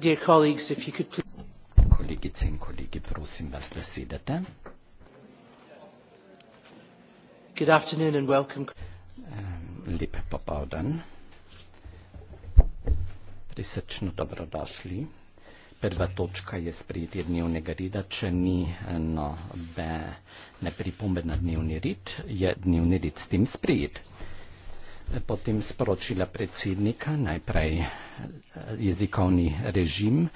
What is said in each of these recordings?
Dear colleagues, if you could please... Kolegice in kolegi, prosim vas, da sedete. Good afternoon and welcome. Lepe popovdan. Prisrčno dobrodošli. Prva točka je sprejetje dnevnega reda, če ni eh, nobene pripombe na dnevni red, je dnevni red s tem sprejet potem sporočila predsednika, najprej eh, jezikovni režim.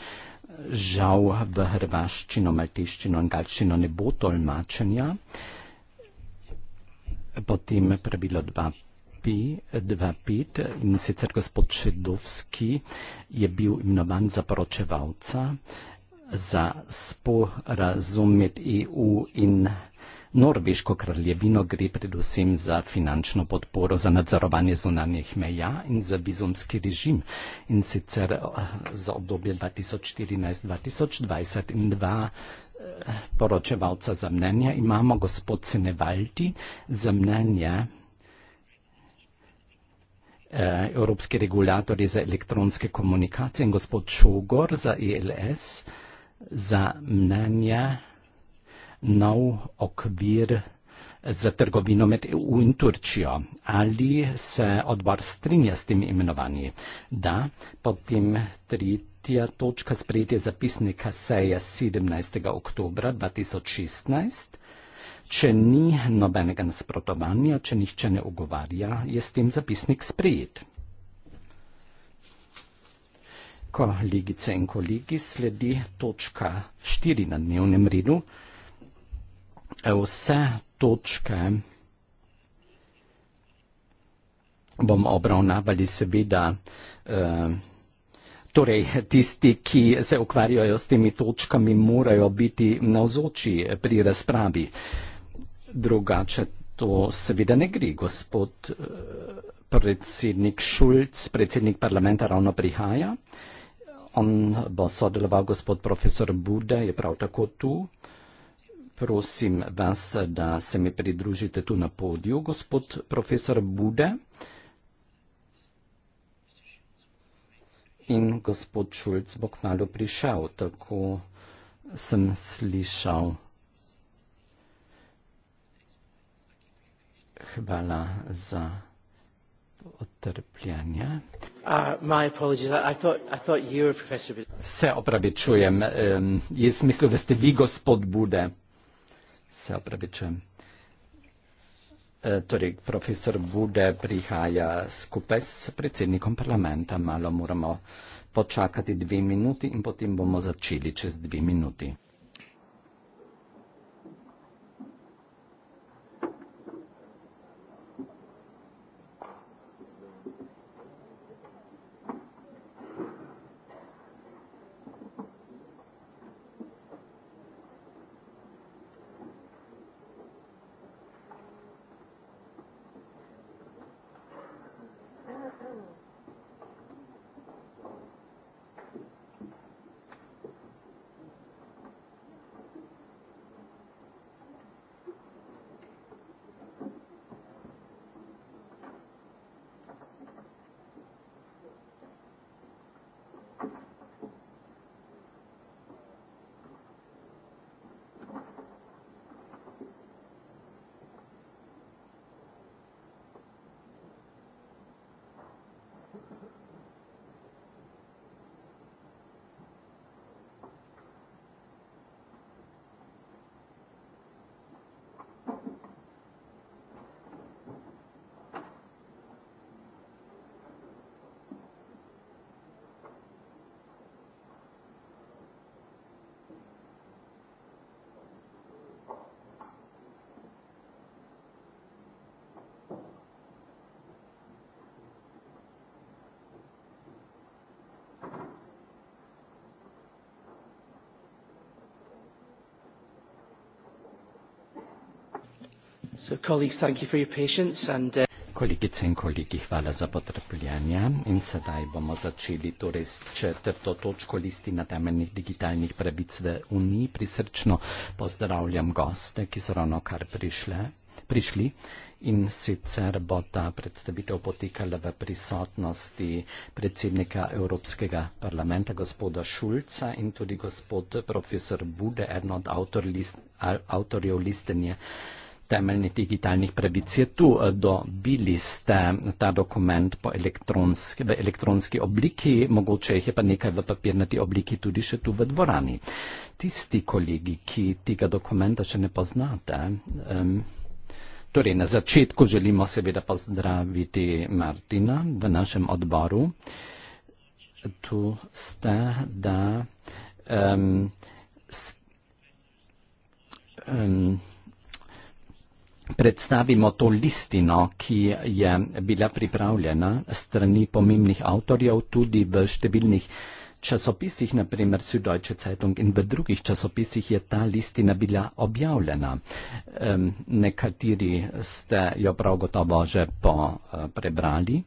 Žal v hrvaščino, maltiščino in galščino ne bo tolmačenja. Potem pravilo 2.5 in sicer gospod Čedovski je bil imenovan za poročevalca za sporazum med EU in Hrvaščino Norveško kraljevino gre predvsem za finančno podporo za nadzorovanje zunanjih meja in za bizomski režim in sicer eh, za obdobje 2014-2020 in dva eh, poročevalca za mnenje. Imamo gospod Senevalti za mnenje eh, Evropski regulatorji za elektronske komunikacije in gospod Šugor za ILS e za mnenje nov okvir za trgovino med EU in Turčijo. Ali se odbor strinja s tem imenovanjem? Da, potem tretja točka sprejetja zapisnika seje 17. oktobra 2016. Če ni nobenega nasprotovanja, če nihče ne ogovarja, je s tem zapisnik sprejet. Kolegice in kolegi, sledi točka 4 na dnevnem redu. E, vse točke bomo obravnavali seveda e, Torej, tisti, ki se ukvarjajo s temi točkami, morajo biti navzoči pri razpravi. Drugače to seveda ne gre. Gospod e, predsednik Šulc, predsednik parlamenta, ravno prihaja. On bo sodeloval, gospod profesor Bude je prav tako tu prosim vas, da se mi pridružite tu na podiju, gospod profesor Bude in gospod Šulc bo kmalo prišel, tako sem slišal. Hvala za otrpljanje. Uh, se opravičujem, jaz mislim, da ste vi gospod Bude se opravičujem. E, torej, profesor Vude prihaja skupaj s predsednikom parlamenta. Malo moramo počakati dve minuti in potem bomo začeli čez dve minuti. So, colleagues, thank you for your patience and. Uh Kolegice in kolegi, hvala za potrpljanje. In sedaj bomo začeli torej s četrto točko listina temeljnih digitalnih pravic v Uniji. Prisrčno pozdravljam goste, ki so ravno kar prišle, prišli. In sicer bo ta predstavitev potekala v prisotnosti predsednika Evropskega parlamenta, gospoda Šulca in tudi gospod profesor Bude, eden od avtor list, avtorjev listenje temeljni digitalnih pravic je tu. Eh, dobili ste ta dokument elektronski, v elektronski obliki, mogoče jih je pa nekaj v papirnati obliki tudi še tu v dvorani. Tisti kolegi, ki tega dokumenta še ne poznate. Um, torej, na začetku želimo seveda pozdraviti Martina v našem odboru. Tu ste, da. Um, um, predstavimo to listino, ki je bila pripravljena strani pomembnih avtorjev tudi v številnih časopisih, naprimer Süddeutsche Zeitung in v drugih časopisih je ta listina bila objavljena. Nekateri ste jo prav gotovo že eh, prebrali.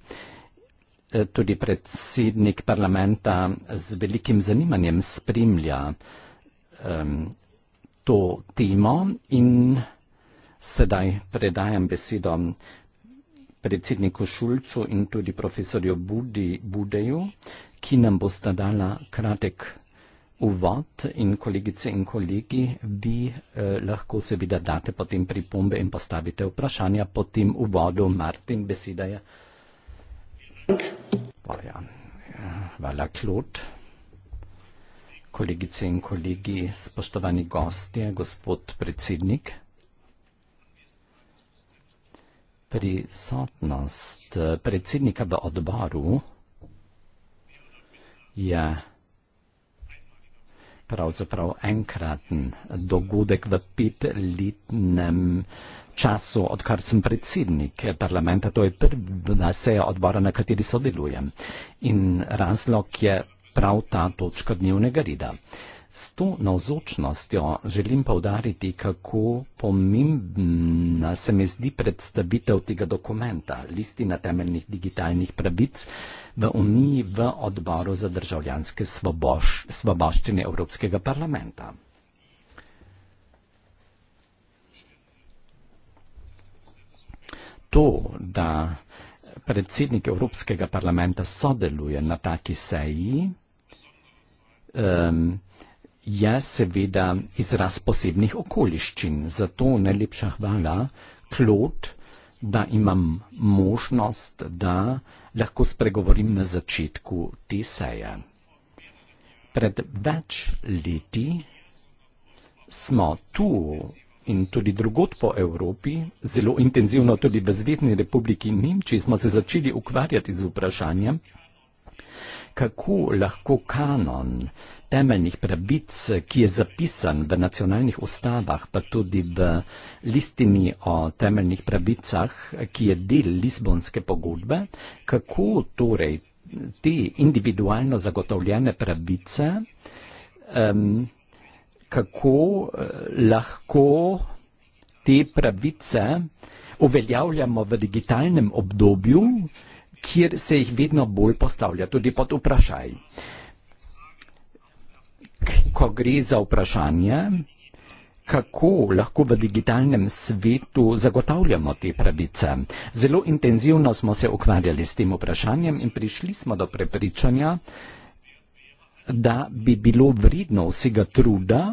Eh, tudi predsednik parlamenta z velikim zanimanjem spremlja to temo in vsega, Sedaj predajam besedo predsedniku Šulcu in tudi profesorju Budi, Budeju, ki nam bosta dala kratek uvod in kolegice in kolegi, vi eh, lahko seveda date potem pripombe in postavite vprašanja po tem uvodu. Martin, beseda je. Hvala, ja. Hvala Klot. Kolegice in kolegi, spoštovani gostje, gospod predsednik prisotnost eh, predsednika v odboru je pravzaprav enkraten dogodek v petletnem času, odkar sem predsednik parlamenta. To je prva seja odbora, na kateri sodelujem. In razlog je prav ta točka dnevnega reda. S to navzočnostjo želim povdariti, kako pomembna se mi zdi predstavitev tega dokumenta, listina temeljnih digitalnih pravic v Uniji v odboru za državljanske svoboš, svoboščine Evropskega parlamenta. To, da predsednik Evropskega parlamenta sodeluje na taki seji, um, je seveda izraz posebnih okoliščin. Zato najlepša hvala, Klot, da imam možnost, da lahko spregovorim na začetku te seje. Pred več leti smo tu in tudi drugot po Evropi, zelo intenzivno tudi v Zvezdni republiki Nemčiji, smo se začeli ukvarjati z vprašanjem, kako lahko kanon temeljnih pravic, ki je zapisan v nacionalnih ustavah, pa tudi v listini o temeljnih pravicah, ki je del Lizbonske pogodbe, kako torej te individualno zagotovljene pravice, um, kako eh, lahko te pravice uveljavljamo v digitalnem obdobju, kjer se jih vedno bolj postavlja tudi pod vprašaj. Ko gre za vprašanje, kako lahko v digitalnem svetu zagotavljamo te pravice. Zelo intenzivno smo se ukvarjali s tem vprašanjem in prišli smo do prepričanja, da bi bilo vredno vsega truda,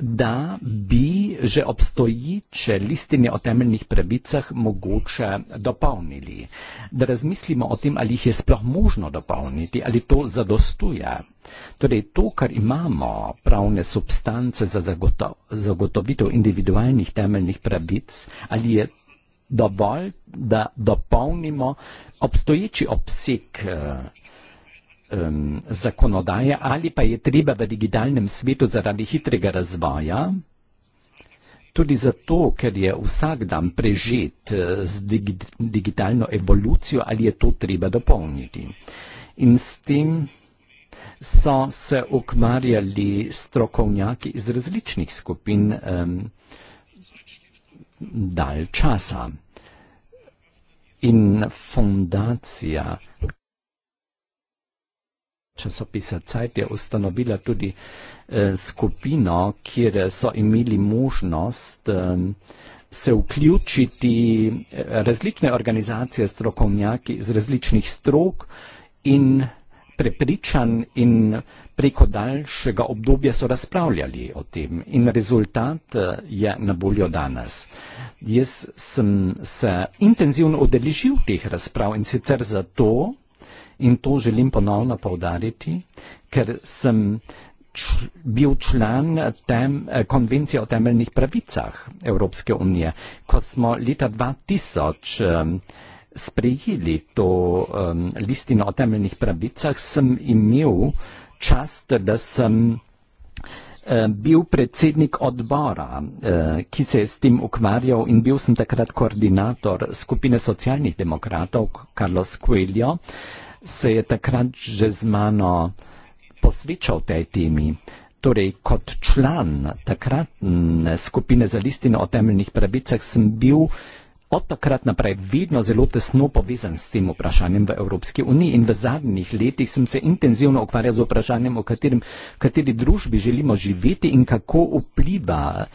da bi že obstoječe listine o temeljnih pravicah mogoče dopolnili. Da razmislimo o tem, ali jih je sploh možno dopolniti, ali to zadostuje. Torej, to, kar imamo pravne substance za zagotov zagotovitev individualnih temeljnih pravic, ali je dovolj, da dopolnimo obstoječi obseg eh, um, zakonodaje ali pa je treba v digitalnem svetu zaradi hitrega razvoja, tudi zato, ker je vsak dan prežet eh, z digi digitalno evolucijo, ali je to treba dopolniti. In s tem so se ukvarjali strokovnjaki iz različnih skupin um, dalj časa. In fundacija časopisa Zeit je ustanovila tudi eh, skupino, kjer so imeli možnost eh, se vključiti eh, različne organizacije, strokovnjaki iz različnih strok in prepričan in preko daljšega obdobja so razpravljali o tem in rezultat eh, je na voljo danes. Jaz sem se intenzivno odeležil teh razprav in sicer zato, in to želim ponovno povdariti, ker sem bil član tem, konvencije o temeljnih pravicah Evropske unije. Ko smo leta 2000 sprejeli to um, listino o temeljnih pravicah, sem imel čast, da sem bil predsednik odbora, ki se je s tem ukvarjal in bil sem takrat koordinator skupine socialnih demokratov Carlos Coelho se je takrat že z mano posvečal tej temi. Torej, kot član takratne skupine za listine o temeljnih pravicah sem bil od takrat naprej vedno zelo tesno povezan s tem vprašanjem v Evropski uniji in v zadnjih letih sem se intenzivno ukvarjal z vprašanjem, v kateri družbi želimo živeti in kako vpliva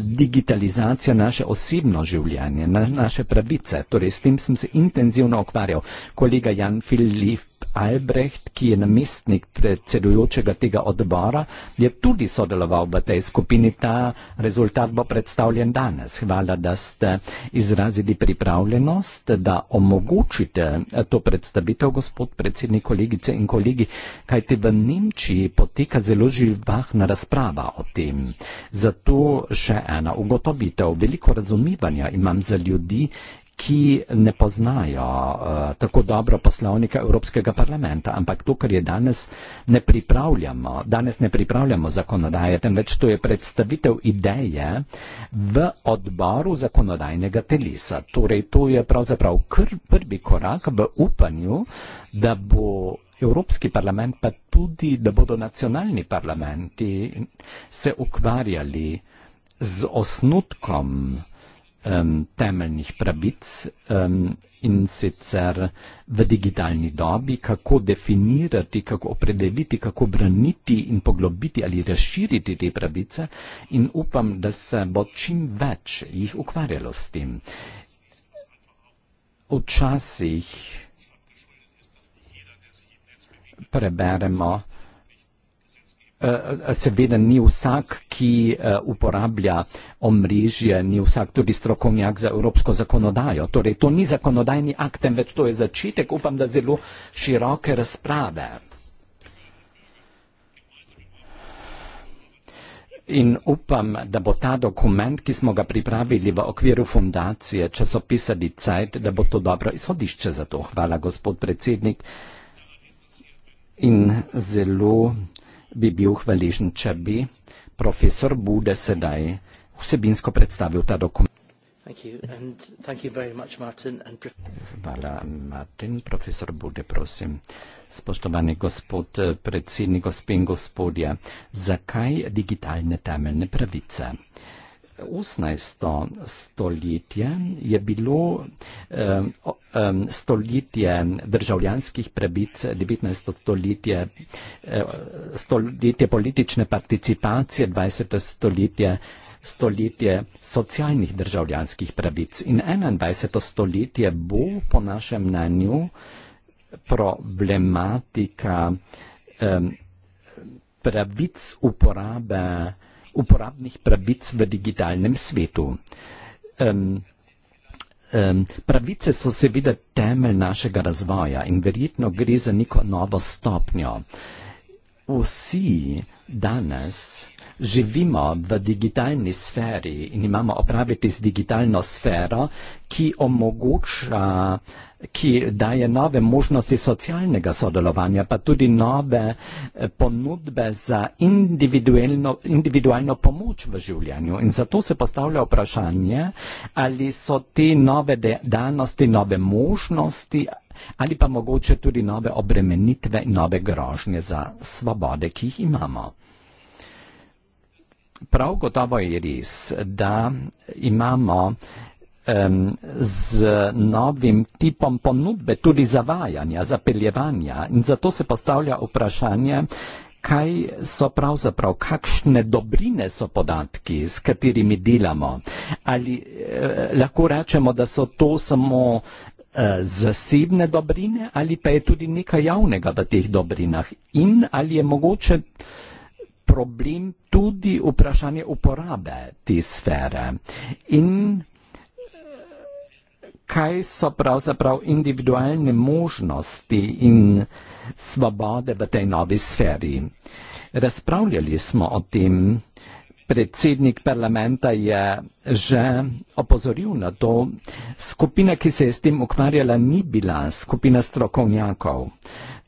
digitalizacija naše osebno življenje, na, naše pravice. Torej, s tem sem se intenzivno okvarjal. Kolega Jan Filip Albrecht, ki je namestnik predsedujočega tega odbora, je tudi sodeloval v tej skupini. Ta rezultat bo predstavljen danes. Hvala, da ste izrazili pripravljenost, da omogočite eh, to predstavitev, gospod predsednik, kolegice in kolegi, kajte v Nemčiji poteka zelo živahna razprava o tem. Zato še ena ugotovitev. Veliko razumivanja imam za ljudi, ki ne poznajo uh, tako dobro poslovnika Evropskega parlamenta. Ampak to, kar je danes ne pripravljamo, danes ne pripravljamo zakonodaje, temveč to je predstavitev ideje v odboru zakonodajnega telisa. Torej, to je pravzaprav kr, prvi korak v upanju, da bo. Evropski parlament, pa tudi, da bodo nacionalni parlamenti se ukvarjali z osnutkom um, temeljnih pravic um, in sicer v digitalni dobi, kako definirati, kako opredeliti, kako braniti in poglobiti ali razširiti te pravice in upam, da se bo čim več jih ukvarjalo s tem. Včasih preberemo, Eh, seveda ni vsak, ki eh, uporablja omrežje, ni vsak tudi strokovnjak za evropsko zakonodajo. Torej, to ni zakonodajni akt, temveč to je začetek, upam, da zelo široke razprave. In upam, da bo ta dokument, ki smo ga pripravili v okviru fundacije, časopisali CEIT, da bo to dobro izhodišče za to. Hvala, gospod predsednik. In zelo bi bil hvaležen, če bi profesor Bude sedaj vsebinsko predstavil ta dokument. Thank you. And thank you very much, Martin. And Hvala, Martin. Profesor Bude, prosim. Spoštovani gospod eh, predsednik, gospod in gospodje, zakaj digitalne temeljne pravice? 18. stoletje je bilo um, stoletje državljanskih prebic, 19. stoletje, e, stoletje politične participacije, 20. stoletje stoletje socialnih državljanskih pravic in 21. stoletje bo po našem mnenju problematika eh, pravic uporabe eh, uporabnih pravic v digitalnem svetu. Um, um, pravice so seveda temelj našega razvoja in verjetno gre za neko novo stopnjo. Vsi danes živimo v digitalni sferi in imamo opraviti z digitalno sfero, ki omogoča, ki daje nove možnosti socialnega sodelovanja, pa tudi nove eh, ponudbe za individualno pomoč v življenju. In zato se postavlja vprašanje, ali so te nove danosti, nove možnosti, ali pa mogoče tudi nove obremenitve, nove grožnje za svobode, ki jih imamo. Prav gotovo je res, da imamo um, z novim tipom ponudbe tudi zavajanja, zapeljevanja in zato se postavlja vprašanje, kaj so pravzaprav, kakšne dobrine so podatki, s katerimi delamo. Ali eh, lahko rečemo, da so to samo Eh, zasebne dobrine ali pa je tudi nekaj javnega v teh dobrinah in ali je mogoče problem tudi vprašanje uporabe te sfere in eh, kaj so pravzaprav individualne možnosti in svobode v tej novi sferi. Razpravljali smo o tem, predsednik parlamenta je že opozoril na to, skupina, ki se je s tem ukvarjala, ni bila skupina strokovnjakov,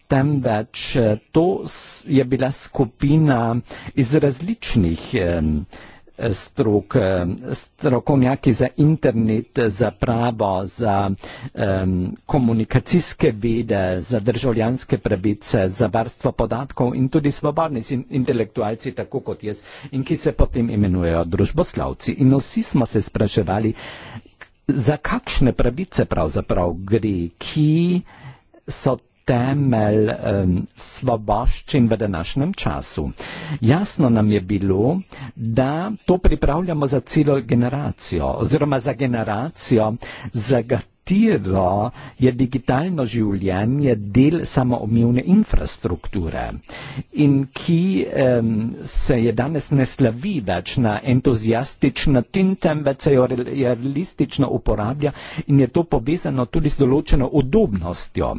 temveč eh, to je bila skupina iz različnih eh, strok, strokovnjaki za internet, za pravo, za um, komunikacijske vede, za državljanske pravice, za varstvo podatkov in tudi svobodni intelektualci, tako kot jaz, in ki se potem imenujejo družboslavci. In vsi smo se spraševali, za kakšne pravice pravzaprav gre, ki so temelj um, svoboščin v današnjem času. Jasno nam je bilo, da to pripravljamo za celo generacijo oziroma za generacijo, za katero katero je digitalno življenje del samoumevne infrastrukture in ki um, se je danes ne slavi več na entuzijastično tin, temveč se jo realistično uporablja in je to povezano tudi z določeno udobnostjo.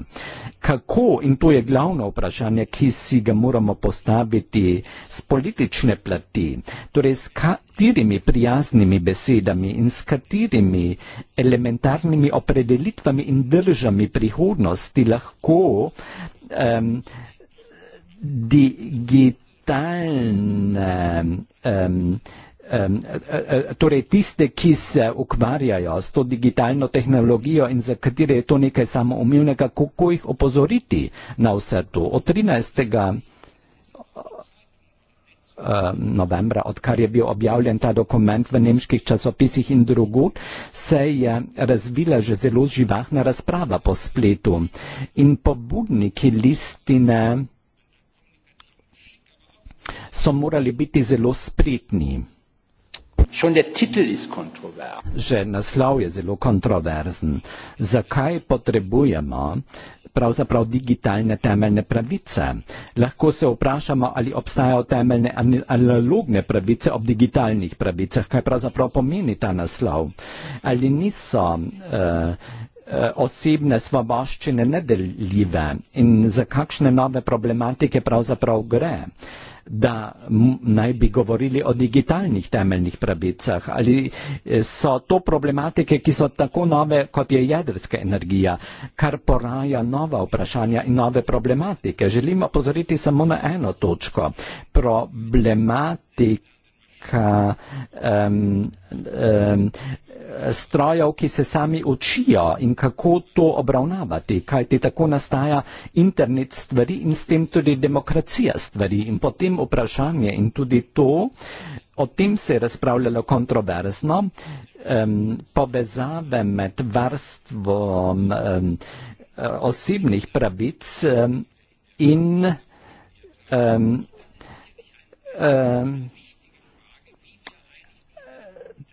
Kako, in to je glavno vprašanje, ki si ga moramo postaviti z politične plati, torej katerimi prijaznimi besedami in s katerimi elementarnimi opredelitvami in držami prihodnosti lahko um, digitalne, um, um, torej tiste, ki se ukvarjajo s to digitalno tehnologijo in za katere je to nekaj samoumevnega, kako jih opozoriti na vse to. Od 13. Eh, novembra, odkar je bil objavljen ta dokument v nemških časopisih in drugod, se je razvila že zelo živahna razprava po spletu. In pobudniki listine so morali biti zelo spretni. Že naslov je zelo kontroverzen. Zakaj potrebujemo pravzaprav digitalne temeljne pravice. Lahko se vprašamo, ali obstajajo temeljne analogne pravice ob digitalnih pravicah, kaj pravzaprav pomeni ta naslov. Ali niso uh, osebne svoboščine nedeljive in za kakšne nove problematike pravzaprav gre. Uh, da naj bi govorili o digitalnih temeljnih pravicah ali e, so to problematike, ki so tako nove, kot je jedrska energija, kar poraja nova vprašanja in nove problematike. Želim opozoriti samo na eno točko. Problematika um, um, strojev, ki se sami učijo in kako to obravnavati, kaj ti tako nastaja internet stvari in s tem tudi demokracija stvari. In potem vprašanje in tudi to, o tem se je razpravljalo kontroverzno, um, povezave med varstvom um, osebnih pravic um, in um, um,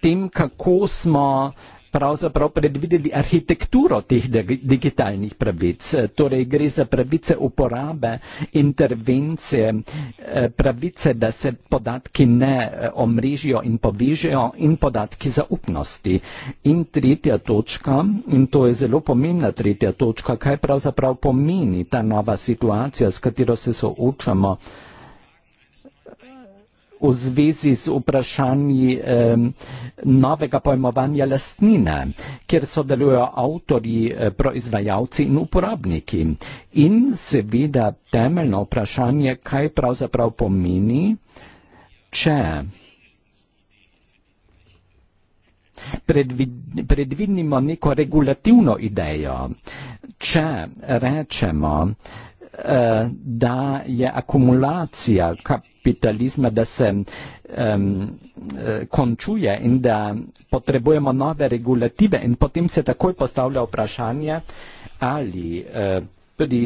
tem, kako smo pravzaprav predvideli arhitekturo teh digitalnih pravic. Torej gre za pravice uporabe, intervencije, eh, pravice, da se podatki ne eh, omrežijo in povežejo in podatki zaupnosti. In tretja točka, in to je zelo pomembna tretja točka, kaj pravzaprav pomeni ta nova situacija, s katero se soočamo v zvezi z vprašanji eh, novega pojmovanja lastnine, kjer sodelujo avtori, eh, proizvajalci in uporabniki. In seveda temeljno vprašanje, kaj pravzaprav pomeni, če predvidnimo neko regulativno idejo, če rečemo, eh, da je akumulacija kapitala, kapitalizma, da se um, končuje in da potrebujemo nove regulative in potem se takoj postavlja vprašanje, ali e, uh, pri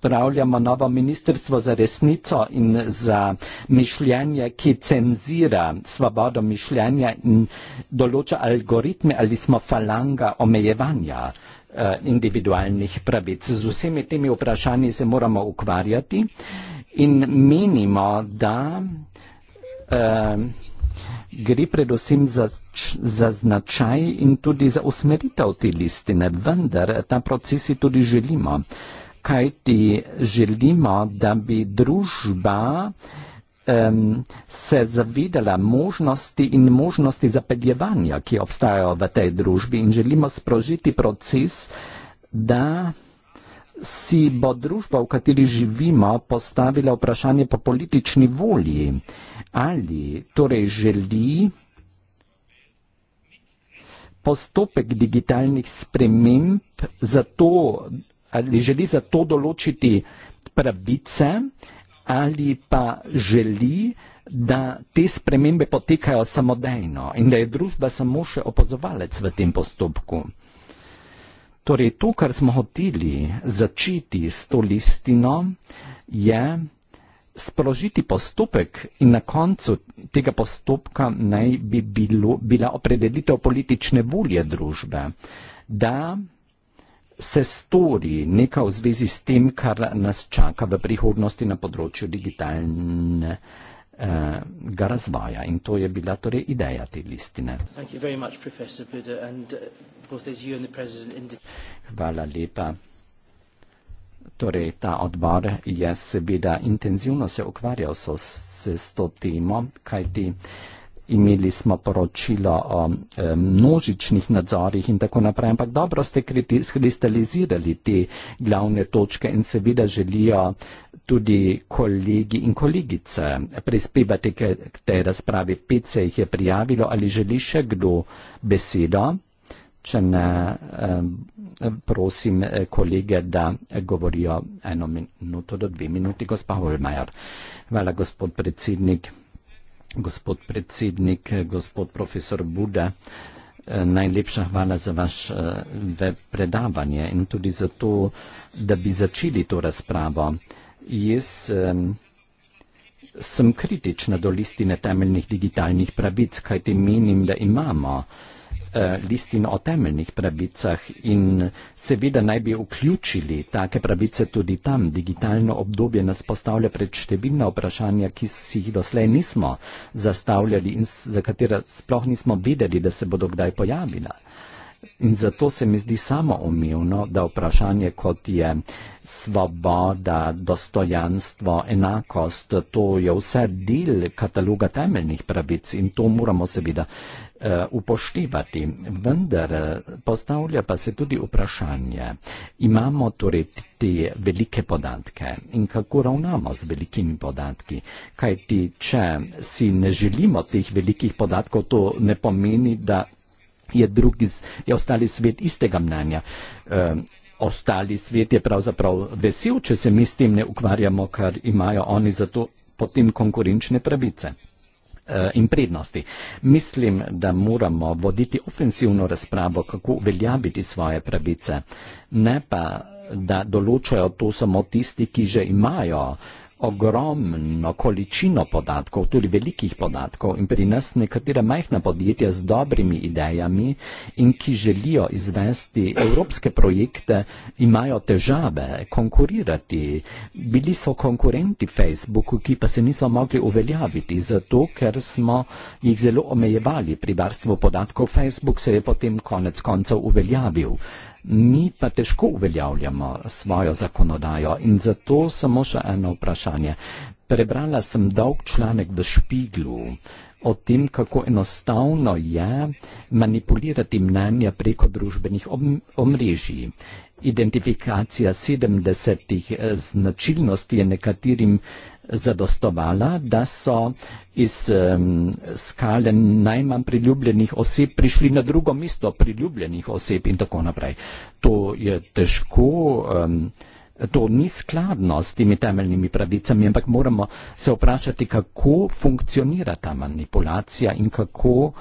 pravljamo novo ministrstvo za resnico in za mišljenje, ki cenzira svobodo mišljenja in določa algoritme, ali smo falanga omejevanja eh, individualnih pravic. Z vsemi temi vprašanji se moramo ukvarjati. Eh, in menimo, da eh, gre predvsem za, za značaj in tudi za usmeritev te listine, vendar ta proces si tudi želimo, kaj ti želimo, da bi družba se zavedala možnosti in možnosti zapeljevanja, ki obstajajo v tej družbi in želimo sprožiti proces, da si bo družba, v kateri živimo, postavila vprašanje po politični volji, ali torej želi postopek digitalnih sprememb za to, ali želi za to določiti pravice, ali pa želi, da te spremembe potekajo samodejno in da je družba samo še opozovalec v tem postopku. Torej, to, kar smo hoteli začeti s to listino, je sprožiti postopek in na koncu tega postopka naj bi bilo, bila opredelitev politične volje družbe, da se stori nekaj v zvezi s tem, kar nas čaka v prihodnosti na področju digitalne ga eh, razvaja in to je bila torej ideja te listine. Much, and, eh, Hvala lepa. Torej, ta odbor je seveda intenzivno se ukvarjal so se s to temo, kajti imeli smo poročilo o e, množičnih nadzorih in tako naprej, ampak dobro ste kristalizirali te glavne točke in seveda želijo tudi kolegi in kolegice prispevati k tej razpravi. Pet se jih je prijavilo ali želi še kdo besedo? priporočen, prosim eh, kolege, da govorijo eno minuto do dve minuti, gospa Holmajer. Hvala, gospod predsednik. Gospod predsednik, eh, gospod profesor Buda, eh, najlepša hvala za vaš predavanje in tudi za to, da bi začeli to razpravo. Jaz sem kritična do listine temeljnih digitalnih pravic, kajti menim, da imamo Eh, listin o temeljnih pravicah in seveda naj bi vključili take pravice tudi tam. Digitalno obdobje nas postavlja pred številna vprašanja, ki si jih doslej nismo zastavljali in za katera sploh nismo vedeli, da se bodo kdaj pojavila. In zato se mi zdi samo umevno, da vprašanje kot je svoboda, dostojanstvo, enakost, to je vse del kataloga temeljnih pravic in to moramo seveda Eh, upoštevati. Vendar eh, postavlja pa se tudi vprašanje, imamo torej te velike podatke in kako ravnamo z velikimi podatki. Kaj ti, če si ne želimo teh velikih podatkov, to ne pomeni, da je, drugi, je ostali svet istega mnenja. Eh, ostali svet je pravzaprav vesel, če se mi s tem ne ukvarjamo, ker imajo oni zato potem konkurenčne pravice. Eh, in prednosti. Mislim, da moramo voditi ofensivno razpravo, kako uveljaviti svoje pravice, ne pa, da določajo to samo tisti, ki že imajo uh, ogromno količino podatkov, tudi velikih podatkov in pri nas nekatere majhne podjetja z dobrimi idejami in ki želijo izvesti evropske projekte, imajo težave konkurirati. Bili so konkurenti Facebooku, ki pa se niso mogli uveljaviti, zato ker smo jih zelo omejevali pri varstvu podatkov. Facebook se je potem konec koncev uveljavil mi pa težko uveljavljamo svojo zakonodajo in zato samo še eno vprašanje. Prebrala sem dolg članek v Špiglu o tem, kako enostavno je manipulirati mnenja preko družbenih omrežij. Identifikacija 70 eh, značilnosti je nekaterim zadostovala, da so iz um, skale najmanj priljubljenih oseb prišli na drugo mesto priljubljenih oseb in tako naprej. To je težko. Um, To ni skladno s temi temeljnimi pravicami, ampak moramo se vprašati, kako funkcionira ta manipulacija in kako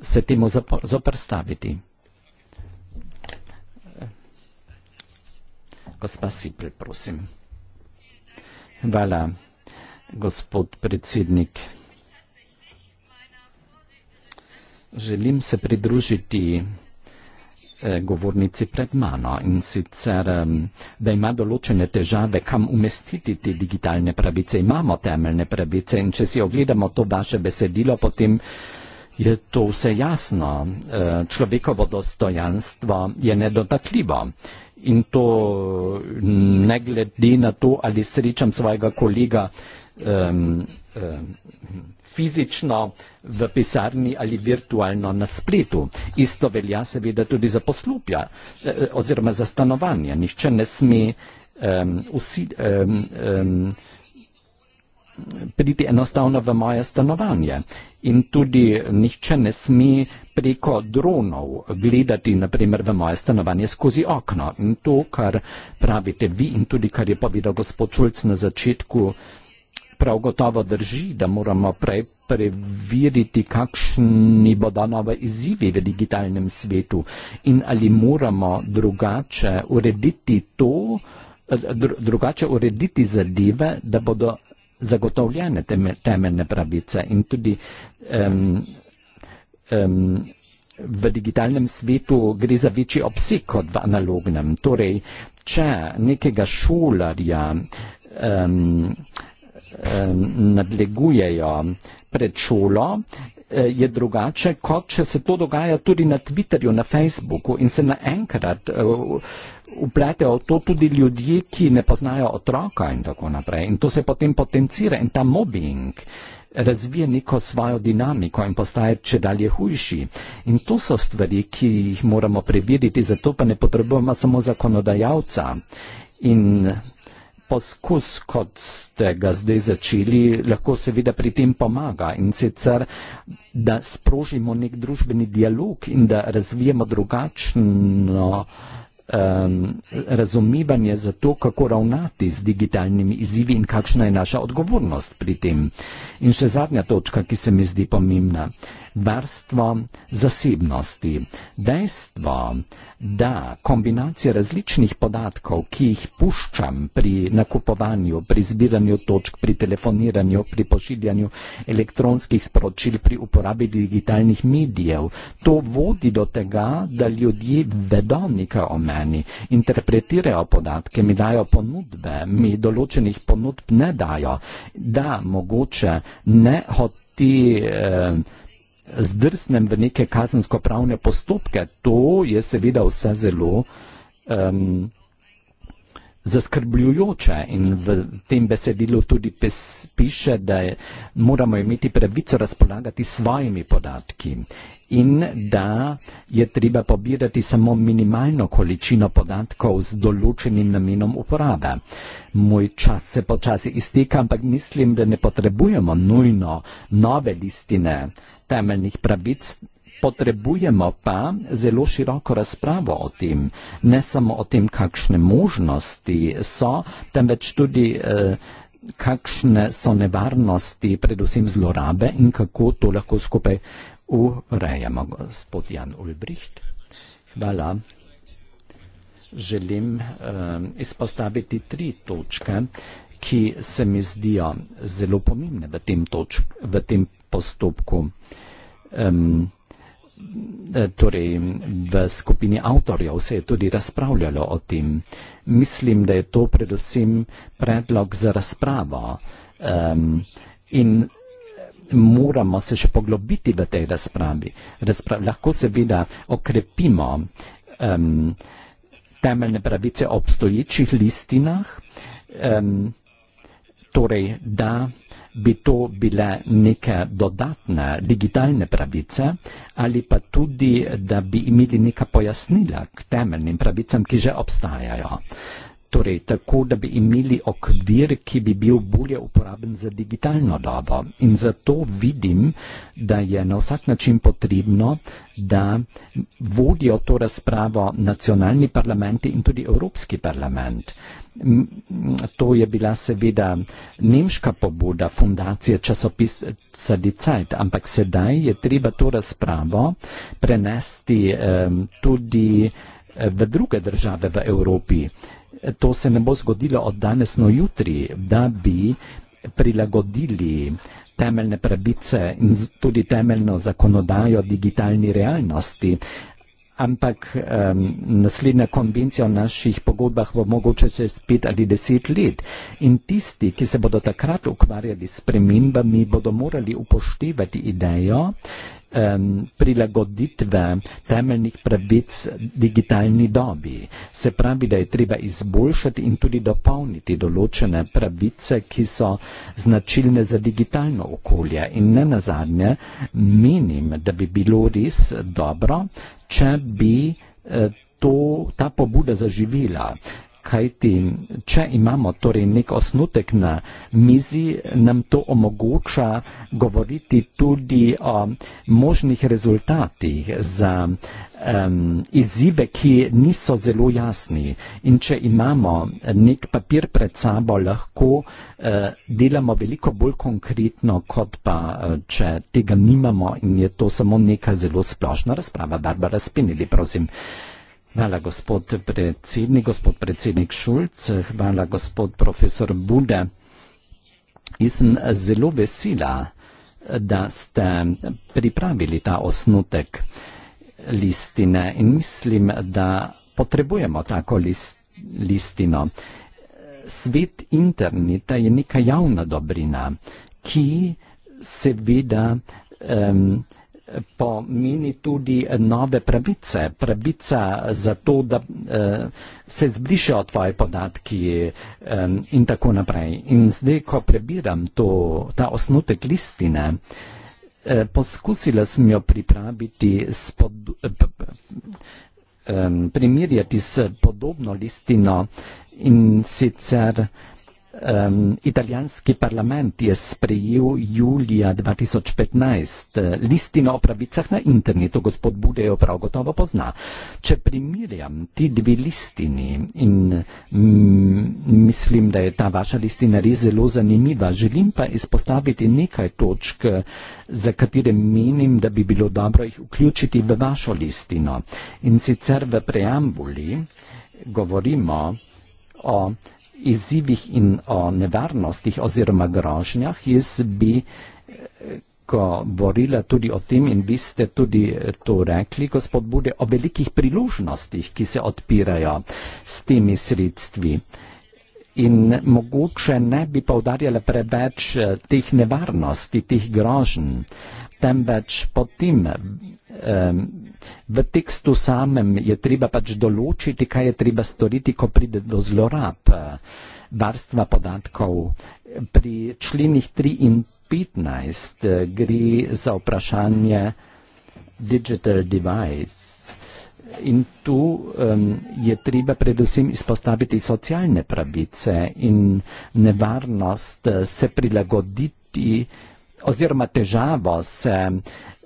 se temu zoprstaviti. Gospa Sipl, prosim. Hvala gospod predsednik. Želim se pridružiti eh, govornici pred mano in sicer, da ima določene težave, kam umestiti te digitalne pravice. Imamo temeljne pravice in če si ogledamo to vaše besedilo, potem je to vse jasno. Eh, človekovo dostojanstvo je nedotakljivo in to ne glede na to, ali srečam svojega kolega um, um, fizično v pisarni ali virtualno na spletu. Isto velja seveda tudi za poslupja eh, oziroma za stanovanje. Nihče ne sme um, ehm, usi, um, um, priti enostavno v moje stanovanje. In tudi nihče ne sme preko dronov gledati, naprimer, v moje stanovanje skozi okno. In to, kar pravite vi in tudi, kar je povedal gospod Čulc na začetku, prav gotovo drži, da moramo prej preveriti, kakšni bodo nove izzivi v digitalnem svetu in ali moramo drugače urediti to, drugače urediti zadeve, da bodo zagotovljene temeljne pravice in tudi um, um, v digitalnem svetu gre za večji obseg kot v analognem. Torej, če nekega šolarja um, nadlegujejo pred šolo, eh, je drugače, kot če se to dogaja tudi na Twitterju, na Facebooku in se naenkrat eh, upletejo v to tudi ljudje, ki ne poznajo otroka in tako naprej. In to se potem potencira in ta mobbing razvije neko svojo dinamiko in postaje če dalje hujši. In to so stvari, ki jih moramo prebiriti, zato pa ne potrebujemo samo zakonodajalca. In poskus, kot ste ga zdaj začeli, lahko seveda pri tem pomaga in sicer, da sprožimo nek družbeni dialog in da razvijemo drugačno um, razumevanje za to, kako ravnati z digitalnimi izzivi in kakšna je naša odgovornost pri tem. In še zadnja točka, ki se mi zdi pomembna, varstvo zasebnosti. Dejstvo, da kombinacija različnih podatkov, ki jih puščam pri nakupovanju, pri zbiranju točk, pri telefoniranju, pri pošiljanju elektronskih sporočil, pri uporabi digitalnih medijev, to vodi do tega, da ljudje vedo nekaj o meni, interpretirajo podatke, mi dajo ponudbe, mi določenih ponudb ne dajo, da mogoče ne hoti. Eh, zdrsnem v neke kazensko-pravne postopke. To je seveda vse zelo um, zaskrbljujoče in v tem besedilu tudi pes, piše, da je, moramo imeti pravico razpolagati s svojimi podatki in da je treba pobirati samo minimalno količino podatkov z določenim namenom uporabe. Moj čas se počasi izteka, ampak mislim, da ne potrebujemo nujno nove listine temeljnih pravic. Potrebujemo pa zelo široko razpravo o tem, ne samo o tem, kakšne možnosti so, temveč tudi, eh, kakšne so nevarnosti, predvsem zlorabe in kako to lahko skupaj urejamo, gospod Jan Ulbricht. Hvala. Želim uh, izpostaviti tri točke, ki se mi zdijo zelo pomembne v tem, točk, v tem postopku. Um, torej, v skupini avtorjev se je tudi razpravljalo o tem. Mislim, da je to predvsem predlog za razpravo um, in moramo se še poglobiti v tej razpravi. Razpra lahko seveda okrepimo um, temeljne pravice obstoječih listinah, um, torej da bi to bile neke dodatne digitalne pravice ali pa tudi, da bi imeli neka pojasnila k temeljnim pravicam, ki že obstajajo. Uh, torej tako, da bi imeli okvir, ki bi bil bolje uporaben za digitalno dobo. In zato vidim, da je na vsak način potrebno, da vodijo to razpravo nacionalni parlamenti in tudi Evropski parlament. To je bila seveda nemška pobuda fundacije časopisa Dicajt, ampak sedaj je treba to razpravo prenesti eh, tudi v druge države v Evropi. Eh, to se ne bo zgodilo od danes na jutri, da bi prilagodili temeljne pravice in tudi temeljno zakonodajo digitalni realnosti. Ampak um, naslednja konvencija o naših pogodbah bo mogoče čez pet ali deset let. In tisti, ki se bodo takrat ukvarjali s premembami, bodo morali upoštevati idejo um, prilagoditve temeljnih pravic digitalni dobi. Se pravi, da je treba izboljšati in tudi dopolniti določene pravice, ki so značilne za digitalno okolje. In ne nazadnje, menim, da bi bilo res dobro, če bi uh, to, ta pobuda zaživila. Uh, kajti če imamo torej nek osnutek na mizi, nam to omogoča govoriti tudi o možnih rezultatih za um, izzive, ki niso zelo jasni. In če imamo nek papir pred sabo, lahko uh, delamo veliko bolj konkretno, kot pa uh, če tega nimamo in je to samo neka zelo splošna razprava. Barbara Spinelli, prosim. Hvala, gospod predsednik, gospod predsednik Šulc, hvala, gospod profesor Bude. Jaz sem zelo vesela, da ste pripravili ta osnutek listine in mislim, da potrebujemo tako list, listino. Svet interneta je neka javna dobrina, ki seveda um, pomeni tudi nove pravice, pravica za to, da eh, se zbližajo tvoji podatki in tako naprej. In zdaj, ko prebiram to, ta osnutek listine, eh, poskusila sem jo pripraviti, spod, primirjati s podobno listino in sicer Um, italijanski parlament je sprejel julija 2015 eh, listino o pravicah na internetu, gospod Budejo prav gotovo pozna. Če primirjam ti dve listini in mm, mislim, da je ta vaša listina res zelo zanimiva, želim pa izpostaviti nekaj točk, eh, za katere menim, da bi bilo dobro jih vključiti v vašo listino. In sicer v preambuli govorimo o izzivih in o nevarnostih oziroma grožnjah, jaz bi govorila eh, tudi o tem in vi ste tudi eh, to rekli, gospod Bude, o velikih priložnostih, ki se odpirajo s temi sredstvi. In mogoče ne bi povdarjala preveč eh, teh nevarnosti, teh grožen, temveč pod tem. V tekstu samem je treba pač določiti, kaj je treba storiti, ko pride do zlorab eh, varstva podatkov. Pri členih 3 in 15 eh, gre za vprašanje digital device. In tu um, je treba predvsem izpostaviti socialne pravice in nevarnost eh, se prilagoditi oziroma težavo se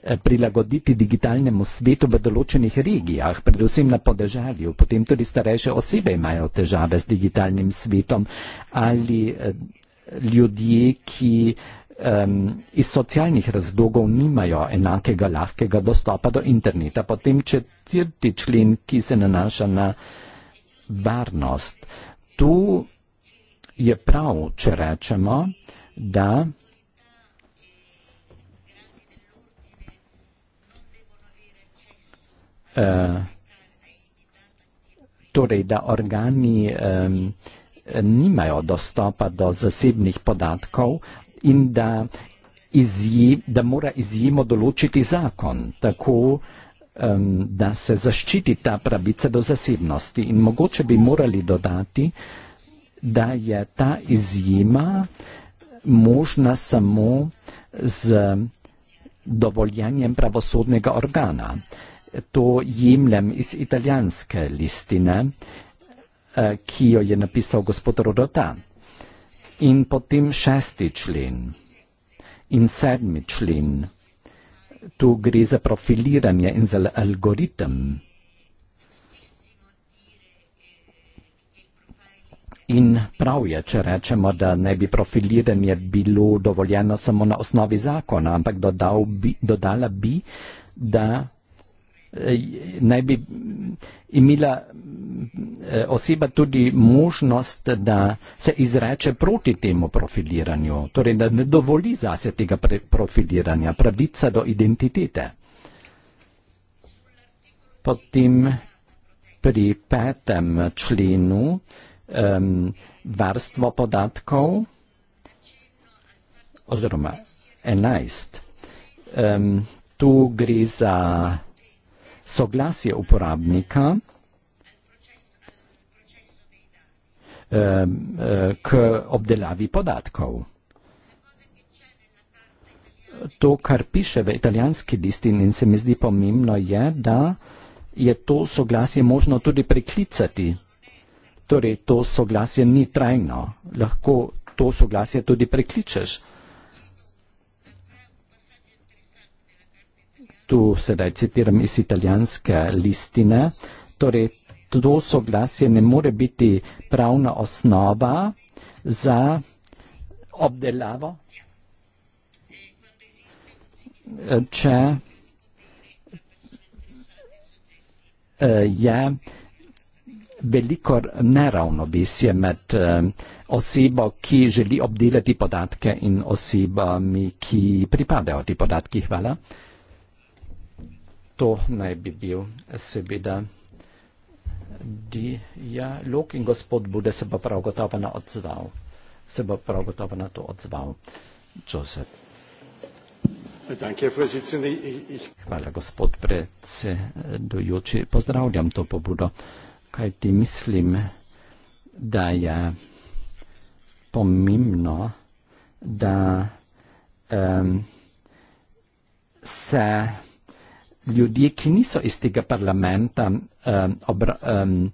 eh, prilagoditi digitalnemu svetu v določenih regijah, predvsem na podeželju. Potem tudi starejše osebe imajo težave z digitalnim svetom ali eh, ljudje, ki um, iz socialnih razlogov nimajo enakega lahkega dostopa do interneta. Potem četrti člen, ki se nanaša na varnost. Tu je prav, če rečemo, da Eh, torej, da organi um, nimajo dostopa do zasebnih podatkov in da, izji, da mora izjemo določiti zakon, tako um, da se zaščiti ta pravica do zasebnosti. In mogoče bi morali dodati, da je ta izjema možna samo z dovoljanjem pravosodnega organa. Uh, to jemljem iz italijanske listine, eh, ki jo je napisal gospod Rodota. In potem šesti člen in sedmi člen. Tu gre za profiliranje in za algoritem. In prav je, če rečemo, da ne bi profiliranje bilo dovoljeno samo na osnovi zakona, ampak bi, dodala bi, da Eh, naj bi imela eh, oseba tudi možnost, da se izreče proti temu profiliranju, torej da ne dovoli zase tega profiliranja, pravica do identitete. Potem pri petem členu um, varstvo podatkov oziroma enajst. Um, tu gre za soglasje uporabnika eh, k obdelavi podatkov. To, kar piše v italijanski listin in se mi zdi pomembno, je, da je to soglasje možno tudi preklicati. Torej, to soglasje ni trajno. Lahko to soglasje tudi prekličeš. tu sedaj citiram iz italijanske listine, torej to soglasje ne more biti pravna osnova za obdelavo, če eh, je veliko neravnovesje med eh, osebo, ki želi obdelati podatke in osebami, ki pripadajo ti podatki. Hvala to naj bi bil seveda dialog in gospod bude se pa prav gotovo na odzval. Se bo prav gotovo na to odzval. Joseph. Hvala, gospod predsedujoči. Pozdravljam to pobudo, kaj ti mislim, da je pomembno, da um, se ljudje, ki niso iz tega parlamenta, um, obra, um,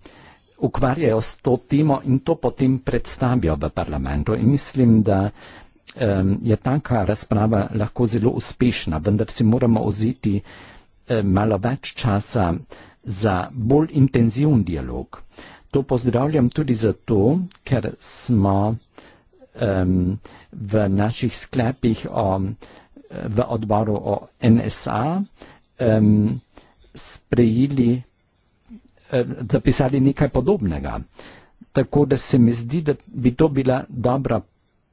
ukvarjajo s to temo in to potem predstavijo v parlamentu. In mislim, da um, je taka razprava lahko zelo uspešna, vendar si moramo oziti um, malo več časa za bolj intenziven dialog. To pozdravljam tudi zato, ker smo um, v naših sklepih o, v odboru o NSA um, sprejeli, uh, zapisali nekaj podobnega. Tako da se mi zdi, da bi to bila dobra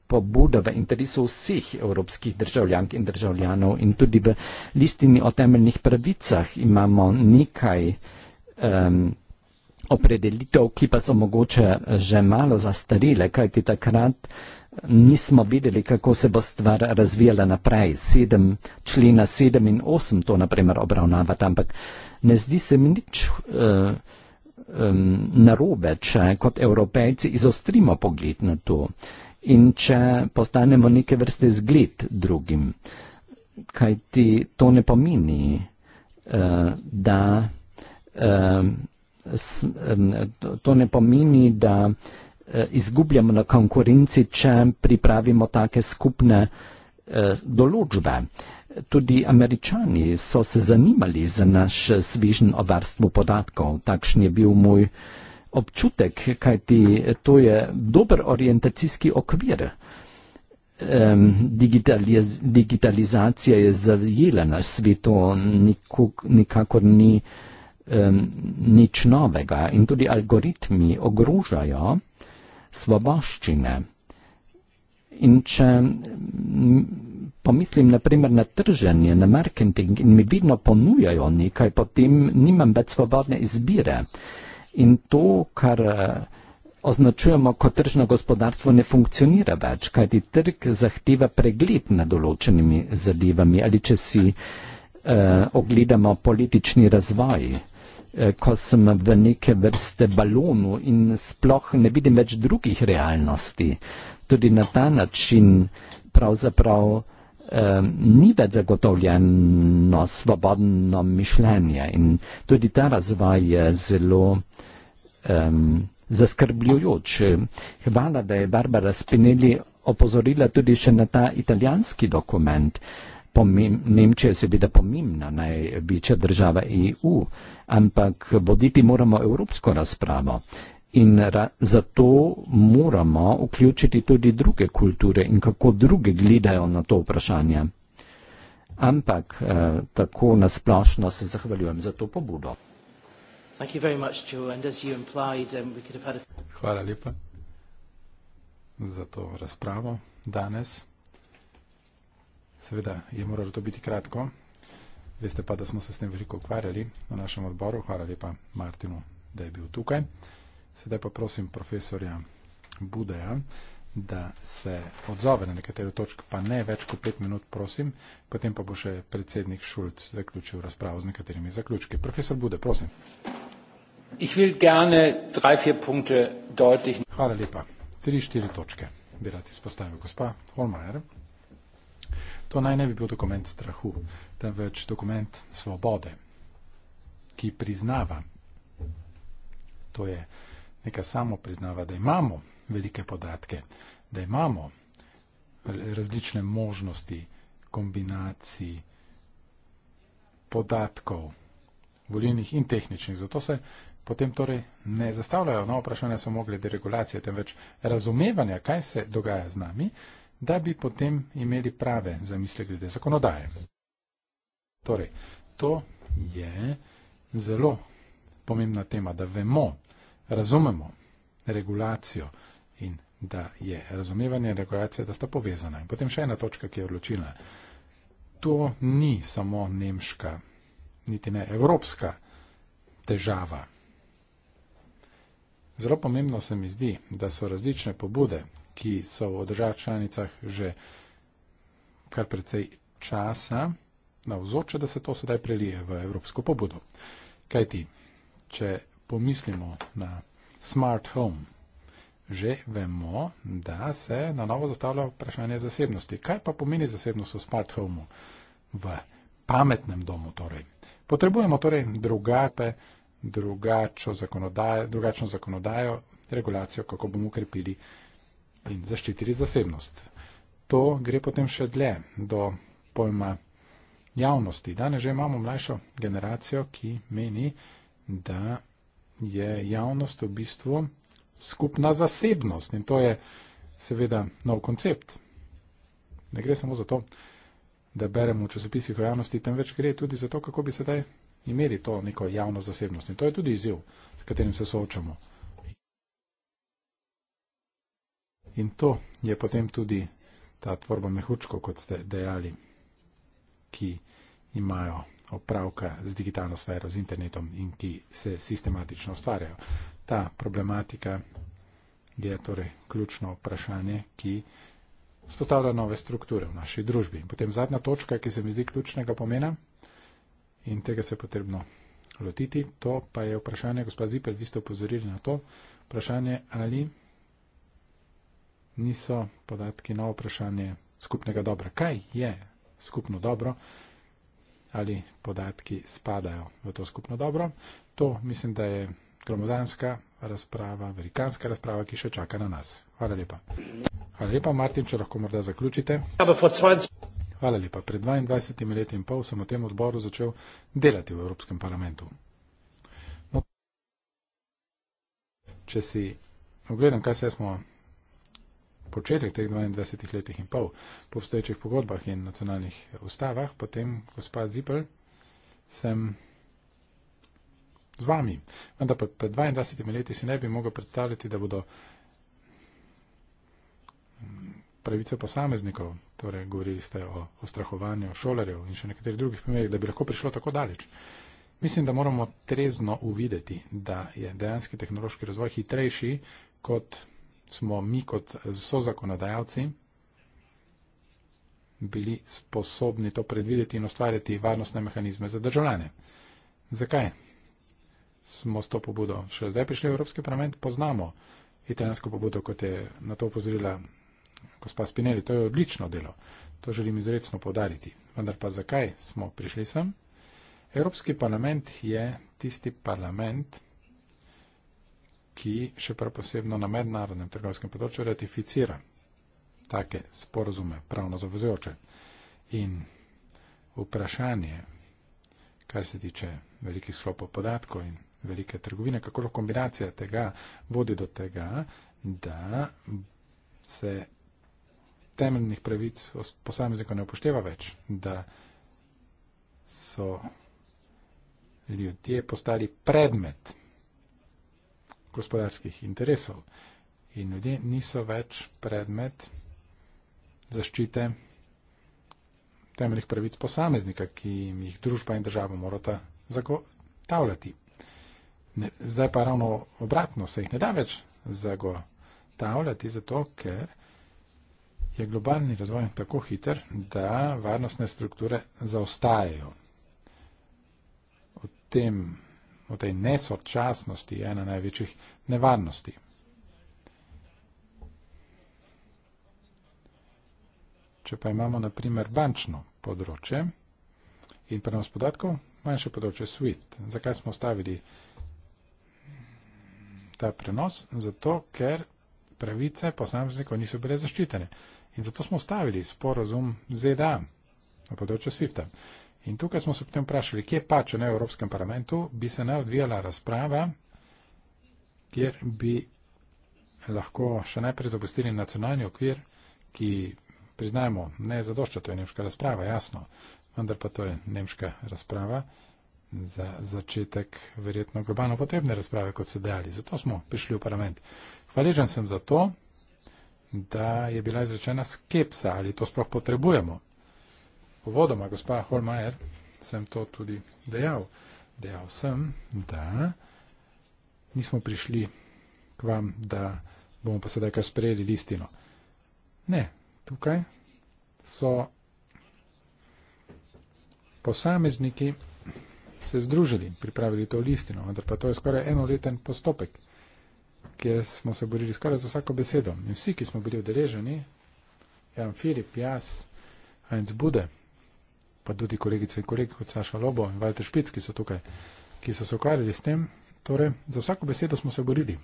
pobuda v interesu vseh evropskih državljank in državljanov in tudi v listini o temeljnih pravicah imamo nekaj um, opredelitev, ki pa so mogoče že malo zastarile, kajti takrat uh, nismo videli, kako se bo stvar razvijala naprej. Sedem, člena 7 in 8 to naprimer obravnavati, ampak ne zdi se mi nič uh, um, narobe, če kot evropejci izostrimo pogled na to in če postanemo neke vrste zgled drugim. Kaj ti to ne pomeni, uh, da uh, s, um, to ne pomeni, da uh, Eh, izgubljamo na konkurenci, če pripravimo take skupne eh, določbe. Tudi američani so se zanimali za naš svižen o varstvu podatkov. Takšen je bil moj občutek, kajti to je dober orientacijski okvir. Um, digitaliz digitalizacija je zavijela na svetu, nikakor ni um, nič novega in tudi algoritmi ogrožajo uh, svoboščine. In če pomislim naprimer na trženje, na marketing in mi vedno ponujajo nekaj, potem nimam več svobodne izbire. In to, kar eh, označujemo kot tržno gospodarstvo, ne funkcionira več, kajti trg zahteva pregled nad določenimi zadevami ali če si eh, ogledamo politični razvoj. Eh, Eh, kosm v neke vrste balonu in sploh ne vidim več drugih realnosti. Tudi na ta način pravzaprav eh, ni več zagotovljeno svobodno mišljenje in tudi ta razvoj je zelo eh, zaskrbljujoč. Hvala, da je Barbara Spinelli opozorila tudi še na ta italijanski dokument. Eh, Nemčija je seveda pomembna, največja država EU, ampak voditi moramo evropsko razpravo. In ra zato moramo vključiti tudi druge kulture in kako druge gledajo na to vprašanje. Ampak eh, tako nasplošno se zahvaljujem za to pobudo. Much, implied, um, a... Hvala lepa za to razpravo danes. Seveda je moralo to biti kratko. Veste pa, da smo se s tem veliko ukvarjali na našem odboru. Hvala lepa Martinu, da je bil tukaj. Sedaj pa prosim profesorja Budeja, da se odzove na nekatere točke, pa ne več kot pet minut, prosim. Potem pa bo še predsednik Šulc zaključil razpravo z nekaterimi zaključki. Profesor Bude, prosim. Hvala lepa. Tri, štiri točke bi rad izpostavil gospa Holmajer. To naj ne bi bil dokument strahu, temveč dokument svobode, ki priznava, to je neka samo priznava, da imamo velike podatke, da imamo različne možnosti kombinacij podatkov, volilnih in tehničnih. Zato se potem torej ne zastavljajo na no, vprašanje samo glede regulacije, temveč razumevanja, kaj se dogaja z nami, da bi potem imeli prave zamisle glede zakonodaje. Torej, to je zelo pomembna tema, da vemo, razumemo regulacijo in da je razumevanje in regulacija, da sta povezana. In potem še ena točka, ki je odločila. To ni samo nemška, niti ne evropska težava. Zelo pomembno se mi zdi, da so različne pobude ki so v državah članicah že kar precej časa navzoče, da se to sedaj prelije v evropsko pobudo. Kaj ti, če pomislimo na smart home, že vemo, da se na novo zastavlja vprašanje zasebnosti. Kaj pa pomeni zasebnost v smart homeu, v pametnem domu torej? Potrebujemo torej drugate, drugačno zakonodajo, regulacijo, kako bomo ukrepili in zaščitili zasebnost. To gre potem še dlje do pojma javnosti. Danes že imamo mlajšo generacijo, ki meni, da je javnost v bistvu skupna zasebnost in to je seveda nov koncept. Ne gre samo za to, da beremo v časopisih o javnosti, temveč gre tudi za to, kako bi sedaj imeli to neko javno zasebnost. In to je tudi izziv, s katerim se soočamo. In to je potem tudi ta tvorba mehučkov, kot ste dejali, ki imajo opravka z digitalno sfero, z internetom in ki se sistematično ustvarjajo. Ta problematika je torej ključno vprašanje, ki spostavlja nove strukture v naši družbi. In potem zadnja točka, ki se mi zdi ključnega pomena in tega se je potrebno lotiti, to pa je vprašanje, gospod Zipel, vi ste upozorili na to, vprašanje ali niso podatki na vprašanje skupnega dobra. Kaj je skupno dobro? Ali podatki spadajo v to skupno dobro? To mislim, da je gromozanska razprava, velikanska razprava, ki še čaka na nas. Hvala lepa. Hvala lepa, Martin, če lahko morda zaključite. Ja, Hvala lepa. Pred 22 leti in pol sem v tem odboru začel delati v Evropskem parlamentu. No, če si ogledam, kaj se smo početek teh 22 letih in pol po vstoječih pogodbah in nacionalnih ustavah, potem, gospa Zipel, sem z vami. Vendar pa pred 22 leti si ne bi mogel predstavljati, da bodo pravice posameznikov, torej govorili ste o ustrahovanju šolarjev in še nekaterih drugih primerih, da bi lahko prišlo tako daleč. Mislim, da moramo trezno uvideti, da je dejanski tehnološki razvoj hitrejši kot smo mi kot so zakonodajalci bili sposobni to predvideti in ustvarjati varnostne mehanizme za državljane. Zakaj smo s to pobudo še zdaj prišli v Evropski parlament? Poznamo italijansko pobudo, kot je na to upozorila gospa Spinelli. To je odlično delo. To želim izredno podariti. Vendar pa zakaj smo prišli sem? Evropski parlament je tisti parlament, ki še preposebno na mednarodnem trgovskem področju ratificira take sporozume pravno zavezujoče. In vprašanje, kar se tiče velikih sklopov podatkov in velike trgovine, kako lahko kombinacija tega vodi do tega, da se temeljnih pravic posameznikov ne upošteva več, da so ljudje postali predmet gospodarskih interesov. In ljudje niso več predmet zaščite temeljnih pravic posameznika, ki jih družba in država morata zagotavljati. Ne, zdaj pa ravno obratno se jih ne da več zagotavljati, zato ker je globalni razvoj tako hiter, da varnostne strukture zaostajajo. O tem v tej nesočasnosti ena največjih nevarnosti. Če pa imamo naprimer bančno področje in prenos podatkov, manjše področje SWIFT. Zakaj smo ostavili ta prenos? Zato, ker pravice posameznikov niso bile zaščitene. In zato smo ostavili sporozum ZDA na področju SWIFT-a. In tukaj smo se potem vprašali, kje pa, če ne v Evropskem parlamentu, bi se naj odvijala razprava, kjer bi lahko še najprej zapustili nacionalni okvir, ki, priznajmo, ne zadošča, to je nemška razprava, jasno, vendar pa to je nemška razprava za začetek verjetno globalno potrebne razprave, kot se dejali. Zato smo prišli v parlament. Hvaležen sem za to, da je bila izrečena skepsa, ali to sploh potrebujemo. Uvodoma, gospa Holmajer, sem to tudi dejal. Dejal sem, da nismo prišli k vam, da bomo pa sedaj kar sprejeli listino. Ne, tukaj so posamezniki se združili, pripravili to listino, vendar pa to je skoraj enoleten postopek, kjer smo se borili skoraj za vsako besedo. In vsi, ki smo bili udeleženi, Jan Filip, jaz, Heinz Bude, pa tudi kolegice in kolegi kot Saša Lobo in Walter Špic, ki so tukaj, ki so se ukvarjali s tem. Torej, za vsako besedo smo se borili.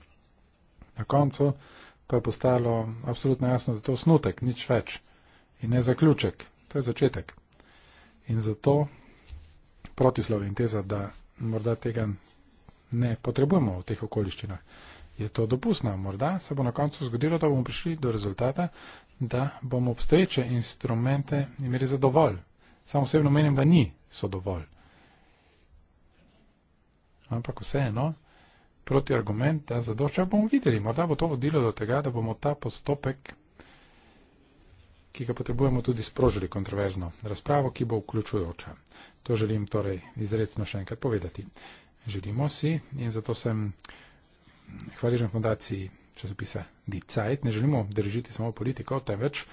Na koncu pa je postalo absolutno jasno, da je to osnutek, nič več. In ne zaključek, to je začetek. In zato protislov in teza, da morda tega ne potrebujemo v teh okoliščinah. Je to dopustno? Morda se bo na koncu zgodilo, da bomo prišli do rezultata, da bomo obstoječe instrumente imeli za dovolj samo osebno menim, da ni, so dovolj. Ampak vseeno, proti argument, da zadošča bomo videli, morda bo to vodilo do tega, da bomo ta postopek, ki ga potrebujemo, tudi sprožili kontroverzno razpravo, ki bo vključujoča. To želim torej izredno še enkrat povedati. Želimo si in zato sem hvaležen fundaciji časopisa Die Zeit, ne želimo držiti samo politiko, temveč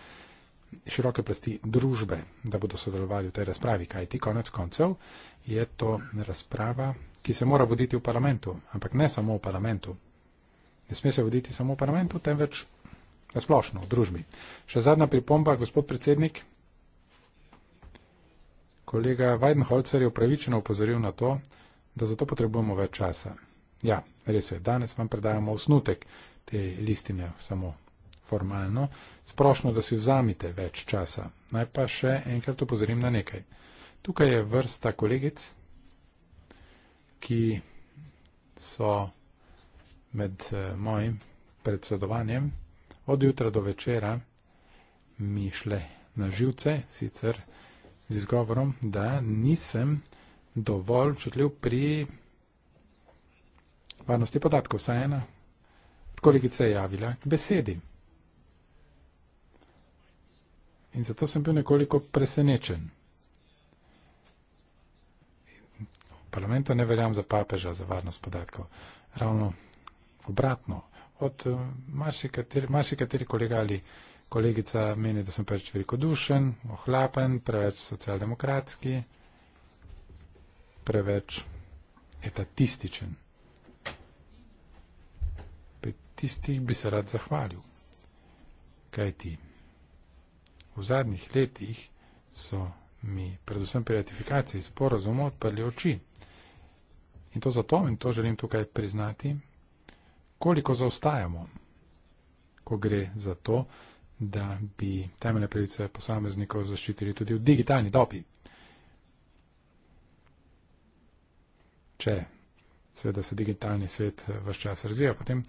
široke plasti družbe, da bodo sodelovali v tej razpravi, kajti konec koncev je to razprava, ki se mora voditi v parlamentu, ampak ne samo v parlamentu. Ne sme se voditi samo v parlamentu, temveč na splošno v družbi. Še zadnja pripomba, gospod predsednik. Kolega Weidenholzer je upravičeno upozoril na to, da zato potrebujemo več časa. Ja, res je, danes vam predajamo osnutek te listine, samo formalno, splošno, da si vzamite več časa. Naj pa še enkrat upozorim na nekaj. Tukaj je vrsta kolegic, ki so med eh, mojim predsedovanjem od jutra do večera mi šle na živce, sicer z izgovorom, da nisem dovolj čutljiv pri varnosti podatkov. Vsaj ena kolegica je javila k besedi. In zato sem bil nekoliko presenečen. V parlamentu ne verjam za papeža, za varnost podatkov. Ravno obratno. Od eh, marsikateri kolega ali kolegica meni, da sem preveč velikodušen, ohlapen, preveč socialdemokratski, preveč etatističen. Pri tistih bi se rad zahvalil. Kaj ti? v zadnjih letih so mi, predvsem pri ratifikaciji sporozumov, odprli oči. In to zato, in to želim tukaj priznati, koliko zaostajamo, ko gre za to, da bi temeljne pravice posameznikov zaščitili tudi v digitalni dobi. Če seveda se digitalni svet vse čas razvija, potem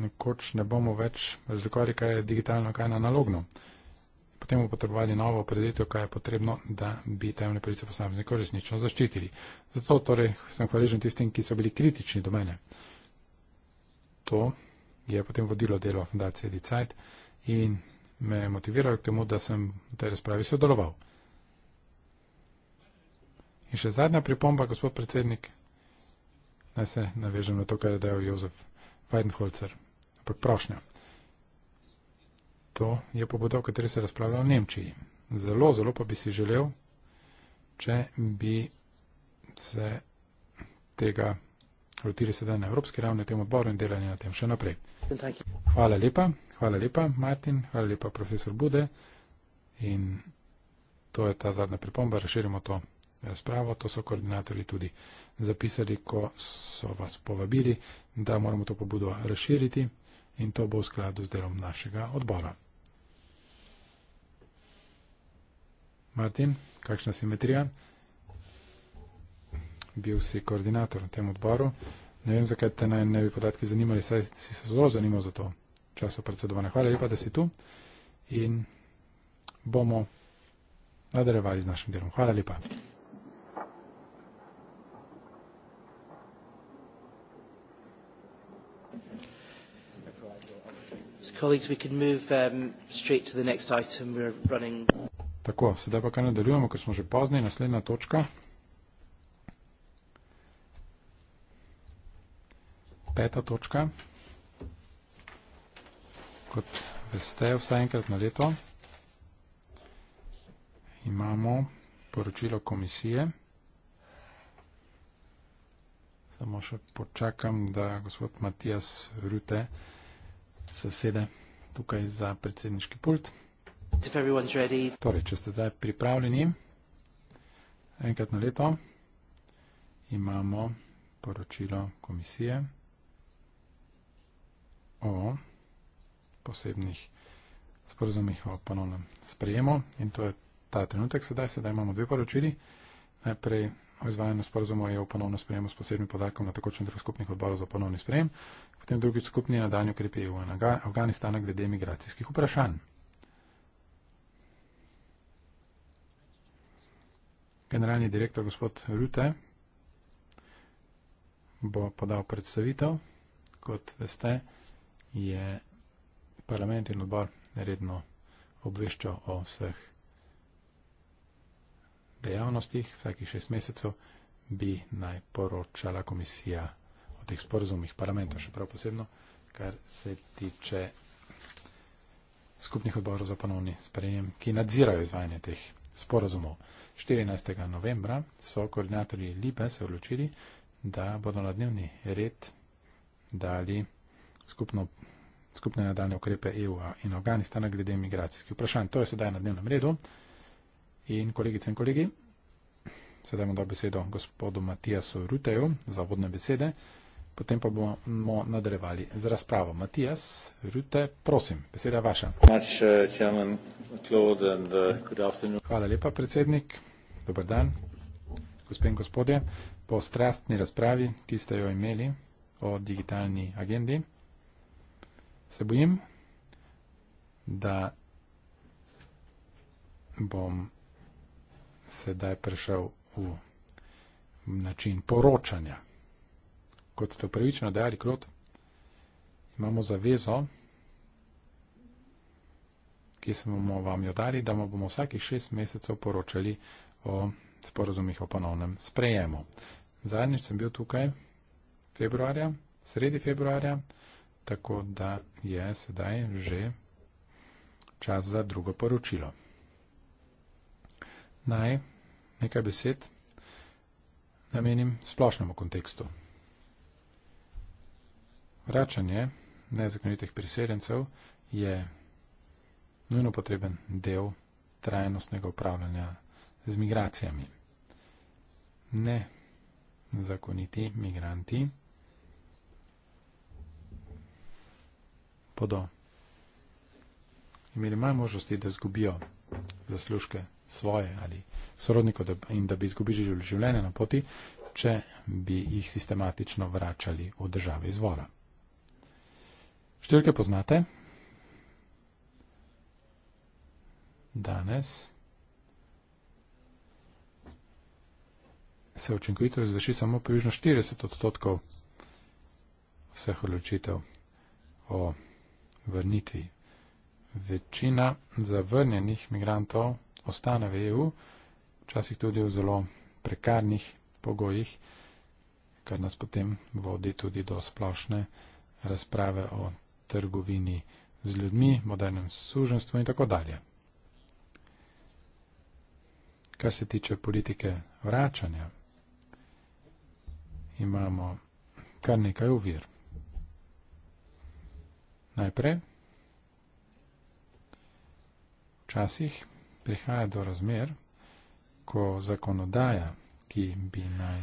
nekoč ne bomo več razlikovali, kaj je digitalno, kaj je analogno potem bomo potrebovali novo opreditev, kaj je potrebno, da bi temeljne pravice posameznikov resnično zaščitili. Zato torej sem hvaležen tistim, ki so bili kritični do mene. To je potem vodilo delo Fundacije Dicajt in me je motiviralo k temu, da sem v tej razpravi sodeloval. In še zadnja pripomba, gospod predsednik, naj se navežem na to, kar je dejal Jozef Weidenholzer. Ampak prošnja. To je pobuda, o kateri se razpravlja v Nemčiji. Zelo, zelo pa bi si želel, če bi se tega lotili sedaj na evropski ravni, tem odboru in delali na tem še naprej. Hvala lepa, hvala lepa, Martin, hvala lepa, profesor Bude. In to je ta zadnja pripomba, razširimo to razpravo. To so koordinatorji tudi zapisali, ko so vas povabili, da moramo to pobudo razširiti. In to bo v skladu z delom našega odbora. Martin, kakšna simetrija? Bil si koordinator na tem odboru. Ne vem, zakaj te naj ne bi podatki zanimali, saj si se zelo zanimal za to času predsedovanja. Hvala lepa, da si tu in bomo nadaljevali z našim delom. Hvala lepa. Colleagues, we can move um, straight to the next item. We're running. Tako, sedaj pa kaj nadaljujemo, ker smo že pozni, naslednja točka. Peta točka. Kot veste, vsaj enkrat na leto imamo poročilo komisije. Samo še počakam, da gospod Matijas Rute se sede tukaj za predsedniški pult. Torej, če ste zdaj pripravljeni, enkrat na leto imamo poročilo komisije o posebnih sporozumih o ponovnem sprejemu in to je ta trenutek sedaj, sedaj imamo dve poročili. Najprej o izvajanju sporozumu e je o ponovnem sprejemu s posebnim podarkom na takočen drug skupnih odborov za ponovni sprejem, potem drugi skupni nadaljnji ukrepi EU in Afganistana glede migracijskih vprašanj. generalni direktor gospod Rute bo podal predstavitev. Kot veste, je parlament in odbor redno obveščal o vseh dejavnostih. Vsakih šest mesecev bi naj poročala komisija o teh sporozumih parlamenta, še prav posebno, kar se tiče skupnih odborov za ponovni sprejem, ki nadzirajo izvajanje teh sporazumov. 14. novembra so koordinatorji Libe se odločili, da bodo na dnevni red dali skupno, skupne nadaljne ukrepe EU in Afganistana glede migracijskih vprašanj. To je sedaj na dnevnem redu. In kolegice in kolegi, sedaj bomo dal besedo gospodu Matijasu Ruteju za vodne besede. Potem pa bomo nadaljevali z razpravo. Matijas, Rute, prosim, beseda vaša. Uh, uh, Hvala lepa, predsednik. Dobar dan, gospe in gospodje. Po strastni razpravi, ki ste jo imeli o digitalni agendi, se bojim, da bom sedaj prešel v način poročanja kot ste upravičeno dejali, krot, imamo zavezo, ki smo vam jo dali, da vam bomo vsakih šest mesecev poročali o sporozumih o ponovnem sprejemu. Zadnjič sem bil tukaj februarja, sredi februarja, tako da je sedaj že čas za drugo poročilo. Naj nekaj besed namenim splošnemu kontekstu. Vračanje nezakonitih priseljencev je nujno potreben del trajnostnega upravljanja z migracijami. Nezakoniti migranti bodo imeli manj možnosti, da zgubijo zaslužke svoje ali sorodnikov in da bi izgubili življenje na poti, če bi jih sistematično vračali v države izvora. Številke poznate? Danes se učinkovito izvrši samo približno 40 odstotkov vseh odločitev o vrnitvi. Večina zavrnjenih migrantov ostane v EU, včasih tudi v zelo prekarnih pogojih, kar nas potem vodi tudi do splošne razprave o trgovini z ljudmi, modernem suženstvu in tako dalje. Kar se tiče politike vračanja, imamo kar nekaj uvir. Najprej, včasih prihaja do razmer, ko zakonodaja, ki bi naj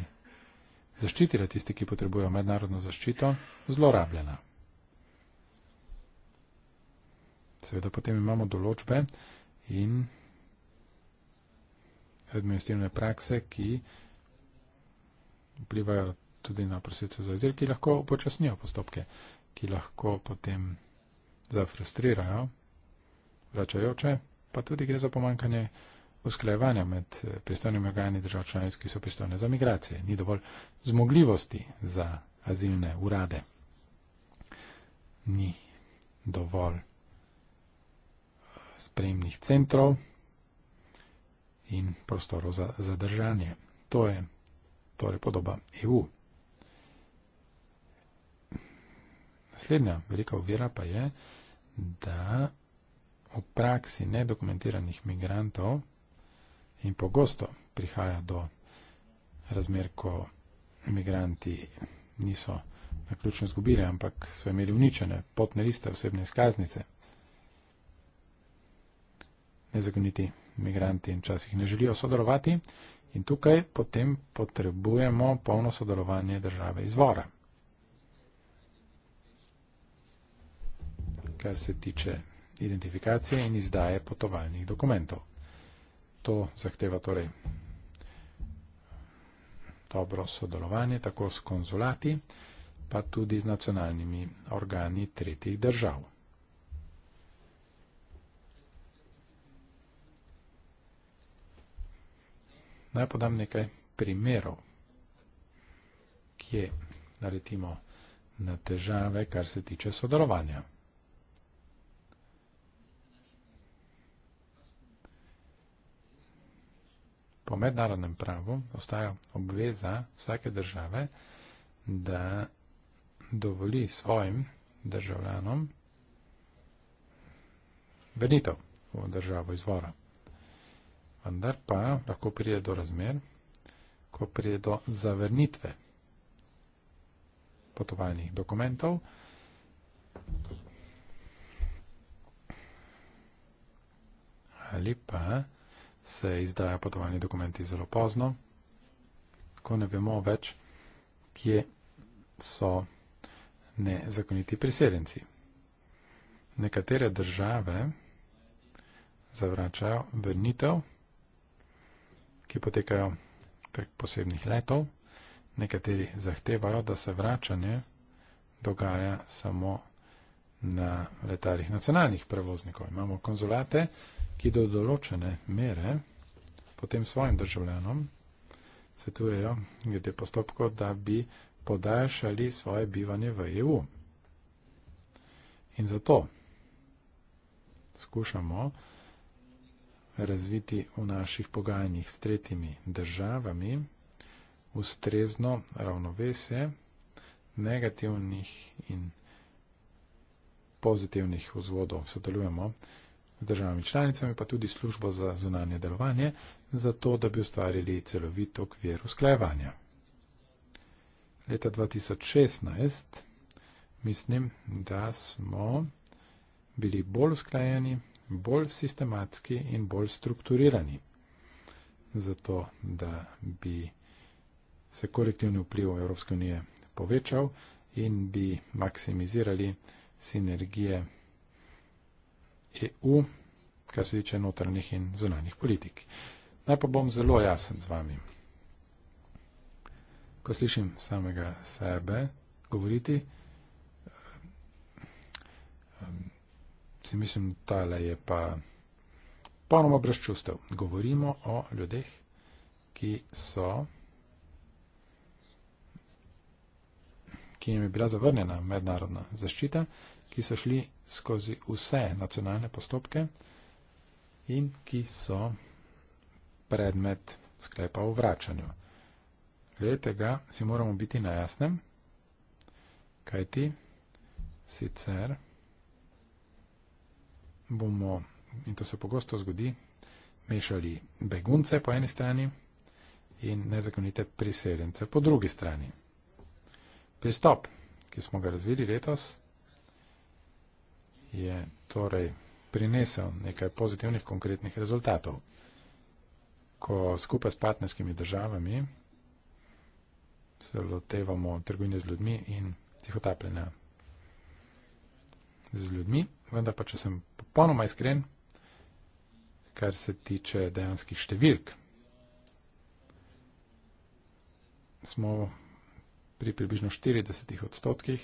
zaščitila tiste, ki potrebujejo mednarodno zaščito, zlorabljena. Seveda potem imamo določbe in administrativne prakse, ki vplivajo tudi na prosilce za azil, ki lahko upočasnijo postopke, ki lahko potem zafrustrirajo vračajoče, pa tudi gre za pomankanje usklajevanja med eh, pristojnimi organi držav članic, ki so pristojne za migracije. Ni dovolj zmogljivosti za azilne urade. Ni dovolj sprejemnih centrov in prostorov za zadržanje. To je torej podoba EU. Naslednja velika uvira pa je, da v praksi nedokumentiranih migrantov in pogosto prihaja do razmer, ko migranti niso na ključno zgubili, ampak so imeli uničene potne liste, osebne izkaznice, nezakoniti imigranti in včasih ne želijo sodelovati. In tukaj potem potrebujemo polno sodelovanje države izvora. Kar se tiče identifikacije in izdaje potovalnih dokumentov. To zahteva torej dobro sodelovanje tako s konzulati, pa tudi z nacionalnimi organi tretjih držav. Naj podam nekaj primerov, kje naletimo na težave, kar se tiče sodelovanja. Po mednarodnem pravu ostaja obveza vsake države, da dovoli svojim državljanom vrnitev v državo izvora vendar pa lahko pride do razmer, ko pride do zavrnitve potovalnih dokumentov. Ali pa se izdaja potovalni dokumenti zelo pozno, ko ne vemo več, kje so nezakoniti priseljenci. Nekatere države zavračajo vrnitev ki potekajo prek posebnih letov. Nekateri zahtevajo, da se vračanje dogaja samo na letalih nacionalnih prevoznikov. Imamo konzulate, ki do določene mere potem svojim državljanom svetujejo glede postopkov, da bi podaljšali svoje bivanje v EU. In zato skušamo razviti v naših pogajanjih s tretjimi državami ustrezno ravnovesje negativnih in pozitivnih vzvodov. Sodelujemo z državami članicami, pa tudi službo za zunanje delovanje, zato da bi ustvarili celovit okvir usklajevanja. Leta 2016 mislim, da smo bili bolj usklajeni bolj sistematski in bolj strukturirani. Zato, da bi se kolektivni vpliv Evropske unije povečal in bi maksimizirali sinergije EU, kar se tiče notranjih in zunanjih politik. Naj pa bom zelo jasen z vami. Ko slišim samega sebe govoriti, si mislim, da je pa ponoma brez čustev. Govorimo o ljudeh, ki so, ki jim je bila zavrnjena mednarodna zaščita, ki so šli skozi vse nacionalne postopke in ki so predmet sklepa o vračanju. Glede tega si moramo biti na jasnem, kajti sicer bomo, in to se pogosto zgodi, mešali begunce po eni strani in nezakonite priseljence po drugi strani. Pristop, ki smo ga razvili letos, je torej prinesel nekaj pozitivnih konkretnih rezultatov. Ko skupaj s partnerskimi državami se lotevamo trgovine z ljudmi in tihotapljenja z ljudmi, vendar pa če sem ponoma iskren, kar se tiče dejanskih številk. Smo pri približno 40 odstotkih,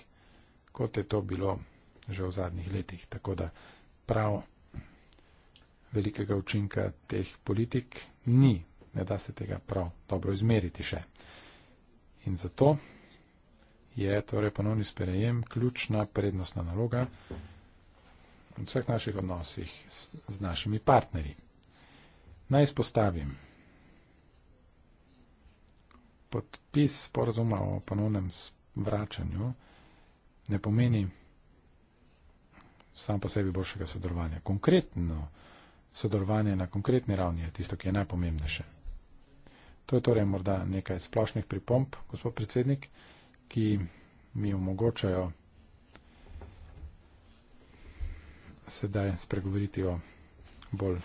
kot je to bilo že v zadnjih letih. Tako da prav velikega učinka teh politik ni, ne da se tega prav dobro izmeriti še. In zato je torej ponovni sprejem ključna prednostna naloga v vseh naših odnosih z, z našimi partnerji. Naj izpostavim podpis sporozuma o ponovnem vračanju ne pomeni sam po sebi boljšega sodelovanja. Konkretno sodelovanje na konkretni ravni je tisto, ki je najpomembnejše. To je torej morda nekaj splošnih pripomp, gospod predsednik, ki mi omogočajo sedaj spregovoriti o bolj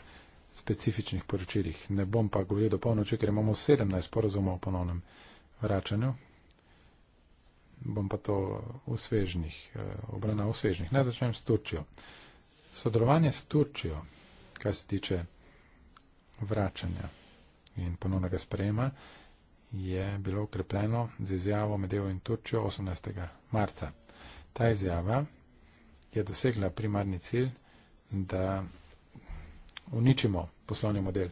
specifičnih poročilih. Ne bom pa govoril do polnoči, ker imamo 17 porazumov o ponovnem vračanju. Bom pa to v svežnih, eh, obrana v svežnih. Naj začnem s Turčijo. Sodelovanje s Turčijo, kar se tiče vračanja in ponovnega sprejema, je bilo ukrepljeno z izjavo med EU in Turčijo 18. marca. Ta izjava je dosegla primarni cilj, da uničimo poslovni model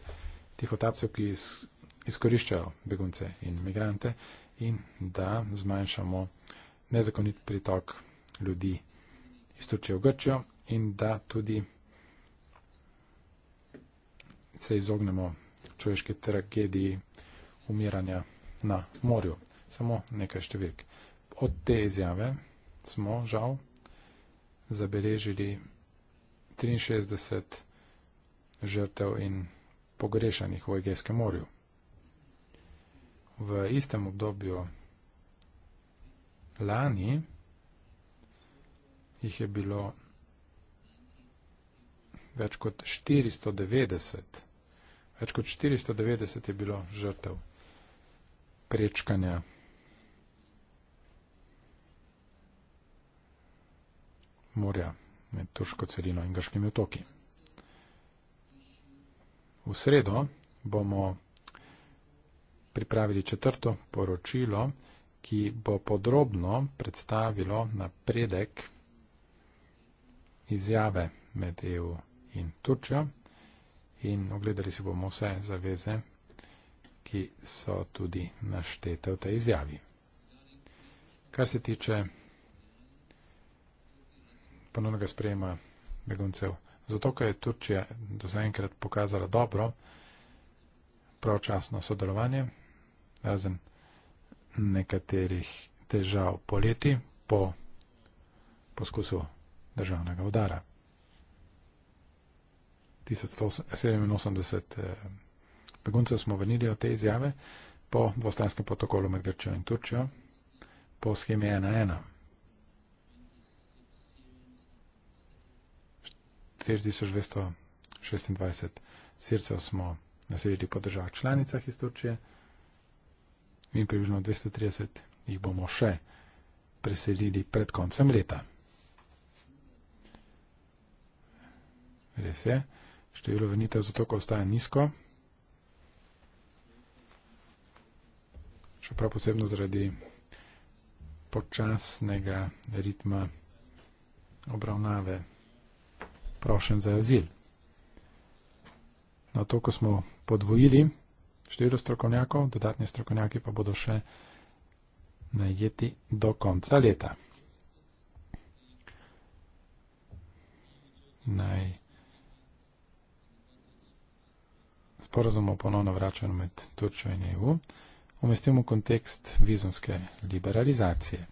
tih otapcev, ki izkoriščajo begunce in migrante in da zmanjšamo nezakonit pritok ljudi iz Turčije v Grčijo in da tudi se izognemo človeški tragediji umiranja na morju. Samo nekaj številk. Od te izjave smo žal zabeležili 63 žrtev in pogrešanih v Egejskem morju. V istem obdobju lani jih je bilo več kot 490, več kot 490 je bilo žrtev prečkanja. morja med Turško celino in Grškimi otoki. V sredo bomo pripravili četrto poročilo, ki bo podrobno predstavilo napredek izjave med EU in Turčjo in ogledali si bomo vse zaveze, ki so tudi naštete v tej izjavi. Kar se tiče ponovnega sprejema beguncev. Zato, ker je Turčija do zaenkrat pokazala dobro, pravčasno sodelovanje, razen nekaterih težav poleti po poskusu državnega udara. 1187 eh, beguncev smo vrnili od te izjave po dvostranskem protokolu med Grčijo in Turčijo po schemi 1.1. 4226 sircev smo naselili po državah članicah iz Turčije in približno 230 jih bomo še preselili pred koncem leta. Res je, število vrnitev zato, ko ostaja nizko, še prav posebno zaradi počasnega ritma obravnave prošen za azil. Na to, ko smo podvojili število strokovnjakov, dodatni strokovnjaki pa bodo še najeti do konca leta. Naj sporozum o ponovno vračanju med Turčjo in EU umestimo v kontekst vizumske liberalizacije.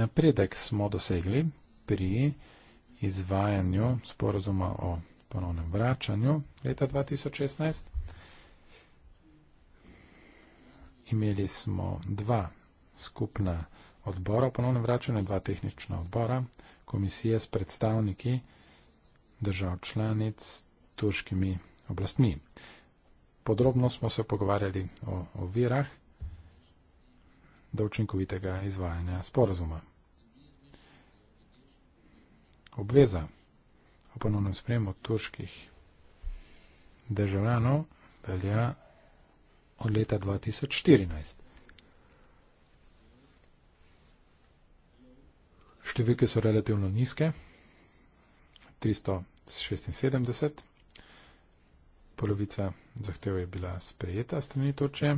Napredek smo dosegli pri izvajanju sporozuma o ponovnem vračanju leta 2016. Imeli smo dva skupna odbora o ponovnem vračanju, dva tehnična odbora, komisije s predstavniki držav članic s turškimi oblastmi. Podrobno smo se pogovarjali o ovirah do učinkovitega izvajanja sporozuma obveza o ponovnem spremu turških državljanov velja od leta 2014. Številke so relativno nizke, 376. Polovica zahtev je bila sprejeta strani Turčije.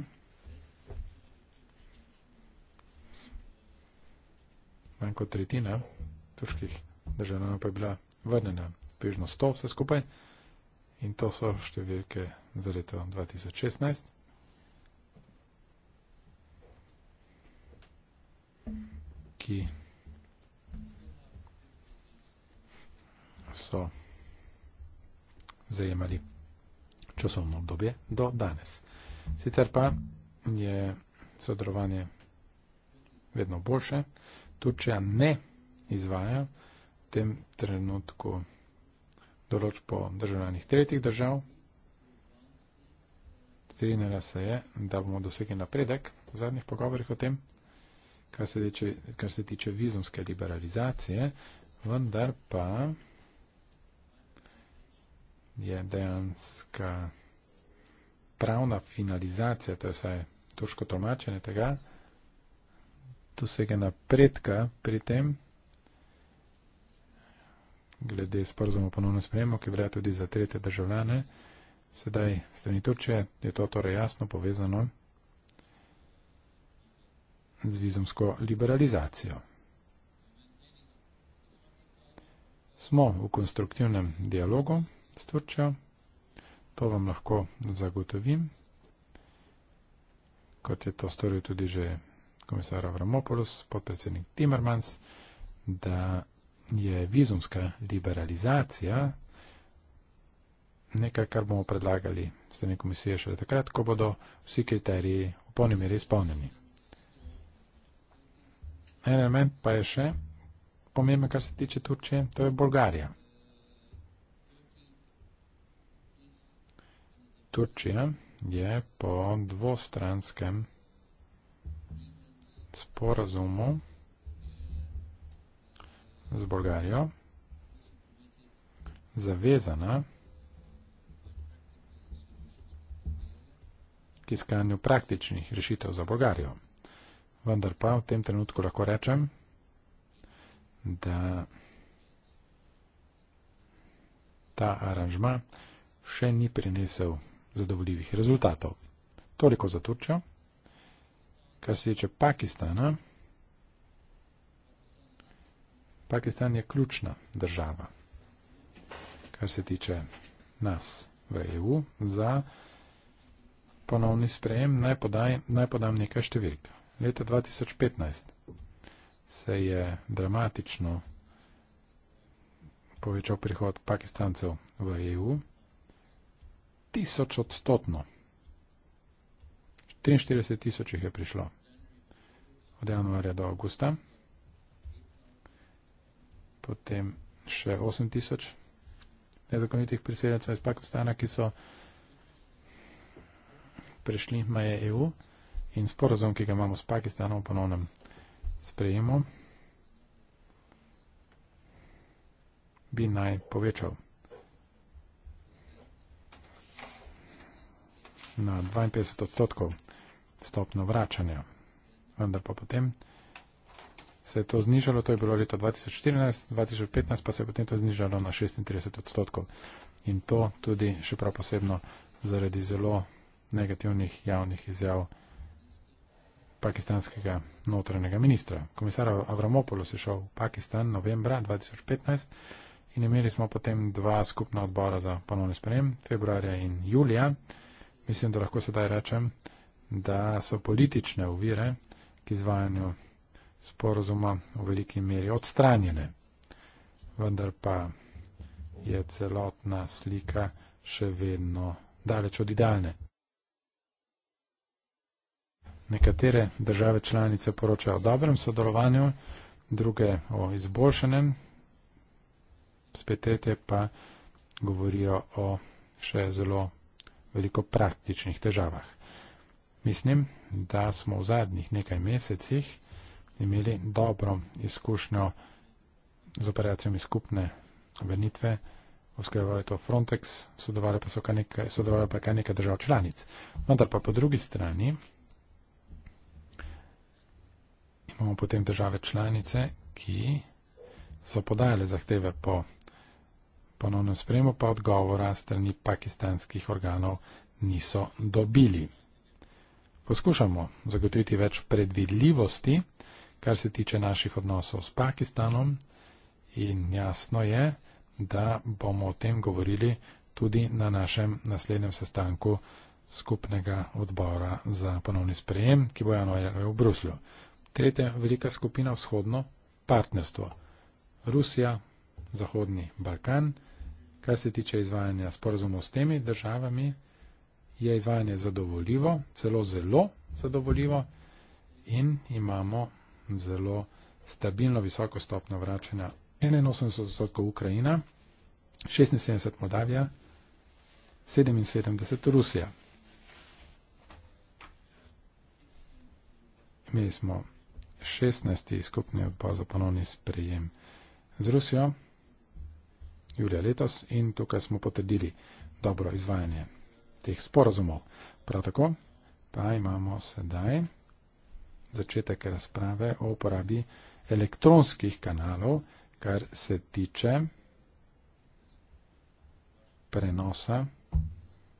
Manj kot tretjina turških držana pa je bila vrnjena približno 100 vse skupaj in to so številke za leto 2016. ki so zajemali časovno obdobje do danes. Sicer pa je sodelovanje vedno boljše. Turčija ne izvaja tem trenutku določb o državljanih tretjih držav. Strinjala se je, da bomo dosegli napredek v zadnjih pogovorih o tem, kar se, tiče, kar se tiče vizumske liberalizacije, vendar pa je dejanska pravna finalizacija, to je vsaj turško tolmačenje tega, dosege napredka pri tem, glede sporozumov ponovno sprejemo, ki velja tudi za tretje državljane. Sedaj strani Turčije je to torej jasno povezano z vizumsko liberalizacijo. Smo v konstruktivnem dialogu s Turčjo, to vam lahko zagotovim, kot je to storil tudi že komisar Avramopoulos, podpredsednik Timmermans, da je vizumska liberalizacija nekaj, kar bomo predlagali strani komisije šele takrat, ko bodo vsi kriteriji v polni meri izpolnjeni. En element pa je še pomemben, kar se tiče Turčije, to je Bolgarija. Turčija je po dvostranskem sporazumu z Bolgarijo zavezana k iskanju praktičnih rešitev za Bolgarijo. Vendar pa v tem trenutku lahko rečem, da ta aranžma še ni prinesel zadovoljivih rezultatov. Toliko za Turčjo. Kar se tiče Pakistana, Pakistan je ključna država, kar se tiče nas v EU, za ponovni sprejem naj, podaj, naj podam nekaj številk. Leta 2015 se je dramatično povečal prihod pakistancev v EU, tisoč odstotno. 43 tisoč jih je prišlo od januarja do avgusta potem še 8000 nezakonitih priseljencev iz Pakistana, ki so prešli maje EU in sporozum, ki ga imamo s Pakistanom, ponovnem sprejemu, bi naj povečal na 52 odstotkov stopno vračanja, vendar pa potem se je to znižalo, to je bilo leta 2014, 2015 pa se je potem to znižalo na 36 odstotkov. In to tudi še prav posebno zaradi zelo negativnih javnih izjav pakistanskega notranjega ministra. Komisar Avramopolo se šel v Pakistan novembra 2015 in imeli smo potem dva skupna odbora za ponovno sprejem, februarja in julija. Mislim, da lahko sedaj rečem, da so politične uvire k izvajanju sporozuma v veliki meri odstranjene. Vendar pa je celotna slika še vedno daleč od idealne. Nekatere države članice poročajo o dobrem sodelovanju, druge o izboljšanem, spet tretje pa govorijo o še zelo veliko praktičnih težavah. Mislim, da smo v zadnjih nekaj mesecih imeli dobro izkušnjo z operacijami skupne vrnitve, oskrbovali to Frontex, sodelovali pa so kar nekaj, sodelovali pa kar nekaj držav članic. Vendar pa po drugi strani imamo potem države članice, ki so podajale zahteve po ponovnem spremu, pa odgovora strani pakistanskih organov niso dobili. Poskušamo zagotoviti več predvidljivosti, kar se tiče naših odnosov s Pakistanom. In jasno je, da bomo o tem govorili tudi na našem naslednjem sestanku skupnega odbora za ponovni sprejem, ki bo januarja v Bruslju. Tretja velika skupina vzhodno partnerstvo. Rusija, Zahodni Balkan. Kar se tiče izvajanja sporazumov s temi državami, je izvajanje zadovoljivo, celo zelo zadovoljivo in imamo zelo stabilno visoko stopno vračanja. 81% Ukrajina, 76% Moldavija, 77% Rusija. Mi smo 16. skupni odbor za ponovni sprejem z Rusijo julija letos in tukaj smo potrdili dobro izvajanje teh sporozumov. Prav tako pa imamo sedaj začetek razprave o uporabi elektronskih kanalov, kar se tiče prenosa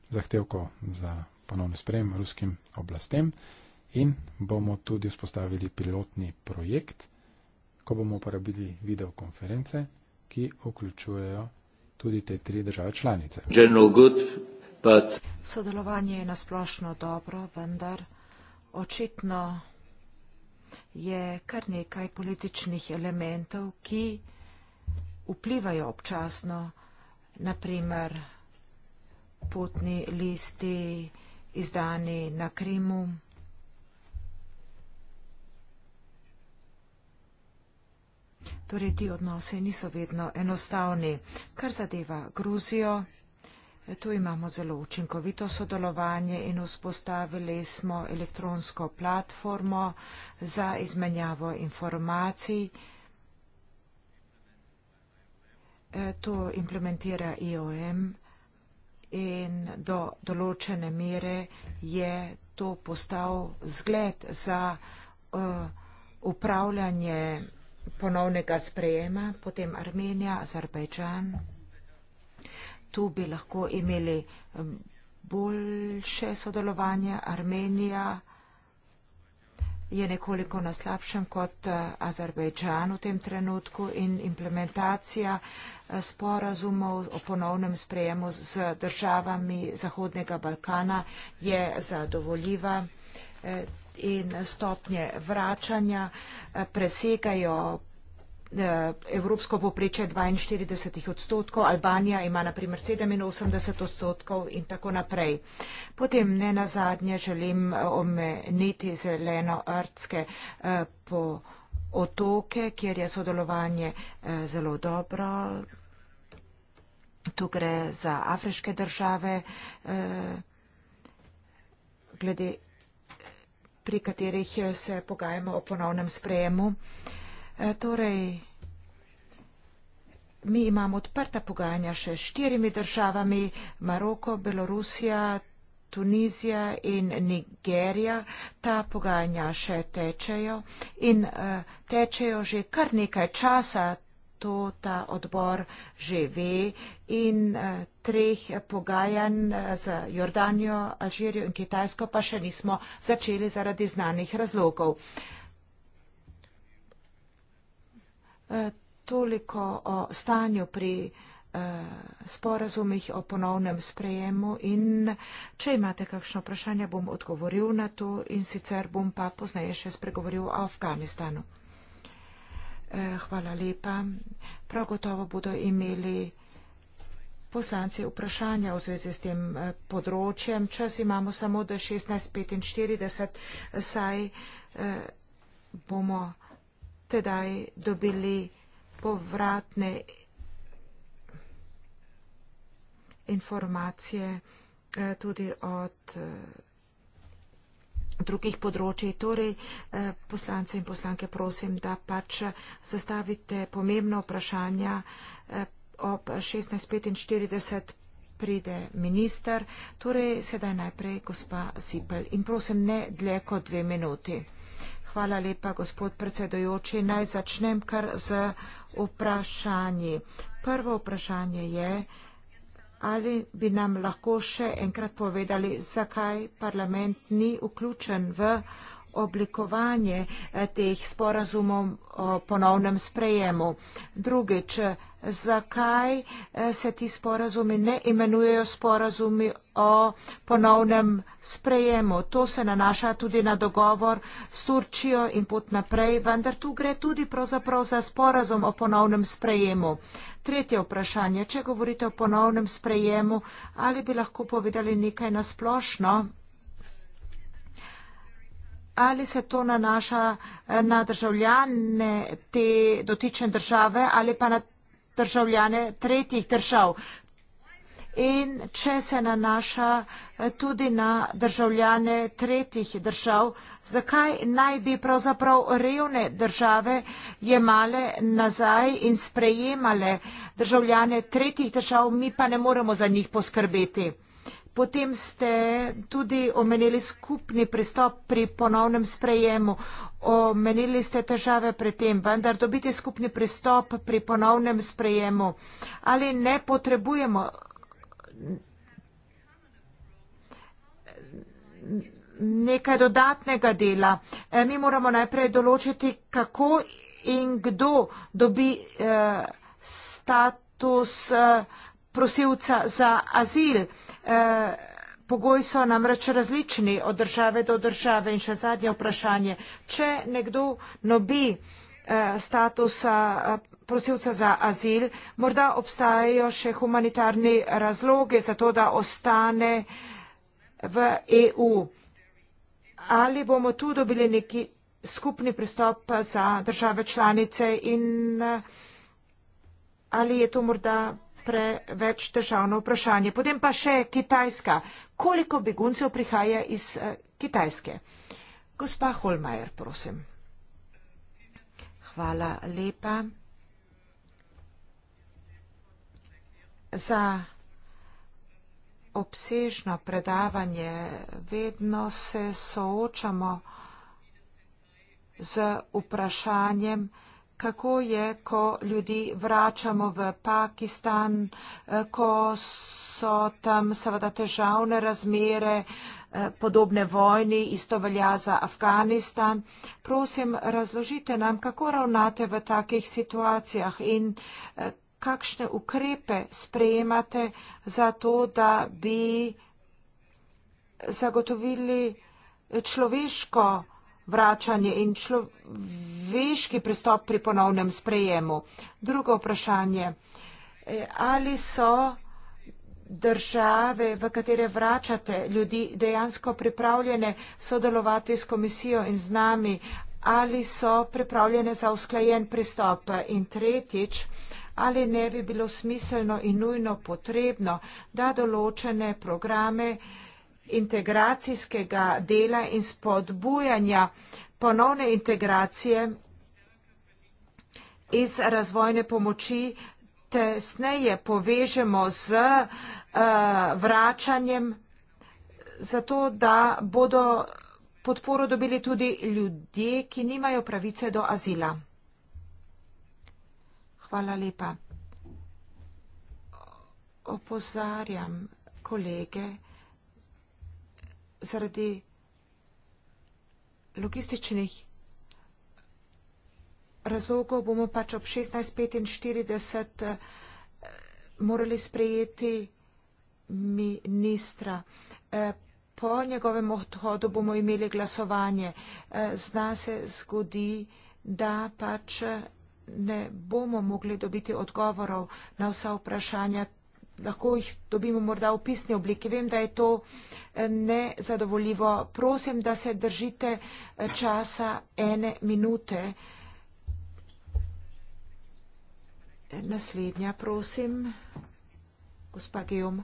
zahtevko za ponovno sprejem ruskim oblastem in bomo tudi vzpostavili pilotni projekt, ko bomo uporabili videokonference, ki vključujejo tudi te tri države članice. Good, but... Sodelovanje je na splošno dobro, vendar očitno je kar nekaj političnih elementov, ki vplivajo občasno, naprimer potni listi izdani na Krimu. Torej, ti odnose niso vedno enostavni. Kar zadeva Gruzijo, Tu imamo zelo učinkovito sodelovanje in vzpostavili smo elektronsko platformo za izmenjavo informacij. E, to implementira IOM in do določene mere je to postal zgled za e, upravljanje ponovnega sprejema, potem Armenija, Azerbejdžan tu bi lahko imeli boljše sodelovanje. Armenija je nekoliko na slabšem kot eh, Azerbejdžan v tem trenutku in implementacija eh, sporazumov o ponovnem sprejemu z državami Zahodnega Balkana je zadovoljiva eh, in stopnje vračanja presegajo Eh, evropsko poprečje 42 odstotkov, Albanija ima na primer 87 odstotkov in tako naprej. Potem ne na zadnje želim eh, omeniti zeleno-artske eh, po otoke, kjer je sodelovanje zelo dobro. Tu gre za afriške države, glede pri katerih se pogajamo o ponovnem sprejemu. Eh, torej, mi imamo odprta pogajanja še s štirimi državami, Maroko, Belorusija, Tunizija in Nigerija. Ta pogajanja še tečejo in eh, tečejo že kar nekaj časa, to ta odbor že ve in eh, treh pogajanj z Jordanijo, Alžirijo in Kitajsko pa še nismo začeli zaradi znanih razlogov. Eh, toliko o stanju pri eh, sporazumih o ponovnem sprejemu in če imate kakšno vprašanje, bom odgovoril na to in sicer bom pa poznaje še spregovoril o Afganistanu. Eh, hvala lepa. Prav gotovo bodo imeli poslanci vprašanja v zvezi s tem področjem. Čas imamo samo do 16.45, saj bomo tedaj dobili povratne informacije eh, tudi od eh, drugih področji. Torej, eh, poslance in poslanke prosim, da pač zastavite pomembno vprašanje. Ob 16.45 pride minister. Torej, sedaj najprej gospa Sipel. In prosim, ne dlje kot dve minuti. Hvala lepa, gospod predsedujoči. Naj začnem kar z vprašanji. Prvo vprašanje je, ali bi nam lahko še enkrat povedali, zakaj parlament ni vključen v oblikovanje eh, teh sporazumov o ponovnem sprejemu. Drugič, zakaj eh, se ti sporazumi ne imenujejo sporazumi o ponovnem sprejemu. To se nanaša tudi na dogovor s Turčijo in pot naprej, vendar tu gre tudi pravzaprav za sporazum o ponovnem sprejemu. Tretje vprašanje, če govorite o ponovnem sprejemu, ali bi lahko povedali nekaj nasplošno ali se to nanaša eh, na državljane te dotične države ali pa na državljane tretjih držav. In če se nanaša eh, tudi na državljane tretjih držav, zakaj naj bi pravzaprav revne države jemale nazaj in sprejemale državljane tretjih držav, mi pa ne moremo za njih poskrbeti. Potem ste tudi omenili skupni pristop pri ponovnem sprejemu. Omenili ste težave pri tem, vendar dobiti skupni pristop pri ponovnem sprejemu. Ali ne potrebujemo nekaj dodatnega dela? E, mi moramo najprej določiti, kako in kdo dobi e, status e, prosilca za azil. Eh, pogoji so namreč različni od države do države. In še zadnje vprašanje. Če nekdo nobi eh, statusa eh, prosilca za azil, morda obstajajo še humanitarni razloge za to, da ostane v EU. Ali bomo tu dobili neki skupni pristop za države članice in ali je to morda preveč težavno vprašanje. Potem pa še Kitajska. Koliko beguncev prihaja iz eh, Kitajske? Gospa Holmajer, prosim. Hvala lepa za obsežno predavanje. Vedno se soočamo z vprašanjem, kako je, ko ljudi vračamo v Pakistan, eh, ko so tam seveda težavne razmere, eh, podobne vojni, isto velja za Afganistan. Prosim, razložite nam, kako ravnate v takih situacijah in eh, kakšne ukrepe sprejemate za to, da bi zagotovili človeško vračanje in človeški pristop pri ponovnem sprejemu. Drugo vprašanje. E, ali so države, v katere vračate ljudi, dejansko pripravljene sodelovati s komisijo in z nami? Ali so pripravljene za usklajen pristop? In tretjič, ali ne bi bilo smiselno in nujno potrebno, da določene programe eh, integracijskega dela in spodbujanja ponovne integracije iz razvojne pomoči tesneje povežemo z uh, vračanjem, zato da bodo podporo dobili tudi ljudje, ki nimajo pravice do azila. Hvala lepa. Opozarjam kolege zaradi logističnih razlogov bomo pač ob 16.45 eh, morali sprejeti ministra. Eh, po njegovem odhodu bomo imeli glasovanje. Eh, zna se zgodi, da pač ne bomo mogli dobiti odgovorov na vsa vprašanja, lahko jih dobimo morda v pisni obliki. Vem, da je to eh, nezadovoljivo. Prosim, da se držite eh, časa ene minute. Naslednja, prosim, gospa Geom.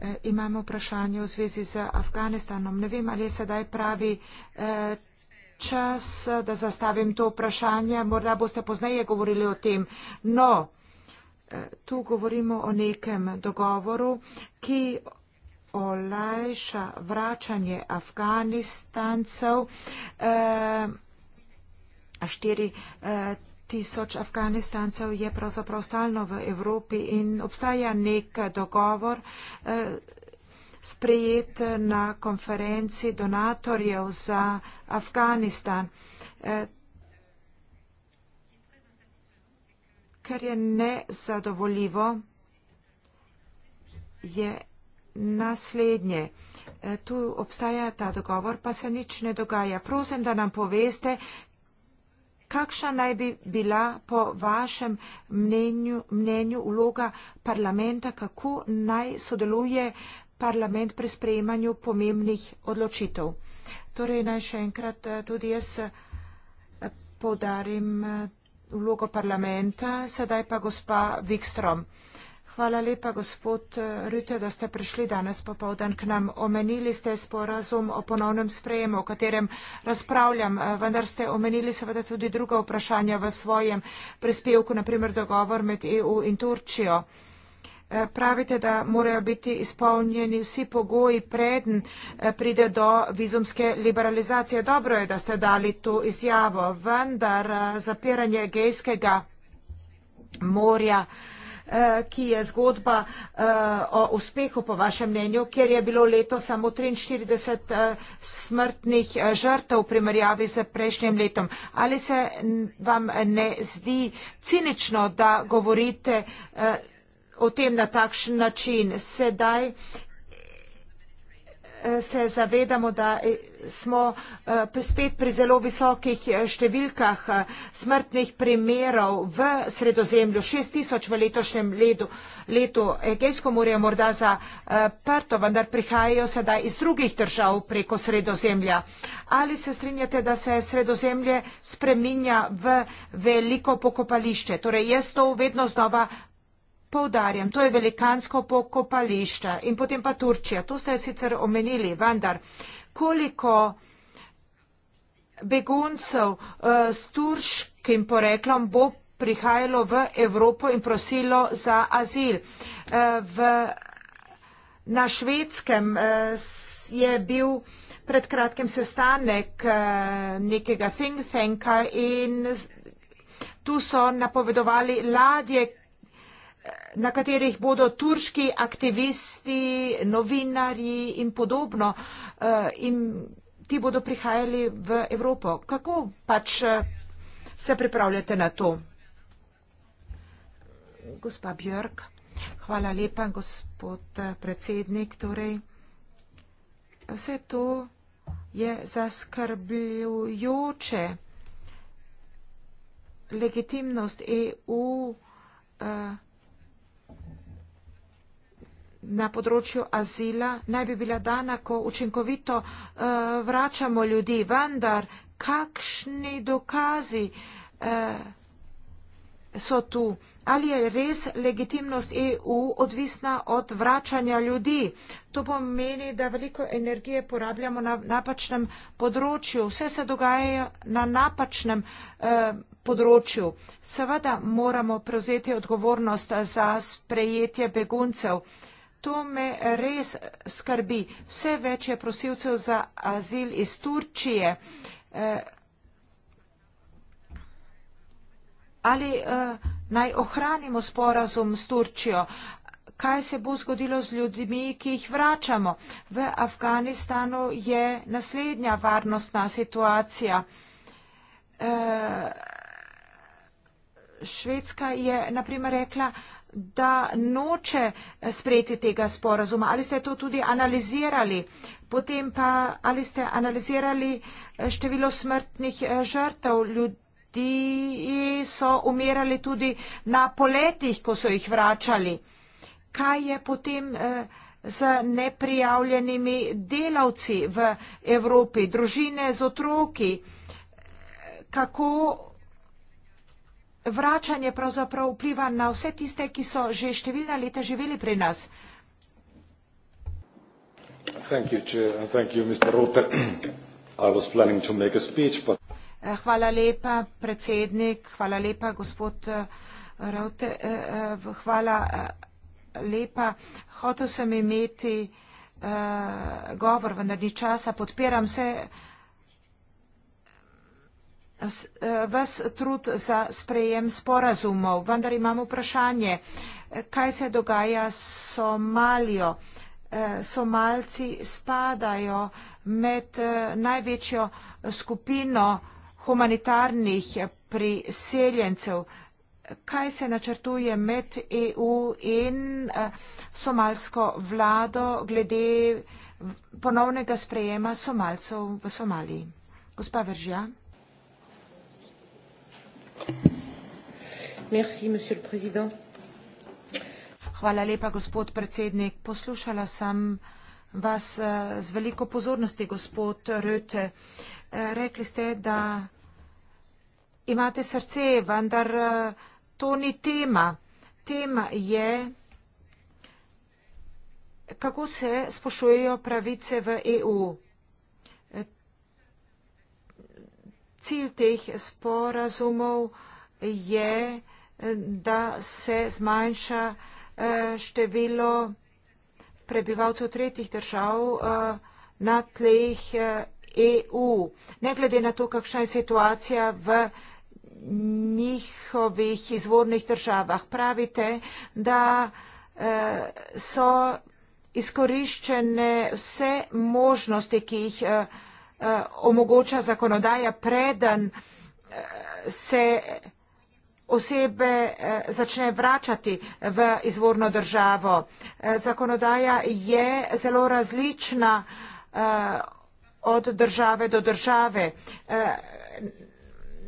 Eh, Imamo vprašanje v zvezi z Afganistanom. Ne vem, ali je sedaj pravi čas, da zastavim to vprašanje. Morda boste pozneje govorili o tem. No, tu govorimo o nekem dogovoru, ki olajša vračanje Afganistancev. Eh, štiri eh, tisoč Afganistancev je pravzaprav stalno v Evropi in obstaja nek dogovor eh, sprejet na konferenci donatorjev za Afganistan. kar je nezadovoljivo, je naslednje. E, tu obstaja ta dogovor, pa se nič ne dogaja. Prosim, da nam poveste, kakšna naj bi bila po vašem mnenju, mnenju uloga parlamenta, kako naj sodeluje parlament pri sprejemanju pomembnih odločitev. Torej, naj še enkrat e, tudi jaz e, podarim vlogo parlamenta. Sedaj pa gospa Wikstrom. Hvala lepa, gospod eh, Rüte, da ste prišli danes popovdan k nam. Omenili ste sporazum o ponovnem sprejemu, o katerem razpravljam, eh, vendar ste omenili seveda tudi druga vprašanja v svojem prispevku, naprimer dogovor med EU in Turčijo. Eh, pravite, da morajo biti izpolnjeni vsi pogoji preden eh, pride do vizumske liberalizacije. Dobro je, da ste dali to izjavo, vendar eh, zapiranje gejskega morja, ki je zgodba o uspehu po vašem mnenju, ker je bilo leto samo 43 smrtnih žrtev v primerjavi z prejšnjim letom. Ali se vam ne zdi cinično, da govorite o tem na takšen način. Sedaj eh, se zavedamo, da eh, smo eh, spet pri zelo visokih številkah smrtnih primerov v sredozemlju, 6 tisoč v letošnjem letu, letu Egejsko morje morda zaprto, vendar prihajajo sedaj iz drugih držav preko sredozemlja. Ali se strinjate, da se sredozemlje spreminja v veliko pokopališče? Torej, jaz to vedno znova Poudarjam, to je velikansko pokopališče in potem pa Turčija. To ste sicer omenili, vendar koliko beguncev uh, s turškim poreklom bo prihajalo v Evropo in prosilo za azil. Uh, v, na švedskem uh, je bil pred kratkim sestanek uh, nekega think tanka in tu so napovedovali ladje, na katerih bodo turški aktivisti, novinarji in podobno eh, in ti bodo prihajali v Evropo. Kako pač eh, se pripravljate na to? Gospa Björk, hvala lepa, gospod eh, predsednik. Torej, vse to je zaskrbljujoče. Legitimnost EU uh, na področju azila naj bi bila dana, ko učinkovito uh, vračamo ljudi, vendar kakšni dokazi uh, so tu? Ali je res legitimnost EU odvisna od vračanja ljudi? To pomeni, da veliko energije porabljamo na napačnem področju. Vse se dogaja na napačnem uh, Področju. Seveda moramo prevzeti odgovornost za sprejetje beguncev. Uh, To me res skrbi. Vse več je prosilcev za azil iz Turčije. Eh, ali eh, naj ohranimo sporazum s Turčijo? Kaj se bo zgodilo z ljudmi, ki jih vračamo? V Afganistanu je naslednja varnostna situacija. Eh, Švedska je naprimer rekla, da noče sprejeti tega sporazuma. Ali ste to tudi analizirali? Potem pa, ali ste analizirali eh, število smrtnih eh, žrtev? Ljudi so umirali tudi na poletih, ko so jih vračali. Kaj je potem eh, z neprijavljenimi delavci v Evropi, družine z otroki? Kako vračanje pravzaprav vpliva na vse tiste, ki so že številna leta živeli pri nas. Eh, hvala lepa, predsednik, hvala lepa, gospod eh, Raute, eh, hvala lepa. Hotel sem imeti govor, vendar ni časa, podpiram vse Eh, ves trud za sprejem sporazumov. Vendar imam vprašanje, kaj se dogaja s Somalijo? Eh, Somalci spadajo med eh, največjo skupino humanitarnih priseljencev. Kaj se načrtuje med EU in somalsko vlado glede ponovnega sprejema somalcev v Somaliji? Gospa Veržja. Hvala lepa, gospod predsednik. Poslušala sem vas eh, z veliko pozornosti, gospod Röte. Eh, rekli ste, da imate srce, vendar eh, to ni tema. Tema je, kako se spoštujejo pravice v EU. Cilj teh sporazumov je, da se zmanjša eh, število prebivalcev tretjih držav eh, na tleh EU. Eh, e ne glede na to, kakšna je situacija v njihovih izvornih državah. Pravite, da so izkoriščene vse možnosti, ki jih Eh, omogoča zakonodaja, preden eh, se osebe eh, začne vračati v izvorno državo. Zakonodaja je zelo različna od države do države.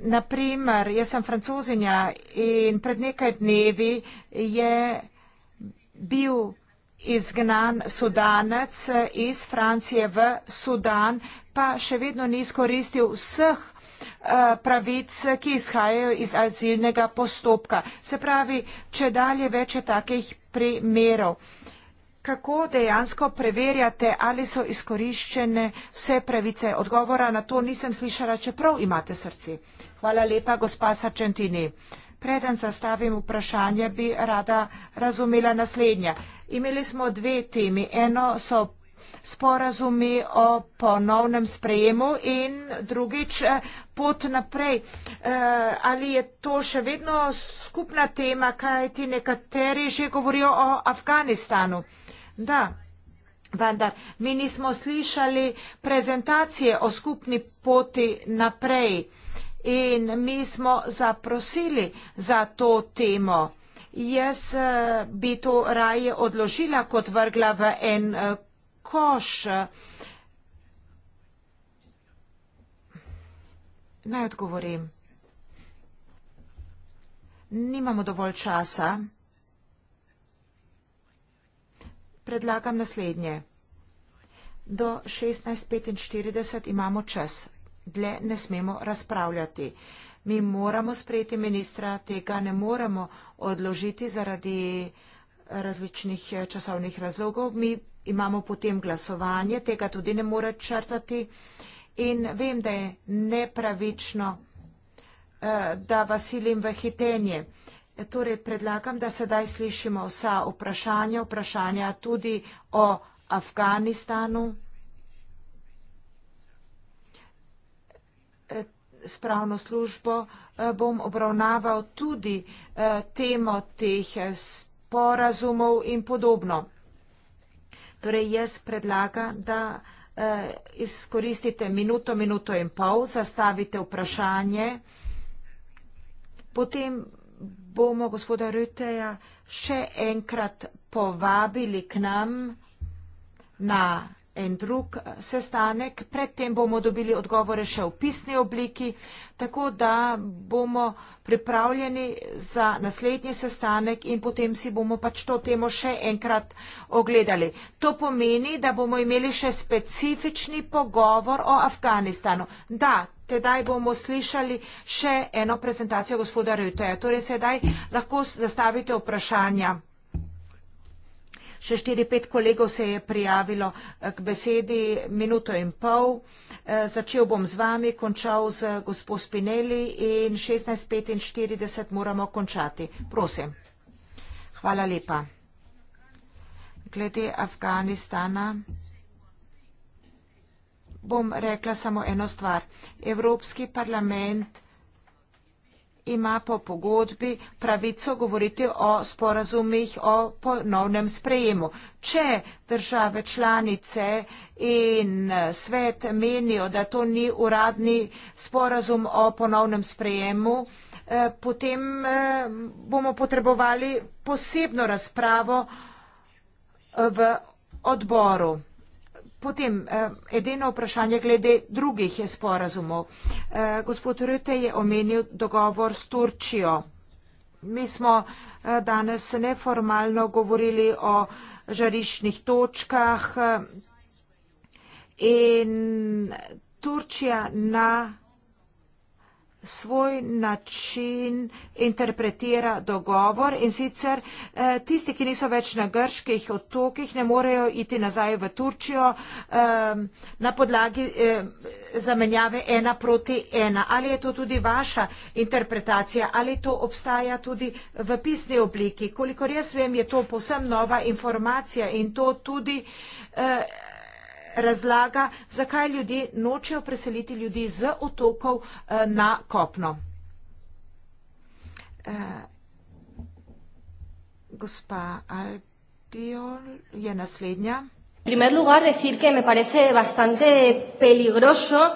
Naprimer, jaz sem francozinja in pred nekaj dnevi je bil izgnan sudanec iz Francije v Sudan, pa še vedno ni izkoristil vseh eh, pravic, ki izhajajo iz azilnega postopka. Se pravi, če dalje več je takih primerov. Kako dejansko preverjate, ali so izkoriščene vse pravice? Odgovora na to nisem slišala, čeprav imate srce. Hvala lepa, gospa Sarčentini. Uh, Preden zastavim vprašanje, bi rada razumela naslednja. Imeli smo dve temi. Eno so sporazumi o ponovnem sprejemu in drugič eh, pot naprej. Eh, ali je to še vedno skupna tema, kaj ti nekateri že govorijo o Afganistanu? Da, vendar mi nismo slišali prezentacije o skupni poti naprej in mi smo zaprosili za to temo. Jaz eh, bi to raje odložila kot vrgla v en eh, koš. Naj odgovorim. Nimamo dovolj časa. Predlagam naslednje. Do 16.45 imamo čas dlje ne smemo razpravljati. Mi moramo sprejeti ministra, tega ne moremo odložiti zaradi različnih eh, časovnih razlogov. Mi imamo potem glasovanje, tega tudi ne more črtati in vem, da je nepravično, eh, da vas silim v hitenje. Torej predlagam, da sedaj slišimo vsa vprašanja, vprašanja tudi o Afganistanu. spravno službo eh, bom obravnaval tudi eh, temo teh eh, sporazumov in podobno. Torej, jaz predlagam, da izkoristite minuto, minuto in pol, zastavite vprašanje. Potem bomo gospoda Rüteja še enkrat povabili k nam na en drug eh, sestanek. Predtem bomo dobili odgovore še v pisni obliki, tako da bomo pripravljeni za naslednji sestanek in potem si bomo pač to temo še enkrat ogledali. To pomeni, da bomo imeli še specifični pogovor o Afganistanu. Da, tedaj bomo slišali še eno prezentacijo gospoda Reuteja. Torej, sedaj lahko zastavite vprašanja. Še štiri, pet kolegov se je prijavilo eh, k besedi, minuto in pol. Eh, začel bom z vami, končal z gospod Spinelli in 16.45 moramo končati. Prosim. Hvala lepa. Glede Afganistana bom rekla samo eno stvar. Evropski parlament ima po pogodbi pravico govoriti o sporazumih o ponovnem sprejemu. Če države članice in svet menijo, da to ni uradni sporazum o ponovnem sprejemu, eh, potem eh, bomo potrebovali posebno razpravo eh, v odboru. Potem eh, edino vprašanje glede drugih sporazumov. Eh, gospod Rute je omenil dogovor s Turčijo. Mi smo eh, danes neformalno govorili o žariščnih točkah in Turčija na svoj način interpretira dogovor in sicer eh, tisti, ki niso več na grških otokih, ne morejo iti nazaj v Turčijo eh, na podlagi eh, zamenjave ena proti ena. Ali je to tudi vaša interpretacija, ali to obstaja tudi v pisni obliki? Kolikor jaz vem, je to posebno nova informacija in to tudi. Eh, razlaga, zakaj ljudje nočejo preseliti ljudi z otokov eh, na kopno. Eh, gospa Alpion je naslednja. V prvem lugar decir, que me parece bastante peligroso.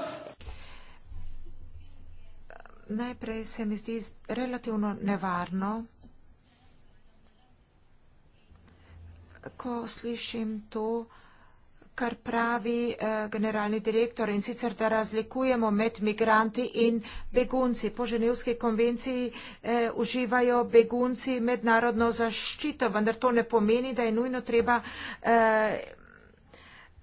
Najprej se mi zdi relativno nevarno, ko slišim to, uh, kar pravi eh, generalni direktor in sicer, da razlikujemo med migranti in begunci. Po Ženevski konvenciji eh, uživajo begunci mednarodno zaščito, vendar to ne pomeni, da je nujno treba eh,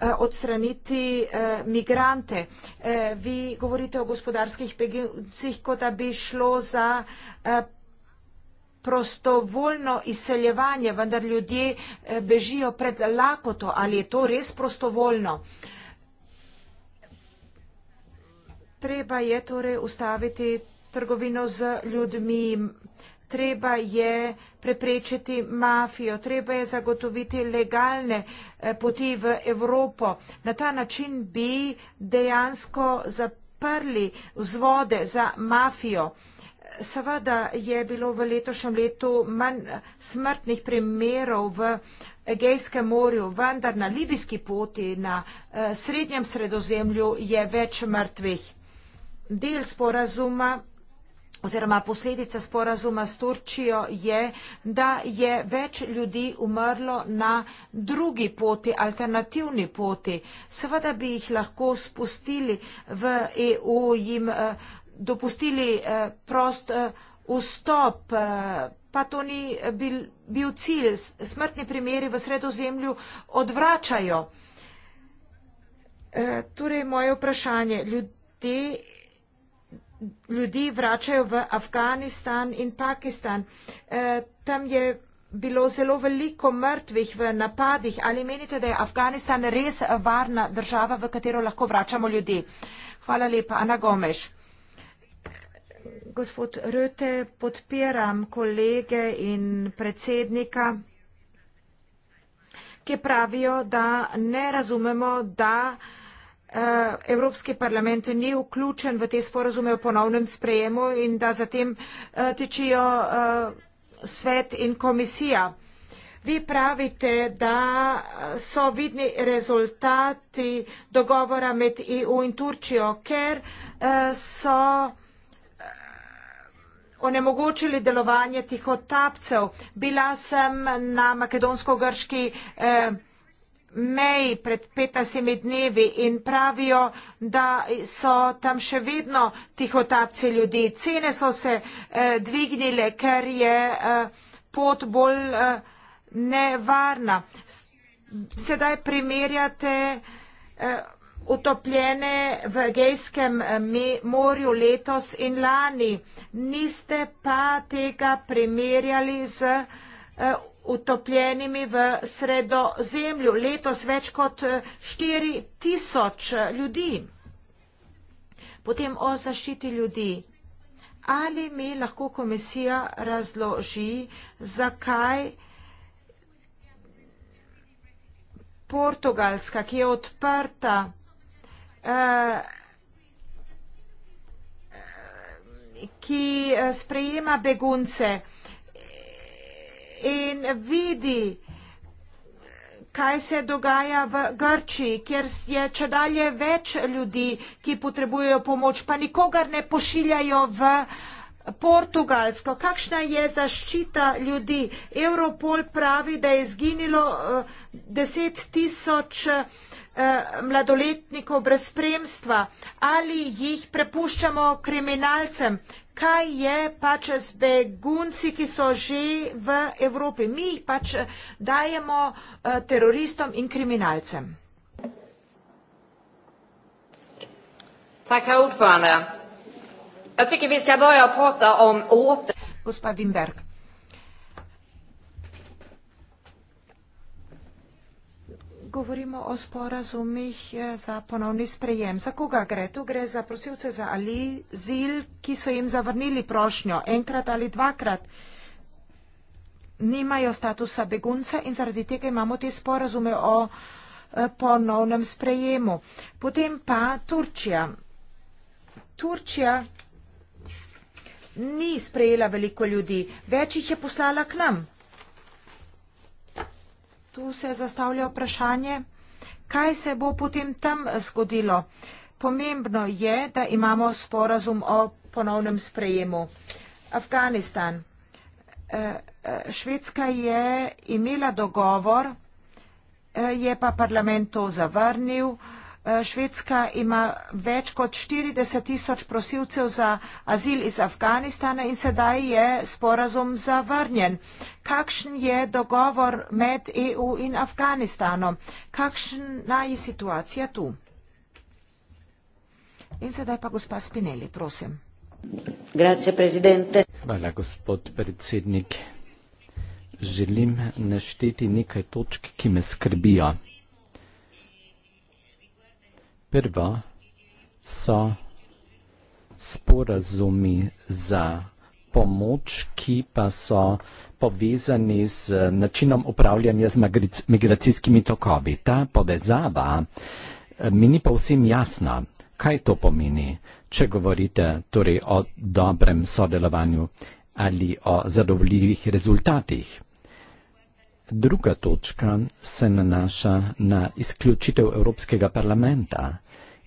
eh odstraniti eh, migrante. Eh, vi govorite o gospodarskih beguncih, kot da bi šlo za. Eh, prostovoljno izseljevanje, vendar ljudje eh, bežijo pred lakoto. Ali je to res prostovoljno? Treba je torej ustaviti trgovino z ljudmi, treba je preprečiti mafijo, treba je zagotoviti legalne eh, poti v Evropo. Na ta način bi dejansko zaprli vzvode za mafijo. Seveda je bilo v letošnjem letu manj smrtnih primerov v Egejskem morju, vendar na libijski poti, na eh, srednjem sredozemlju je več mrtvih. Del sporazuma oziroma posledica sporazuma s Turčijo je, da je več ljudi umrlo na drugi poti, alternativni poti. Seveda bi jih lahko spustili v EU, jim uh, dopustili eh, prost eh, vstop, eh, pa to ni bil, bil cilj. Smrtni primeri v sredozemlju odvračajo. Torej, moje vprašanje. Ljudje, ljudi vračajo v Afganistan in Pakistan. Tam je bilo zelo veliko mrtvih v napadih. Ali menite, da je Afganistan res varna država, v katero lahko vračamo ljudi? Hvala lepa. Ana Gomeš gospod Röte, podpiram kolege in predsednika, ki pravijo, da ne razumemo, da eh, Evropski parlament ni vključen v te sporozume o ponovnem sprejemu in da zatem eh, tečijo eh, svet in komisija. Vi pravite, da so vidni rezultati dogovora med EU in Turčijo, ker so onemogočili delovanje tihotapcev. Bila sem na makedonsko-grški eh, mej pred 15 dnevi in pravijo, da so tam še vedno tihotapci ljudi. Cene so se eh, dvignile, ker je eh, pot bolj nevarna. Sedaj primerjate utopljene v Gejskem eh, morju letos in lani. Niste pa tega primerjali z eh, utopljenimi v sredozemlju. Letos več kot 4 eh, tisoč ljudi. Potem o zaščiti ljudi. Ali mi lahko komisija razloži, zakaj Portugalska, ki je odprta, ki eh, sprejema begunce in vidi, kaj se dogaja v Grčiji, kjer je če dalje več ljudi, ki potrebujejo pomoč, pa nikogar ne pošiljajo v Portugalsko. Kakšna je zaščita ljudi? Europol pravi, da je izginilo eh, deset tisoč ljudi Eh, mladoletnikov brez spremstva ali jih prepuščamo kriminalcem. Kaj je pač z begunci, ki so že v Evropi? Mi jih pač eh, dajemo eh, teroristom in kriminalcem. Gospa Wimberg. govorimo o sporazumih eh, za ponovni sprejem. Za koga gre? Tu gre za prosilce za alizil, ki so jim zavrnili prošnjo enkrat ali dvakrat. Nimajo statusa begunca in zaradi tega imamo te sporazume o eh, ponovnem sprejemu. Potem pa Turčija. Turčija ni sprejela veliko ljudi, več jih je poslala k nam tu se zastavlja vprašanje, kaj se bo potem tam zgodilo. Pomembno je, da imamo sporazum o ponovnem sprejemu. Afganistan. Eh, eh, Švedska je imela dogovor, eh, je pa parlament to zavrnil. Eh, Švedska ima več kot 40 tisoč prosilcev za azil iz Afganistana in sedaj je sporazum zavrnjen. Kakšen je dogovor med EU in Afganistanom? Kakšna je situacija tu? In sedaj pa gospa Spinelli, prosim. Hvala, gospod predsednik. Želim našteti nekaj točk, ki me skrbijo prva so sporazumi za pomoč, ki pa so povezani z načinom upravljanja z migracijskimi tokovi. Ta povezava eh, mi ni povsem jasna, kaj to pomeni, če govorite torej o dobrem sodelovanju ali o zadovoljivih rezultatih. Druga točka se nanaša na izključitev Evropskega parlamenta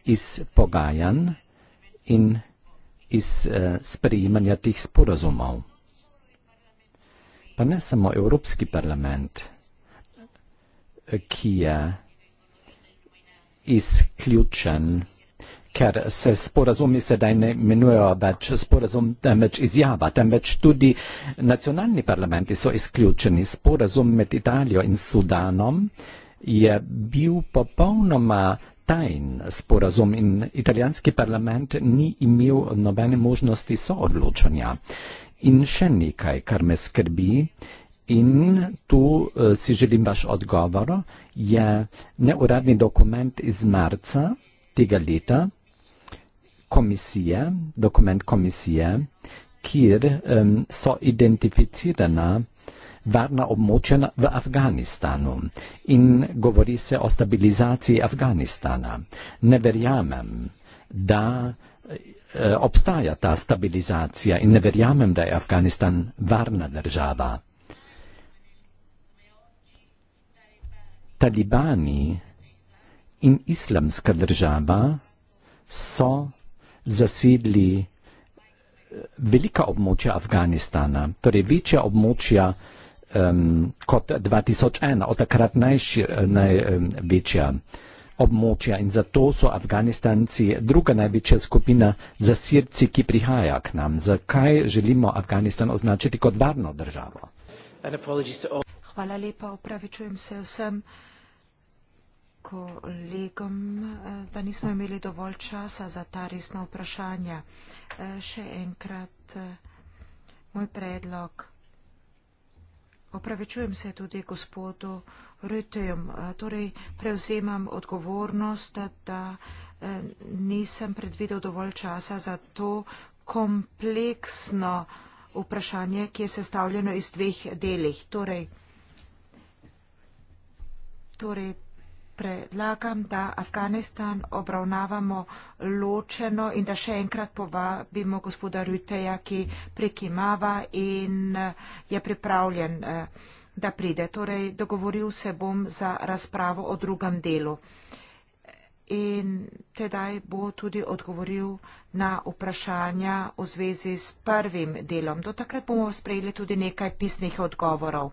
iz pogajanj in iz eh, sprejemanja teh sporazumov. Pa ne samo Evropski parlament, ki je izključen ker se sporazumi sedaj ne imenujejo več sporazum, temveč izjava, temveč tudi nacionalni parlamenti so izključeni. Sporazum med Italijo in Sudanom je bil popolnoma tajn sporazum in italijanski parlament ni imel nobene možnosti soodločanja. In še nekaj, kar me skrbi. In tu uh, si želim vaš odgovor, je neuradni dokument iz marca tega leta, komisije, dokument komisije, kjer um, so identificirana varna območja v Afganistanu in govori se o stabilizaciji Afganistana. Ne verjamem, da uh, obstaja ta stabilizacija in ne verjamem, da je Afganistan varna država. Talibani in islamska država so zasedli eh, velika območja Afganistana, torej večja območja um, kot 2001, od takrat največja območja. In zato so Afganistanci druga največja skupina za sirci, ki prihaja k nam. Zakaj želimo Afganistan označiti kot varno državo? Hvala lepa, opravičujem se vsem kolegom, eh, da nismo imeli dovolj časa za ta resna vprašanja. Eh, še enkrat eh, moj predlog. Opravičujem se tudi gospodu Rütejem. Torej, prevzemam odgovornost, da nisem predvidel dovolj časa za to kompleksno vprašanje, ki je sestavljeno iz dveh delih. Torej, torej predlagam, da Afganistan obravnavamo ločeno in da še enkrat povabimo gospoda Ruteja, ki prekimava in eh, je pripravljen, eh, da pride. Torej, dogovoril se bom za razpravo o drugem delu in tedaj bo tudi odgovoril na vprašanja v zvezi s prvim delom. Do takrat bomo sprejeli tudi nekaj pisnih odgovorov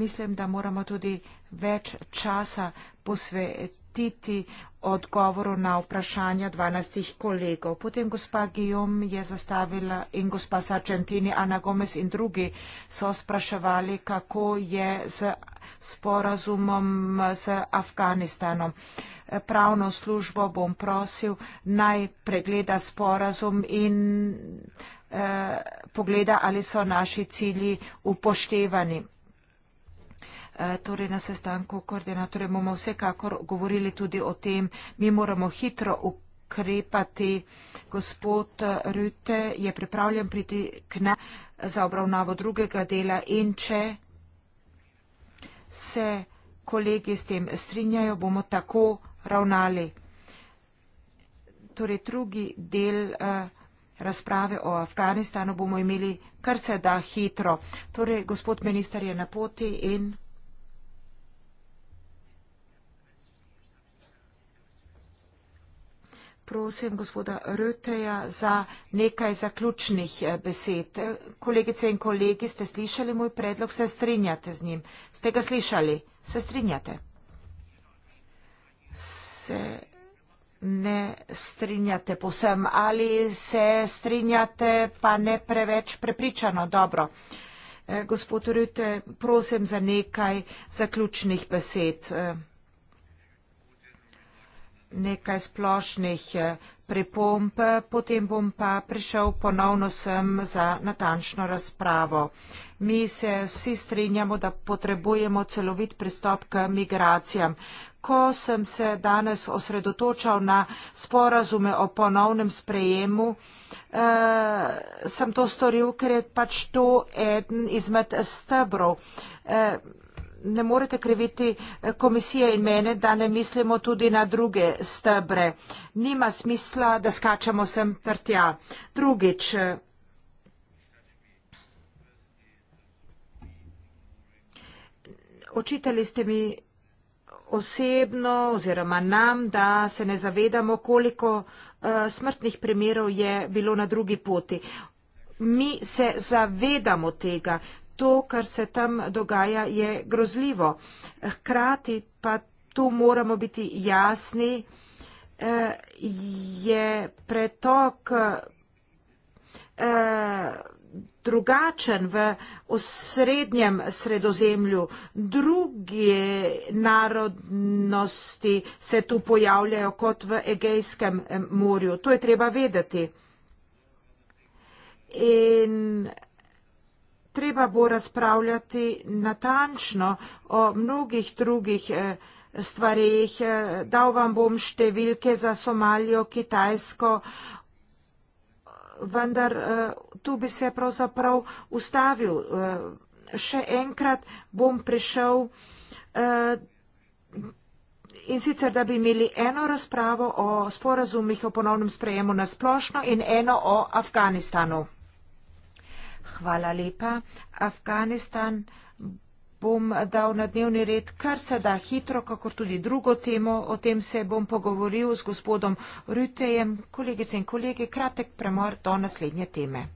mislim, da moramo tudi več časa posvetiti odgovoru na vprašanja 12 kolegov. Potem gospa Gijom je zastavila in gospa Sargentini, Ana Gomez in drugi so spraševali, kako je z sporazumom z Afganistanom. Pravno službo bom prosil, naj pregleda sporazum in eh, pogleda, ali so naši cilji upoštevani. Eh, torej na sestanku koordinatorjev bomo vsekakor govorili tudi o tem, mi moramo hitro ukrepati. Gospod Rute je pripravljen priti k nam za obravnavo drugega dela in če se kolegi s tem strinjajo, bomo tako ravnali. Torej, drugi del eh, razprave o Afganistanu bomo imeli kar se da hitro. Torej, gospod minister je na poti in. prosim gospoda Röteja za nekaj zaključnih eh, besed. Kolegice in kolegi, ste slišali moj predlog, se strinjate z njim? Ste ga slišali? Se strinjate? Se ne strinjate posem ali se strinjate pa ne preveč prepričano? Dobro. Eh, gospod Röte, prosim za nekaj zaključnih besed. Eh, nekaj splošnih eh, pripomp, eh, potem bom pa prišel ponovno sem za natančno razpravo. Mi se vsi strinjamo, da potrebujemo celovit pristop k migracijam. Ko sem se danes osredotočal na sporazume o ponovnem sprejemu, eh, sem to storil, ker je pač to eden izmed stebrov. Eh, ne morete kriviti eh, komisije in mene, da ne mislimo tudi na druge stebre. Nima smisla, da skačemo sem trtja. Drugič, eh, očitali ste mi osebno oziroma nam, da se ne zavedamo, koliko eh, smrtnih primerov je bilo na drugi poti. Mi se zavedamo tega to, kar se tam dogaja, je grozljivo. Hkrati pa tu moramo biti jasni, eh, je pretok eh, drugačen v osrednjem sredozemlju. Druge narodnosti se tu pojavljajo kot v Egejskem eh, morju. To je treba vedeti. In treba bo razpravljati natančno o mnogih drugih eh, stvarih. Eh, dal vam bom številke za Somalijo, Kitajsko, vendar eh, tu bi se pravzaprav ustavil. Še enkrat bom prišel in sicer, da bi imeli eno razpravo o sporazumih o ponovnem sprejemu na splošno in eno o Afganistanu. Hvala lepa. Afganistan bom dal na dnevni red kar se da hitro, kakor tudi drugo temo. O tem se bom pogovoril z gospodom Rütejem. Kolegice in kolege, kratek premor do naslednje teme.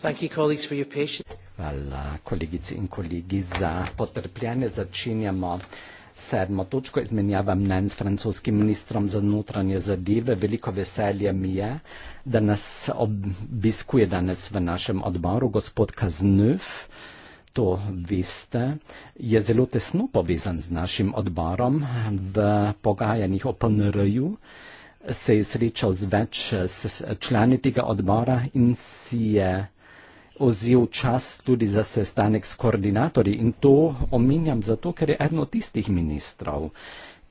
Thank you, colleagues, for your patience. Hvala, kolegice in kolegi, za potrpljenje. Začenjamo sedmo točko izmenjava mnen s francoskim ministrom za notranje zadeve. Veliko veselje mi je, da nas obiskuje danes v našem odboru gospod Kazneuf. To veste, je zelo tesno povezan z našim odborom v pogajanjih o PNR-ju. Se je srečal z več s, s, člani tega odbora in si je odziv čas tudi za sestanek s koordinatorji in to omenjam zato, ker je eno tistih ministrov,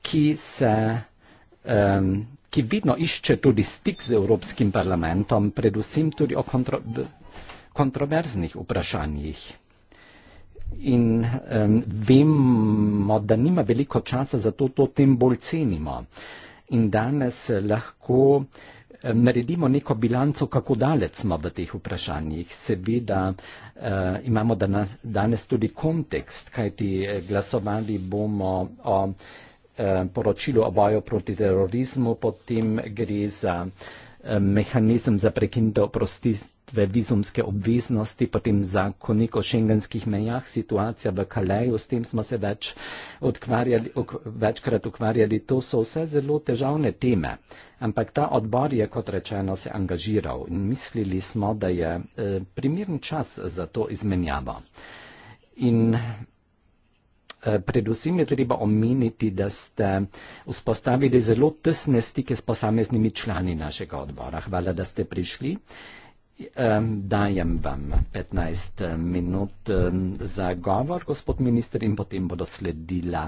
ki se. Um, ki vidno išče tudi stik z Evropskim parlamentom, predvsem tudi o kontro, kontroverznih vprašanjih. In um, vemo, da nima veliko časa, zato to tem bolj cenimo. In danes lahko uh, Eh, naredimo neko bilanco, kako daleč smo v teh vprašanjih. Seveda eh, imamo danas, danes tudi kontekst, kajti eh, glasovali bomo o eh, poročilu o boju proti terorizmu, potem gre za eh, mehanizem za prekinitev oprostitve ukinitve vizumske obveznosti, potem zakonik o šengenskih mejah, situacija v Kaleju, s tem smo se več ukvarjali, ok, večkrat ukvarjali. To so vse zelo težavne teme. Ampak ta odbor je, kot rečeno, se angažiral in mislili smo, da je e, primern čas za to izmenjavo. In e, Predvsem je treba omeniti, da ste vzpostavili zelo tesne stike s posameznimi člani našega odbora. Hvala, da ste prišli. Um, dajem vam 15 eh, minut um, za govor, gospod minister, in potem bodo sledila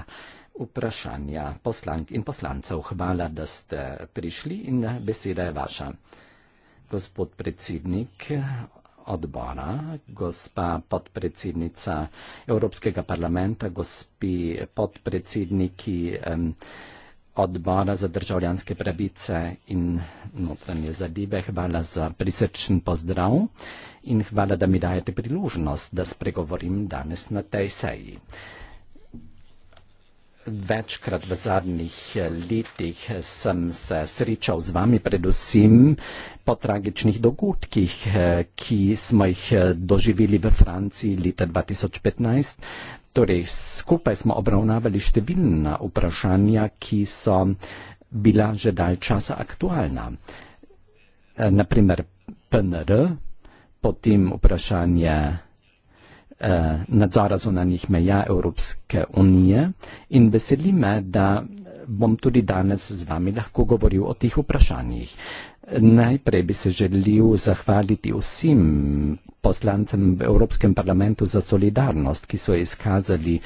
vprašanja poslank in poslancev. Hvala, da ste prišli in beseda je vaša. Gospod predsednik odbora, gospa podpredsednica Evropskega parlamenta, gospi podpredsedniki. Um, odbora za državljanske pravice in notranje zadeve. Hvala za prisrčen pozdrav in hvala, da mi dajete priložnost, da spregovorim danes na tej seji. Večkrat v zadnjih eh, letih sem se srečal z vami, predvsem po tragičnih dogodkih, eh, ki smo jih eh, doživeli v Franciji leta 2015. Torej, skupaj smo obravnavali številna vprašanja, ki so bila že dalj časa aktualna. E, Naprimer PNR, potem vprašanje e, nadzora zunanjih meja Evropske unije in veseli me, da bom tudi danes z vami lahko govoril o teh vprašanjih. Najprej bi se želil zahvaliti vsem poslancem v Evropskem parlamentu za solidarnost, ki so izkazali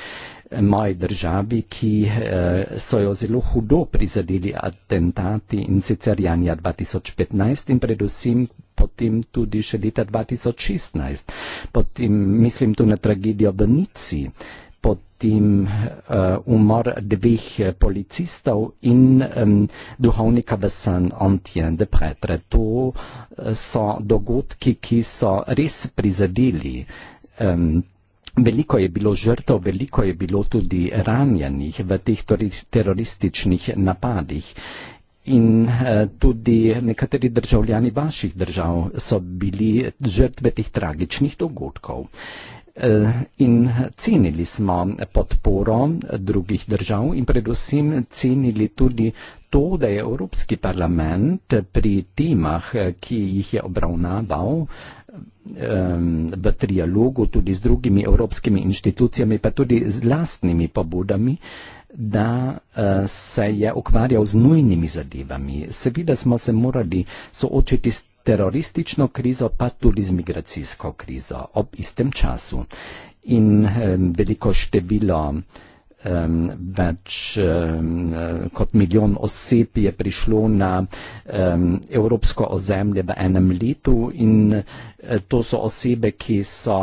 moji državi, ki eh, so jo zelo hudo prizadeli atentati in sicer janja 2015 in predvsem potem tudi še leta 2016. Potem mislim tu na tragedijo v Nici, eh, potem uh, umor dveh policistov in um, duhovnika v San Antien de Pretre. To eh, so dogodki, ki so res prizadeli. Um, Veliko je bilo žrtov, veliko je bilo tudi ranjenih v teh terorističnih napadih. In eh, tudi nekateri državljani vaših držav so bili žrtve teh tragičnih dogodkov. Eh, in cenili smo podporo drugih držav in predvsem cenili tudi to, da je Evropski parlament pri temah, eh, ki jih je obravnaval v trialogu tudi z drugimi evropskimi inštitucijami, pa tudi z lastnimi pobudami, da eh, se je ukvarjal z nujnimi zadevami. Seveda smo se morali soočiti s teroristično krizo, pa tudi z migracijsko krizo ob istem času. In um, veliko število, um, več um, kot milijon oseb je prišlo na um, evropsko ozemlje v enem letu in uh, to so osebe, ki so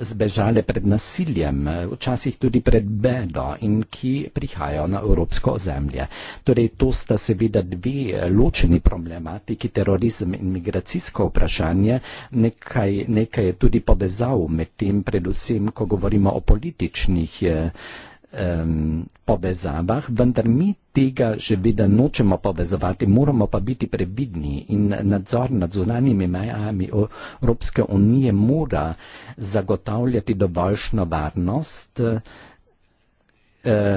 zbežale pred nasiljem, eh, včasih tudi pred bedo in ki prihajajo na evropsko ozemlje. Torej, to sta seveda dve eh, ločeni problematiki, terorizem in migracijsko vprašanje. Nekaj, nekaj je tudi povezav med tem, predvsem, ko govorimo o političnih eh, um, povezavah, vendar mi tega še vedno nočemo povezovati, moramo pa biti previdni in nadzor nad zunanjimi mejami Evropske unije mora zagotavljati dovoljšno varnost eh,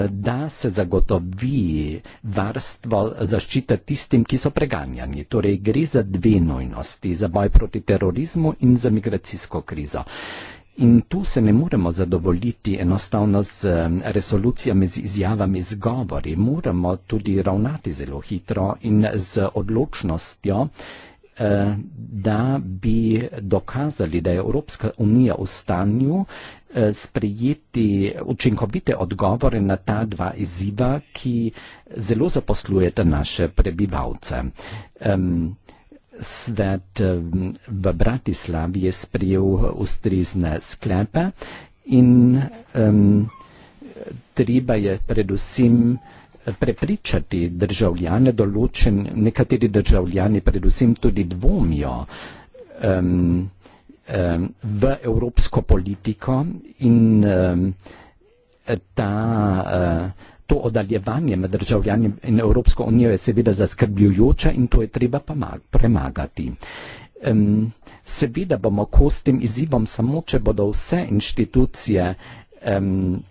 da se zagotovi varstvo zaščita tistim, ki so preganjani. Torej gre za dve nojnosti, za boj proti terorizmu in za migracijsko krizo. In tu se ne moremo zadovoljiti enostavno z resolucijami, z izjavami, z govori. Moramo tudi ravnati zelo hitro in z odločnostjo, eh, da bi dokazali, da je Evropska unija v stanju eh, sprejeti učinkovite odgovore na ta dva izziva, ki zelo zaposlujeta naše prebivalce. Um, svet ehm, v Bratislavi je sprijel ustrezne sklepe in um, treba je predvsem prepričati državljane, določen, nekateri državljani predvsem tudi dvomijo um, um, v evropsko politiko in um, ta uh, to oddaljevanje med državljani in Evropsko unijo je seveda zaskrbljujoče in to je treba premagati. Um, seveda bomo ko s tem izzivom samo, če bodo vse inštitucije um,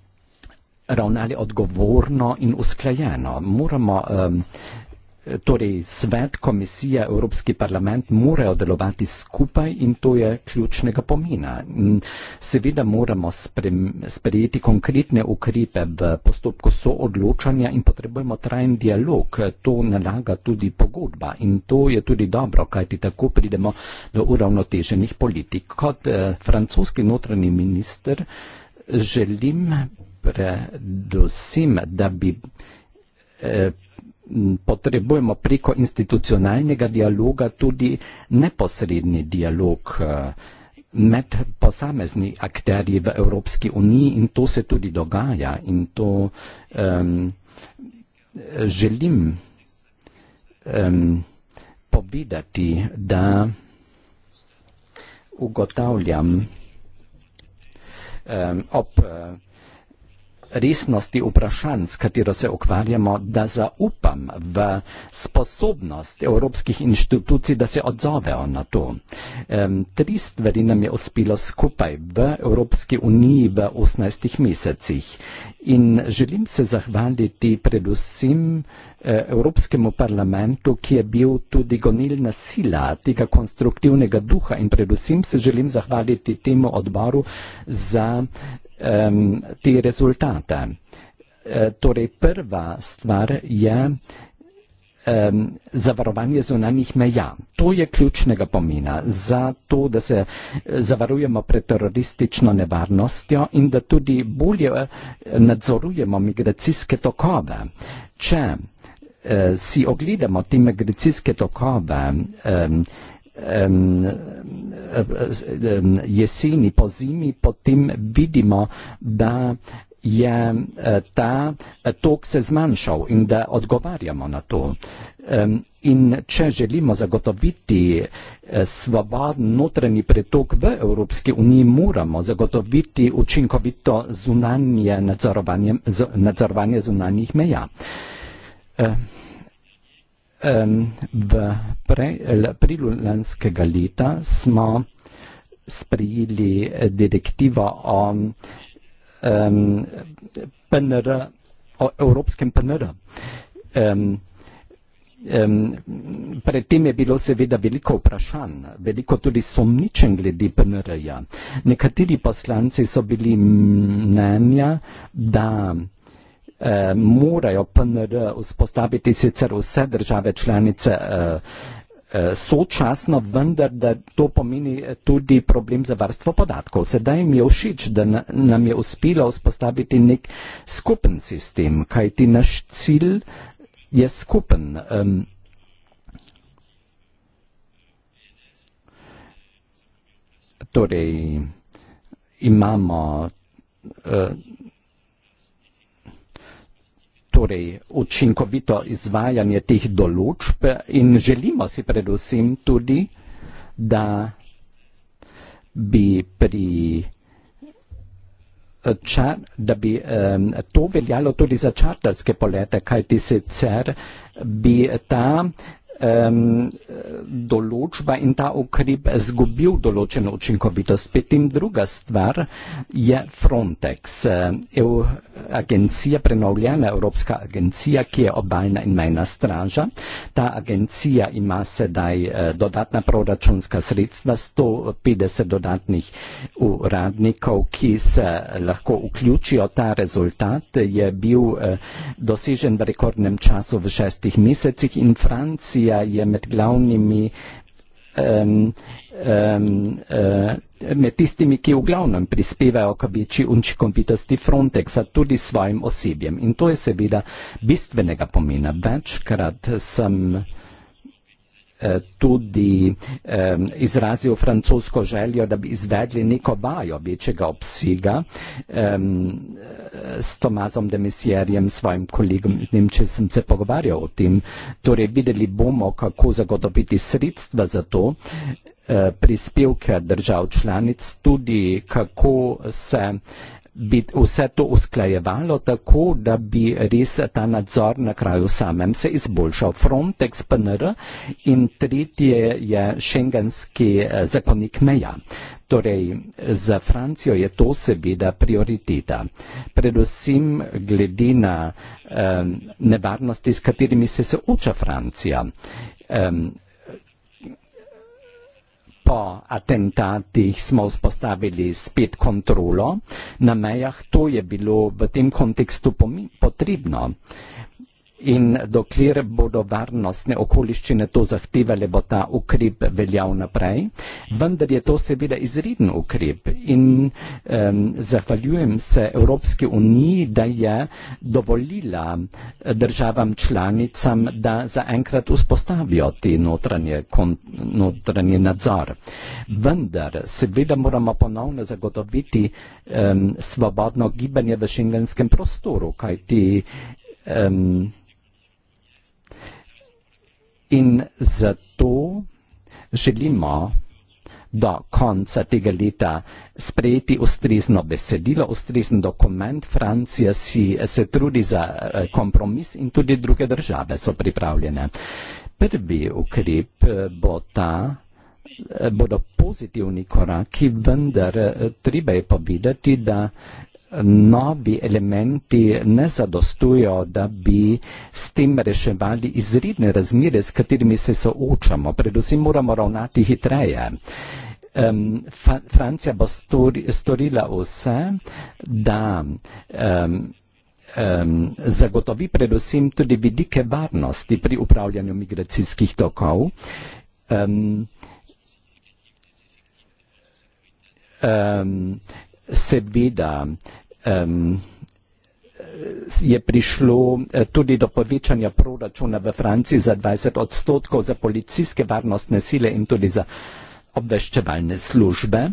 ravnali odgovorno in usklajeno. Moramo um, torej svet, komisija, Evropski parlament morajo delovati skupaj in to je ključnega pomena. Seveda moramo sprejeti konkretne ukrepe v postopku soodločanja in potrebujemo trajen dialog. To nalaga tudi pogodba in to je tudi dobro, kajti tako pridemo do uravnoteženih politik. Kot eh, francoski notranji minister želim predvsem, da bi eh, potrebujemo preko institucionalnega dialoga tudi neposredni dialog eh, med posamezni akterji v Evropski uniji in to se tudi dogaja in to um, želim um, povedati, da ugotavljam um, ob uh, resnosti vprašanj, s katero se ukvarjamo, da zaupam v sposobnost evropskih inštitucij, da se odzovejo na to. Um, tri stvari nam je uspelo skupaj v Evropski uniji v 18 mesecih in želim se zahvaliti predvsem e, Evropskemu parlamentu, ki je bil tudi gonilna sila tega konstruktivnega duha in predvsem se želim zahvaliti temu odboru za um, te rezultate. Uh, torej, prva stvar je um, zavarovanje zunanjih meja. To je ključnega pomena za to, da se zavarujemo pred teroristično nevarnostjo in da tudi bolje e, nadzorujemo migracijske tokove. Če uh, si ogledamo te migracijske tokove, um, um, jeseni, po zimi, potem vidimo, da je e, ta e, tok se zmanjšal in da odgovarjamo na to. In če želimo zagotoviti e, svoboden notranji pretok v Evropski uniji, moramo zagotoviti učinkovito zunanje nadzorovanje, nadzorovanje zunanjih meja. Um, v aprilu lanskega leta smo sprejeli eh, direktiva o um, PNR, o evropskem PNR. Um, Um, predtem je bilo seveda veliko vprašanj, veliko tudi somničen glede PNR-ja. Nekateri poslanci so bili mnenja, da Eh, morajo PNR vzpostaviti sicer vse države članice eh, eh, sočasno, vendar da to pomeni tudi problem za varstvo podatkov. Sedaj mi je všeč, da nam je uspelo vzpostaviti nek skupen sistem, kajti naš cilj je skupen. Torej, imamo torej učinkovito izvajanje teh določb in želimo si predvsem tudi, da bi pri eh, da bi um, to veljalo tudi za čartarske polete, kajti sicer bi ta um, določba in ta ukrep zgubil določeno učinkovitost. Petim druga stvar je Frontex. Ev, agencija prenovljena, Evropska agencija, ki je obaljna in mejna straža. Ta agencija ima sedaj eh, dodatna proračunska sredstva, 150 dodatnih uradnikov, ki se eh, lahko vključijo. Ta rezultat je bil eh, dosežen v rekordnem času v šestih mesecih in Francija je med glavnimi um, um, uh, med tistimi, ki v glavnem prispevajo k večji učinkovitosti Frontexa tudi svojim osebjem. In to je seveda bistvenega pomena. Večkrat sem. Eh, tudi eh, izrazil francosko željo, da bi izvedli neko vajo večjega obsega eh, s Tomazom Demisjerjem, svojim kolegom, ne vem, če sem se pogovarjal o tem. Torej, videli bomo, kako zagotoviti sredstva za to, eh, prispevke držav članic, tudi kako se eh, bi vse to usklajevalo tako, da bi res ta nadzor na kraju samem se izboljšal. Frontex PNR in tretje je šengenski eh, zakonik meja. Torej, za Francijo je to seveda prioriteta. Predvsem glede na eh, nevarnosti, s katerimi se sooča Francija. Eh, po atentatih smo vzpostavili spet kontrolo na mejah, to je bilo v tem kontekstu potrebno. In dokler bodo varnostne okoliščine to zahtevali, bo ta ukrep veljal naprej. Vendar je to seveda izreden ukrep in um, zahvaljujem se Evropski uniji, da je dovolila eh, državam članicam, da zaenkrat vzpostavijo te notranje, notranje nadzor. Vendar seveda moramo ponovno zagotoviti um, svobodno gibanje v šengenskem prostoru, kajti um, In zato želimo do konca tega leta sprejeti ustrezno besedilo, ustrezen dokument. Francija si se trudi za eh, kompromis in tudi druge države so pripravljene. Prvi ukrep eh, bo ta, eh, bodo pozitivni koraki, vendar treba je povedati, da novi elementi ne zadostujo, da bi s tem reševali izredne razmire, s katerimi se soočamo. Predvsem moramo ravnati hitreje. Um, fa, Francija bo stori, storila vse, da um, um, zagotovi predvsem tudi vidike varnosti pri upravljanju migracijskih tokov. Um, um, seveda um, je prišlo eh, tudi do povečanja proračuna v Franciji za 20 odstotkov za policijske varnostne sile in tudi za obveščevalne službe.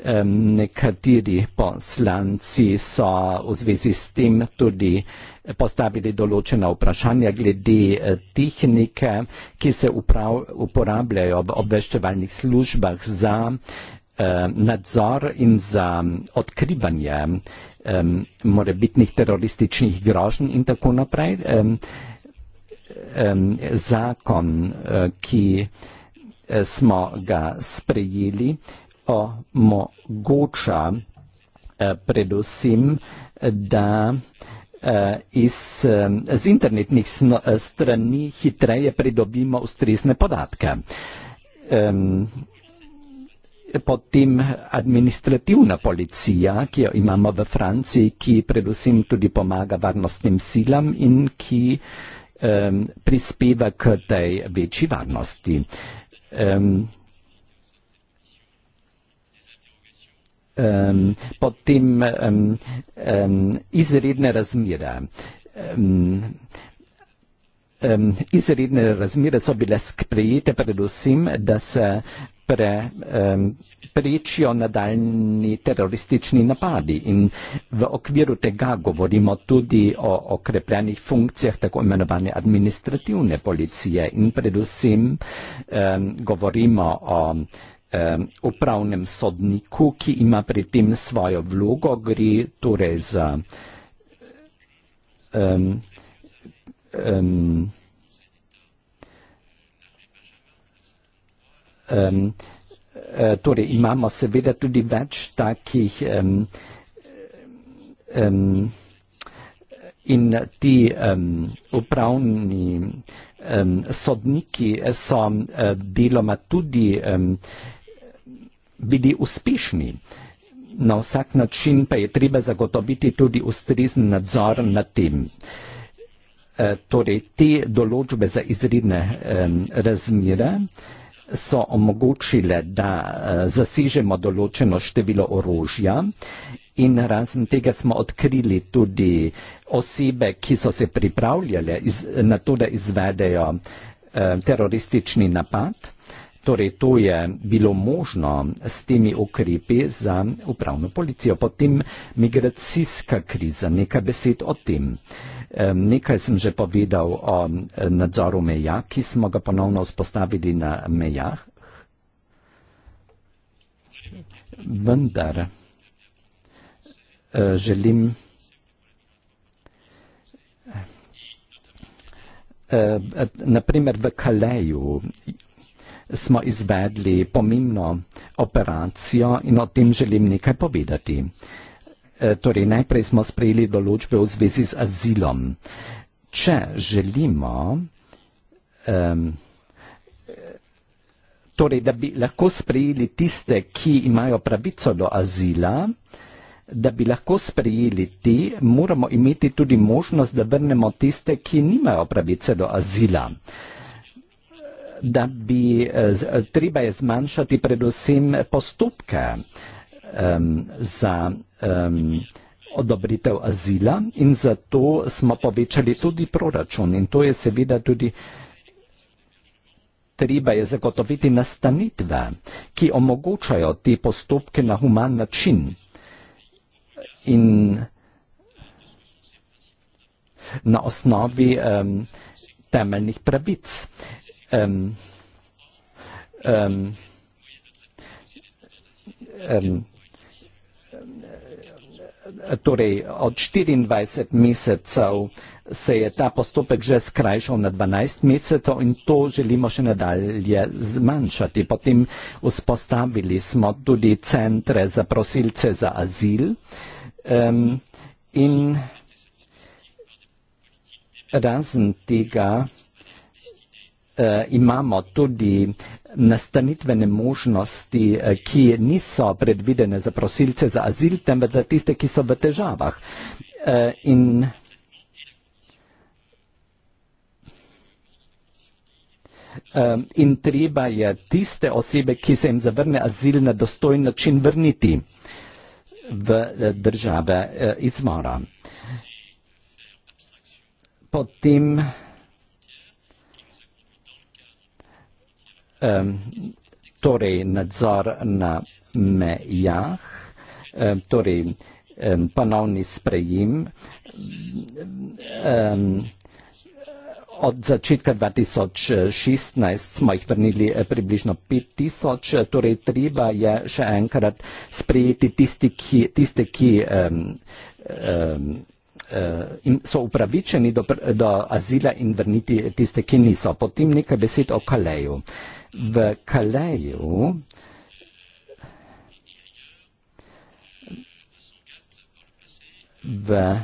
Um, nekateri poslanci so v zvezi s tem tudi postavili določena vprašanja glede eh, tehnike, ki se uporabljajo v obveščevalnih službah za uh, Eh, nadzor in za odkrivanje um, morebitnih terorističnih grožen in tako naprej. Um, um, zakon, eh, ki eh, smo ga sprejeli, omogoča predvsem, da iz, z internetnih strani hitreje pridobimo ustrezne podatke. Potem administrativna policija, ki jo imamo v Franciji, ki predvsem tudi pomaga varnostnim silam in ki um, prispeva k tej večji varnosti. Um, um, potem um, um, izredne razmere. Um, um, izredne razmere so bile sprejete predvsem, da se pre, um, prečijo nadaljni teroristični napadi. In v okviru tega govorimo tudi o okrepljenih funkcijah tako imenovane administrativne policije in predvsem um, govorimo o upravnem sodniku, ki ima pri tem svojo vlogo, gre torej za um, Um, um, uh, torej, imamo seveda tudi več takih um, um, in ti um, upravni um, sodniki so um, deloma tudi um, bili uspešni. Na vsak način pa je treba zagotoviti tudi ustrezen nadzor nad tem. Uh, Eh, torej te določbe za izredne razmire so omogočile, da eh, zasežemo določeno število orožja in razen tega smo odkrili tudi osebe, ki so se pripravljale na to, da izvedejo eh, teroristični napad. Torej, to je bilo možno s temi ukrepi za upravno policijo. Potem migracijska kriza, nekaj besed o tem. Uh, Nekaj sem že povedal o nadzoru meja, ki smo ga ponovno vzpostavili na mejah. Vendar eh, želim. Eh, Naprimer v Kaleju smo izvedli pomembno operacijo in o tem želim nekaj povedati. Eh, torej najprej smo sprejeli določbe v zvezi z azilom. Če želimo, um, torej, da bi lahko sprejeli tiste, ki imajo pravico do azila, da bi lahko sprejeli ti, moramo imeti tudi možnost, da vrnemo tiste, ki nimajo pravice do azila. Da bi, eh, eh, treba je zmanjšati predvsem postopke. Uh, um, za um, odobritev azila in zato smo povečali tudi proračun in to je seveda tudi treba je zagotoviti nastanitve, ki omogočajo te postopke na human način. In na osnovi um, temeljnih pravic. Um, um, um, torej od 24 mesecev se je ta postopek že skrajšal na 12 mesecev in to želimo še nadalje zmanjšati. Potem vzpostavili smo tudi centre za prosilce za azil um, in razen tega, eh, imamo tudi nastanitvene možnosti, eh, ki niso predvidene za prosilce za azil, temveč za tiste, ki so v težavah. Eh, in eh, In treba je tiste osebe, ki se jim zavrne azil na dostojen način, vrniti v eh, države eh, izmora. Potem um, torej nadzor na mejah, um, torej um, ponovni sprejem. Um, Od začetka 2016 smo jih vrnili eh, približno 5000, eh, torej treba je še enkrat sprejeti tiste, ki, tiste, ki um, um, Eh, in so upravičeni do, do azila in vrniti tiste, ki niso. Potem nekaj besed o Kaleju. V Kaleju v,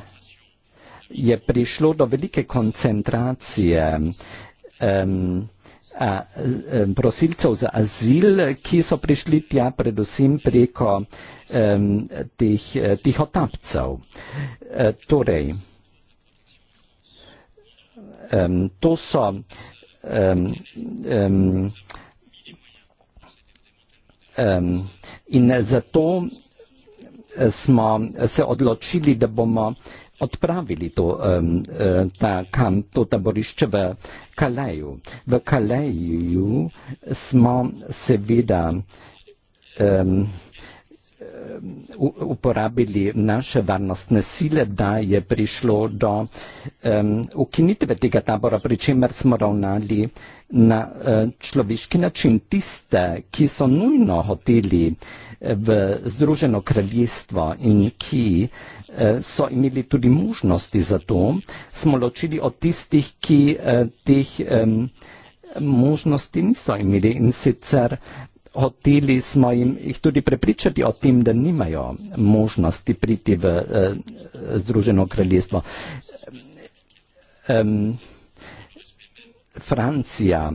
je prišlo do velike koncentracije. Um, a, a, prosilcev za azil, ki so prišli tja predvsem preko a, eh, tih otapcev. Eh, torej, Um, to so um, um, um, in zato eh, smo se odločili, da bomo uh, odpravili to, um, ta, kam, to taborišče v Kaleju. V Kaleju smo seveda um, uporabili naše varnostne sile, da je prišlo do um, ukinitve tega tabora, pri čemer smo ravnali na uh, človeški način. Tiste, ki so nujno hoteli e, v Združeno kraljestvo in ki uh, so imeli tudi možnosti za to, smo ločili od tistih, ki uh, teh um, možnosti niso imeli in sicer hoteli smo jim jih tudi prepričati o tem, da nimajo možnosti priti v eh, Združeno kraljestvo. Um, Francija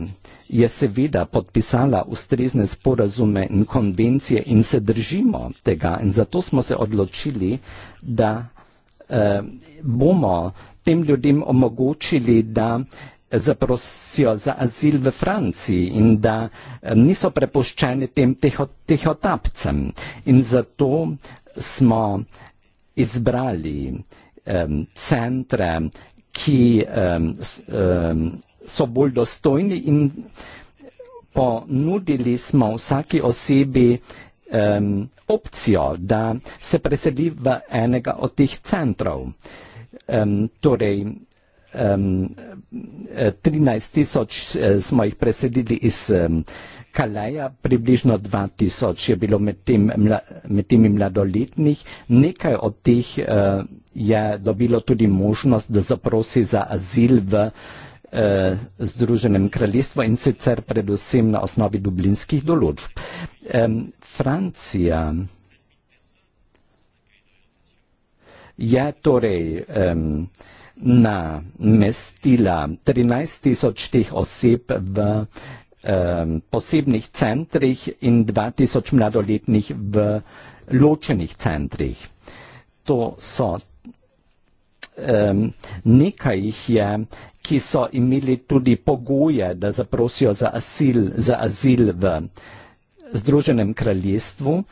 je seveda podpisala ustrezne sporazume in konvencije in se držimo tega in zato smo se odločili, da eh, bomo tem ljudem omogočili, da zaprosijo za azil v Franciji in da eh, niso prepuščeni tem tehotapcem. In zato smo izbrali um, centre, ki um, so bolj dostojni in ponudili smo vsaki osebi um, opcijo, da se preseli v enega od teh centrov. Um, torej, um, 13 e, tisoč e, smo jih preselili iz um, Kalaja, približno 2 tisoč je bilo med, tem, mla, med temi mladoletnih. Nekaj od teh uh, je dobilo tudi možnost, da zaprosi za azil v Združenem kraljestvu in sicer predvsem na osnovi dublinskih določb. Um, Francija je torej um, na mestila 13 tisoč teh oseb v eh, posebnih centrih in 2 tisoč mladoletnih v ločenih centrih. To so eh, nekaj jih je, ki so imeli tudi pogoje, da zaprosijo za azil, za azil v Združenem kraljestvu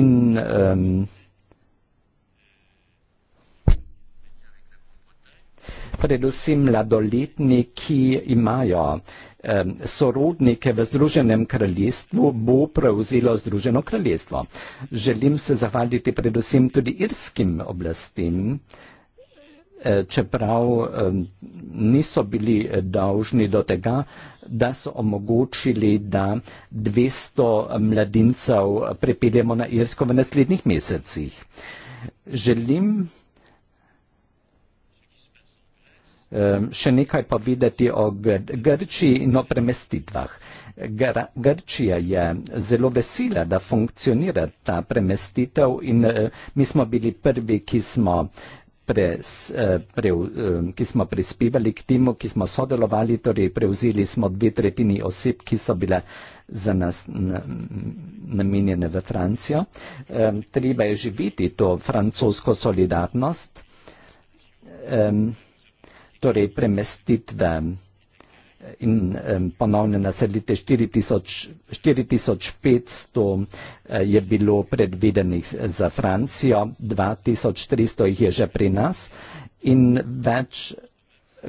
in eh, predvsem mladoletni, ki imajo eh, sorodnike v Združenem kraljestvu, bo prevzelo Združeno kraljestvo. Želim se zahvaliti predvsem tudi irskim oblastim, eh, čeprav eh, niso bili eh, dolžni do tega, da so omogočili, da 200 mladincev prepeljemo na Irsko v naslednjih mesecih. Želim še nekaj povedati o Gr Grčiji in o premestitvah. Gr Grčija je zelo vesela, da funkcionira ta premestitev in uh, mi smo bili prvi, ki smo. Pres, e, pre, e, ki smo prispevali k temu, ki smo sodelovali, torej prevzeli smo dve tretjini oseb, ki so bile za nas namenjene v Francijo. Treba je živeti to francosko solidarnost torej premestitve in um, ponovne naselitve 4500 je bilo predvidenih za Francijo, 2300 jih je že pri nas in več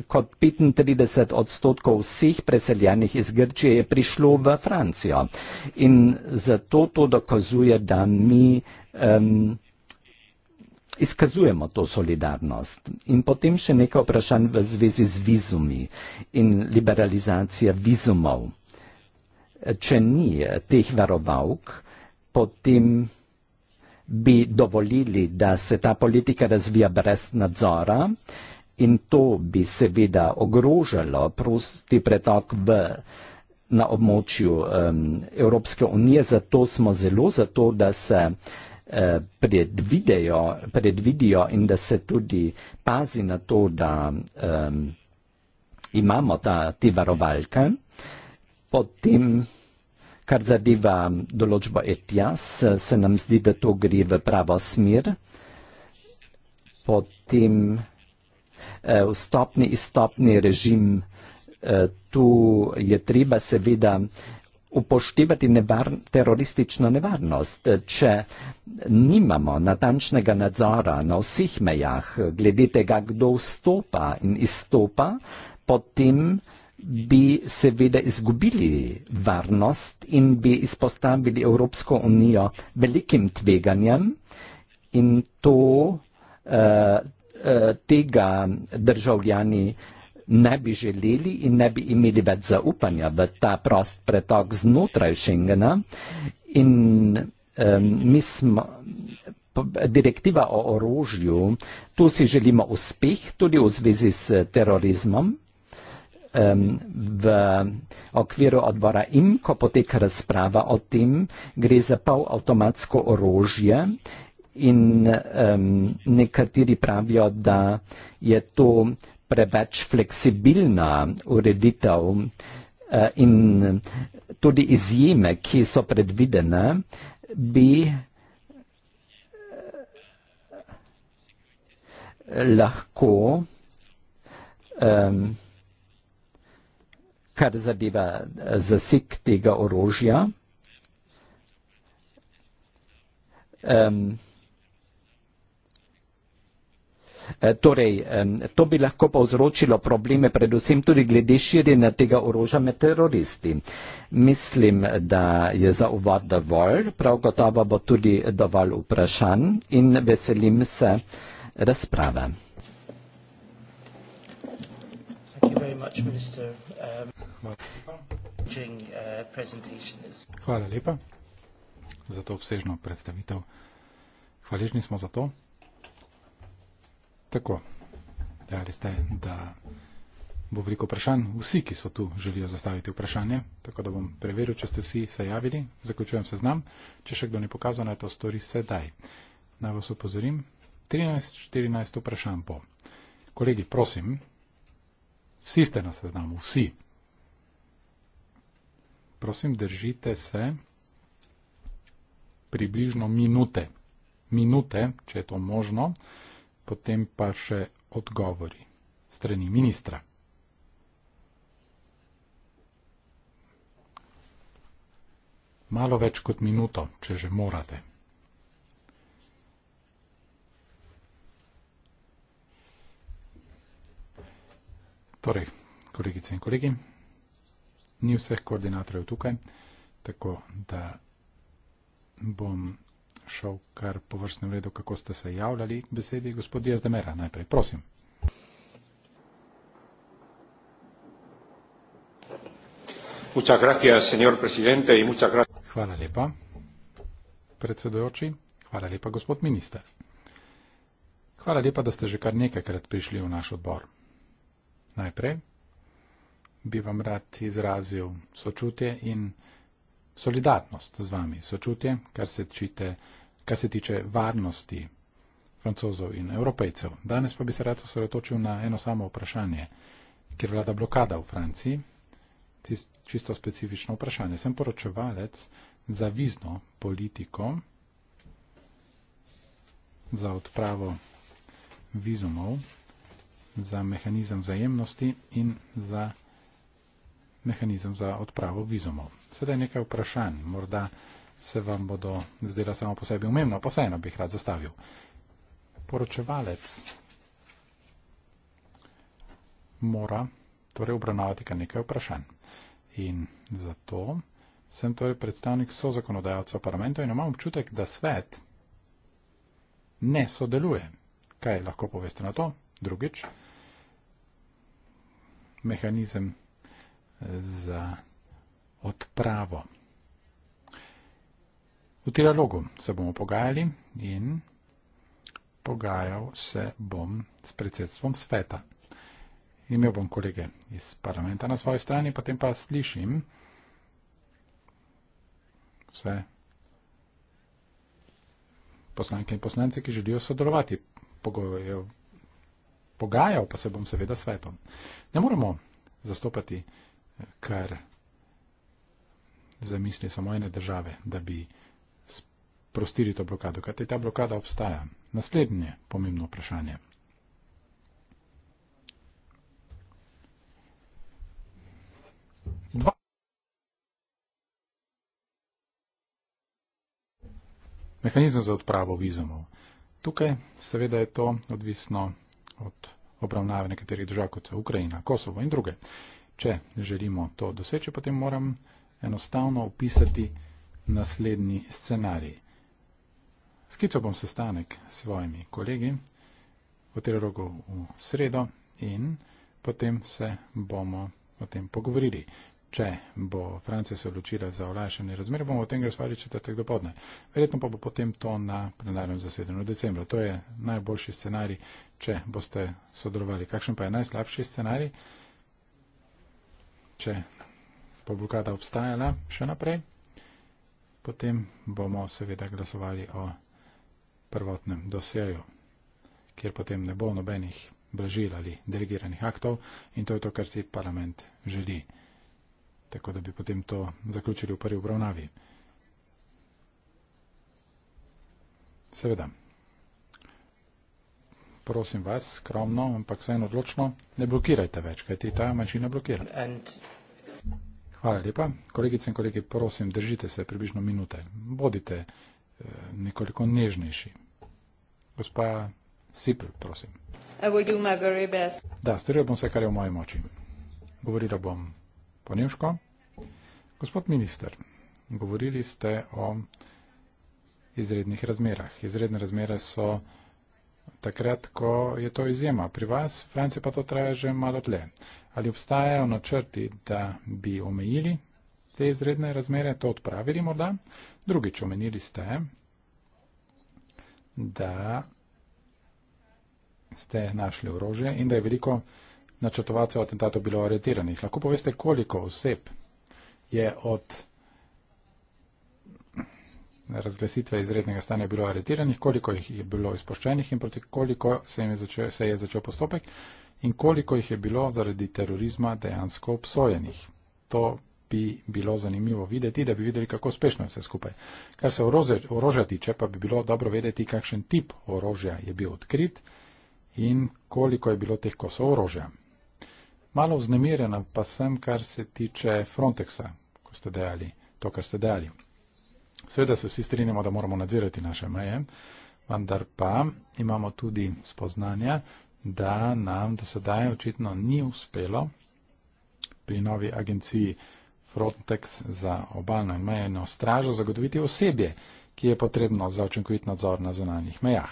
kot 35 odstotkov vseh preseljenih iz Grčije je prišlo v Francijo. In zato to dokazuje, da mi um, izkazujemo to solidarnost. In potem še nekaj vprašanj v zvezi z vizumi in liberalizacija vizumov. Če ni eh, teh varovalk, potem bi dovolili, da se ta politika razvija brez nadzora in to bi seveda ogrožalo prosti pretok v, na območju um, Evropske unije. Zato smo zelo zato, da se uh, predvidejo, predvidijo in da se tudi pazi na to, da um, imamo ta, te varovalke. Potem, kar zadeva določbo ETIAS, se nam zdi, da to gre v pravo smer. Potem e, vstopni, izstopni režim, e, tu je treba seveda upoštevati nevar, teroristično nevarnost. Če nimamo natančnega nadzora na vseh mejah glede tega, kdo vstopa in izstopa, potem bi seveda izgubili varnost in bi izpostavili Evropsko unijo velikim tveganjem in to uh, uh, tega državljani uh, ne bi želeli in ne bi imeli več zaupanja v ta prost pretok znotraj Schengena. In um, mi smo, direktiva o orožju, tu si želimo uspeh tudi v zvezi s terorizmom. Um, v okviru odbora IM, ko poteka razprava o tem, gre za polavtomatsko orožje in um, nekateri pravijo, da je to preveč fleksibilna ureditev eh, in tudi izjeme, ki so predvidene, bi eh, lahko, ehm, kar zadeva eh, zasik tega orožja, vsega, ehm, Eh, torej, to bi lahko povzročilo probleme, predvsem tudi glede širjenja tega orožja med teroristi. Mislim, da je za uvod dovolj, prav gotovo bo tudi dovolj vprašanj in veselim se razprave. Um, uh, Hvala lepa za to obsežno predstavitev. Hvaležni smo za to. Tako. Dejali ste, da bo veliko vprašanj. Vsi, ki so tu, želijo zastaviti vprašanje, tako da bom preveril, če ste vsi se javili. Zaključujem se znam. Če še kdo ne pokazal, naj to stori sedaj. Naj vas upozorim. 13-14 vprašanj po. Kolegi, prosim, vsi ste na seznamu, vsi. Prosim, držite se približno minute. Minute, če je to možno potem pa še odgovori strani ministra. Malo več kot minuto, če že morate. Torej, kolegice in kolegi, ni vseh koordinatorjev tukaj, tako da bom šel kar po vrstnem redu, kako ste se javljali k besedi. Gospod Jezdemera, najprej, prosim. Hvala lepa, predsedojoči. Hvala lepa, gospod minister. Hvala lepa, da ste že kar nekajkrat prišli v naš odbor. Najprej bi vam rad izrazil sočutje in solidarnost z vami, sočutje, kar se, čite, kar se tiče varnosti francozov in evropejcev. Danes pa bi se rad osredotočil na eno samo vprašanje, ker vlada blokada v Franciji. Čisto specifično vprašanje. Sem poročevalec za vizno politiko za odpravo vizumov, za mehanizem vzajemnosti in za mehanizem za odpravo vizumov sedaj nekaj vprašanj. Morda se vam bodo zdela samo po sebi umemno, pa vseeno bi jih rad zastavil. Poročevalec mora torej obravnavati kar nekaj vprašanj. In zato sem torej predstavnik sozakonodajalcev parlamenta in imam občutek, da svet ne sodeluje. Kaj lahko poveste na to? Drugič, mehanizem eh, za odpravo. V trialogu se bomo pogajali in pogajal se bom s predsedstvom sveta. Imel bom kolege iz parlamenta na svoji strani, potem pa slišim vse poslanke in poslance, ki želijo sodelovati. Pogajal pa se bom seveda svetom. Ne moremo zastopati eh, kar zamisli samo ene države, da bi sprostili to blokado. Kajte ta blokada obstaja. Naslednje pomembno vprašanje. Dva. Mehanizem za odpravo vizumov. Tukaj seveda je to odvisno od obravnave nekaterih držav, kot so Ukrajina, Kosovo in druge. Če želimo to doseči, potem moram enostavno opisati naslednji scenarij. Skičal bom sestanek s svojimi kolegi v trirogu v sredo in potem se bomo o tem pogovorili. Če bo Francija se odločila za olajšanje razmer, bomo o tem glasovali četrtek do podne. Verjetno pa bo potem to na plenarnem zasedanju decembra. To je najboljši scenarij, če boste sodelovali. Kakšen pa je najslabši scenarij? Če bo blokada obstajala še naprej, potem bomo seveda glasovali o prvotnem dosjeju, kjer potem ne bo nobenih blažil ali delegiranih aktov in to je to, kar si parlament želi. Tako da bi potem to zaključili v prvi obravnavi. Seveda. Prosim vas, skromno, ampak vseeno odločno, ne blokirajte več, kajti ta mašina blokira. And... Hvala lepa. Kolegice in kolegi, prosim, držite se približno minute. Bodite eh, nekoliko nežnejši. Gospa Sipl, prosim. Da, storil bom vse, kar je v moji moči. Govorila bom po nemško. Gospod minister, govorili ste o izrednih razmerah. Izredne razmere so takrat, ko je to izjema. Pri vas, Franci, pa to traja že malo dlje. Ali obstajajo načrti, da bi omejili te izredne razmere, to odpravili morda? Drugič, omenili ste, da ste našli orožje in da je veliko načrtovalcev atentatov bilo aretiranih. Lahko poveste, koliko oseb je od razglasitve izrednega stanja bilo aretiranih, koliko jih je bilo izpoščenih in proti koliko se, je začel, se je začel postopek in koliko jih je bilo zaradi terorizma dejansko obsojenih. To bi bilo zanimivo videti, da bi videli, kako uspešno je vse skupaj. Kar se orožja, orožja tiče, pa bi bilo dobro vedeti, kakšen tip orožja je bil odkrit in koliko je bilo teh kosov orožja. Malo vznemirjena pa sem, kar se tiče Frontexa, ko ste dejali to, kar ste dejali. Sveda se vsi strinjamo, da moramo nadzirati naše meje, vendar pa imamo tudi spoznanja, da nam do sedaj očitno ni uspelo pri novi agenciji Frontex za obalno in mejeno stražo zagotoviti osebje, ki je potrebno za očinkovit nadzor na zonalnih mejah.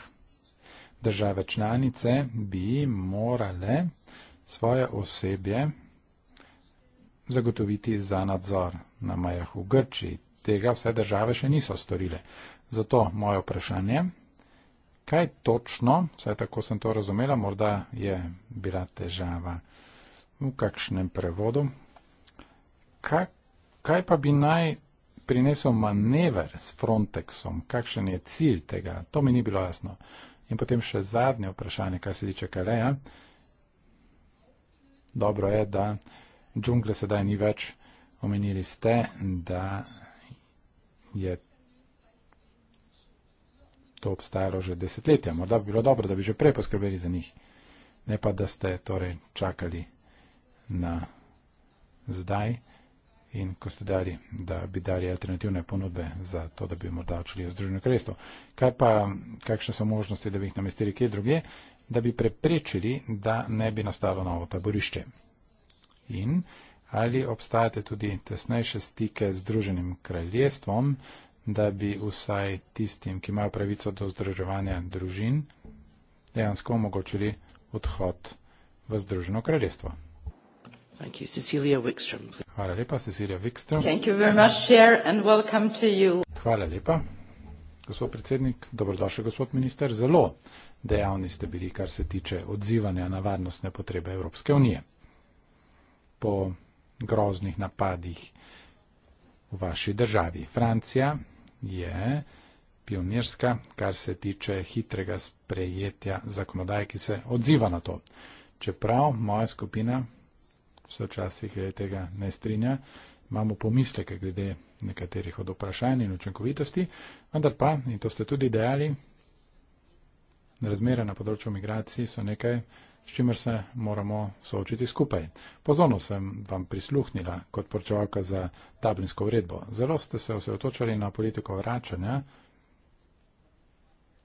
Države članice bi morale svoje osebje zagotoviti za nadzor na mejah v Grčiji, tega vse države še niso storile. Zato moje vprašanje, kaj točno, vsaj tako sem to razumela, morda je bila težava v kakšnem prevodu, kaj, kaj pa bi naj prinesel manever s Frontexom, kakšen je cilj tega, to mi ni bilo jasno. In potem še zadnje vprašanje, kaj se tiče Kaleja. Dobro je, da džungle sedaj ni več. Omenili ste, da je to obstajalo že desetletja. Morda bi bilo dobro, da bi že prej poskrbeli za njih, ne pa da ste torej čakali na zdaj in ko ste dali, da bi dali alternativne ponudbe za to, da bi morda odšli v Združeno kraljestvo. Kaj pa, kakšne so možnosti, da bi jih namestili kje druge, da bi preprečili, da ne bi nastalo novo taborišče? In ali obstajate tudi tesnejše stike z Združenim kraljestvom, da bi vsaj tistim, ki imajo pravico do združevanja družin, dejansko omogočili odhod v Združeno kraljestvo. Hvala lepa, Cecilija Wikström. Hvala lepa, gospod predsednik, dobrodošli, gospod minister. Zelo dejavni ste bili, kar se tiče odzivanja na varnostne potrebe Evropske unije. Po groznih napadih v vaši državi. Francija je pionirska, kar se tiče hitrega sprejetja zakonodaje, ki se odziva na to. Čeprav moja skupina vse včasih eh, tega ne strinja, imamo pomisleke glede nekaterih od vprašanj in učinkovitosti, vendar pa, in to ste tudi dejali, razmere na področju migracij so nekaj, s čimer se moramo soočiti skupaj. Pozorno sem vam prisluhnila kot porčevalka za tablinsko uredbo. Zelo ste se osredotočali na politiko vračanja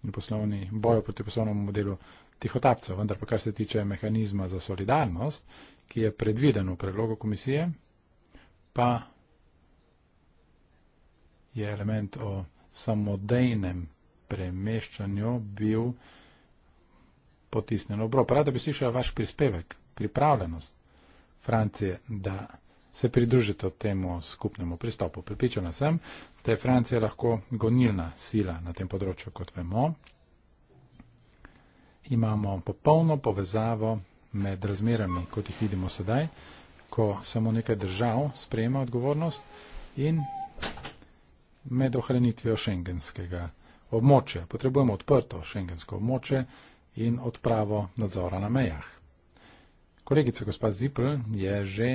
in poslovni bojo proti poslovnemu modelu tihotapcev, vendar pa kar se tiče mehanizma za solidarnost, ki je predviden v predlogu komisije, pa je element o samodejnem premeščanju bil potisnjeno v obrob. Rada bi slišala vaš prispevek, pripravljenost Francije, da se pridružite temu skupnemu pristopu. Pripričana sem, da je Francija lahko gonilna sila na tem področju, kot vemo. Imamo popolno povezavo med razmerami, kot jih vidimo sedaj, ko samo nekaj držav sprejema odgovornost in med ohranitvijo šengenskega območja. Potrebujemo odprto šengensko območje in odpravo nadzora na mejah. Kolegica gospa Zipl je že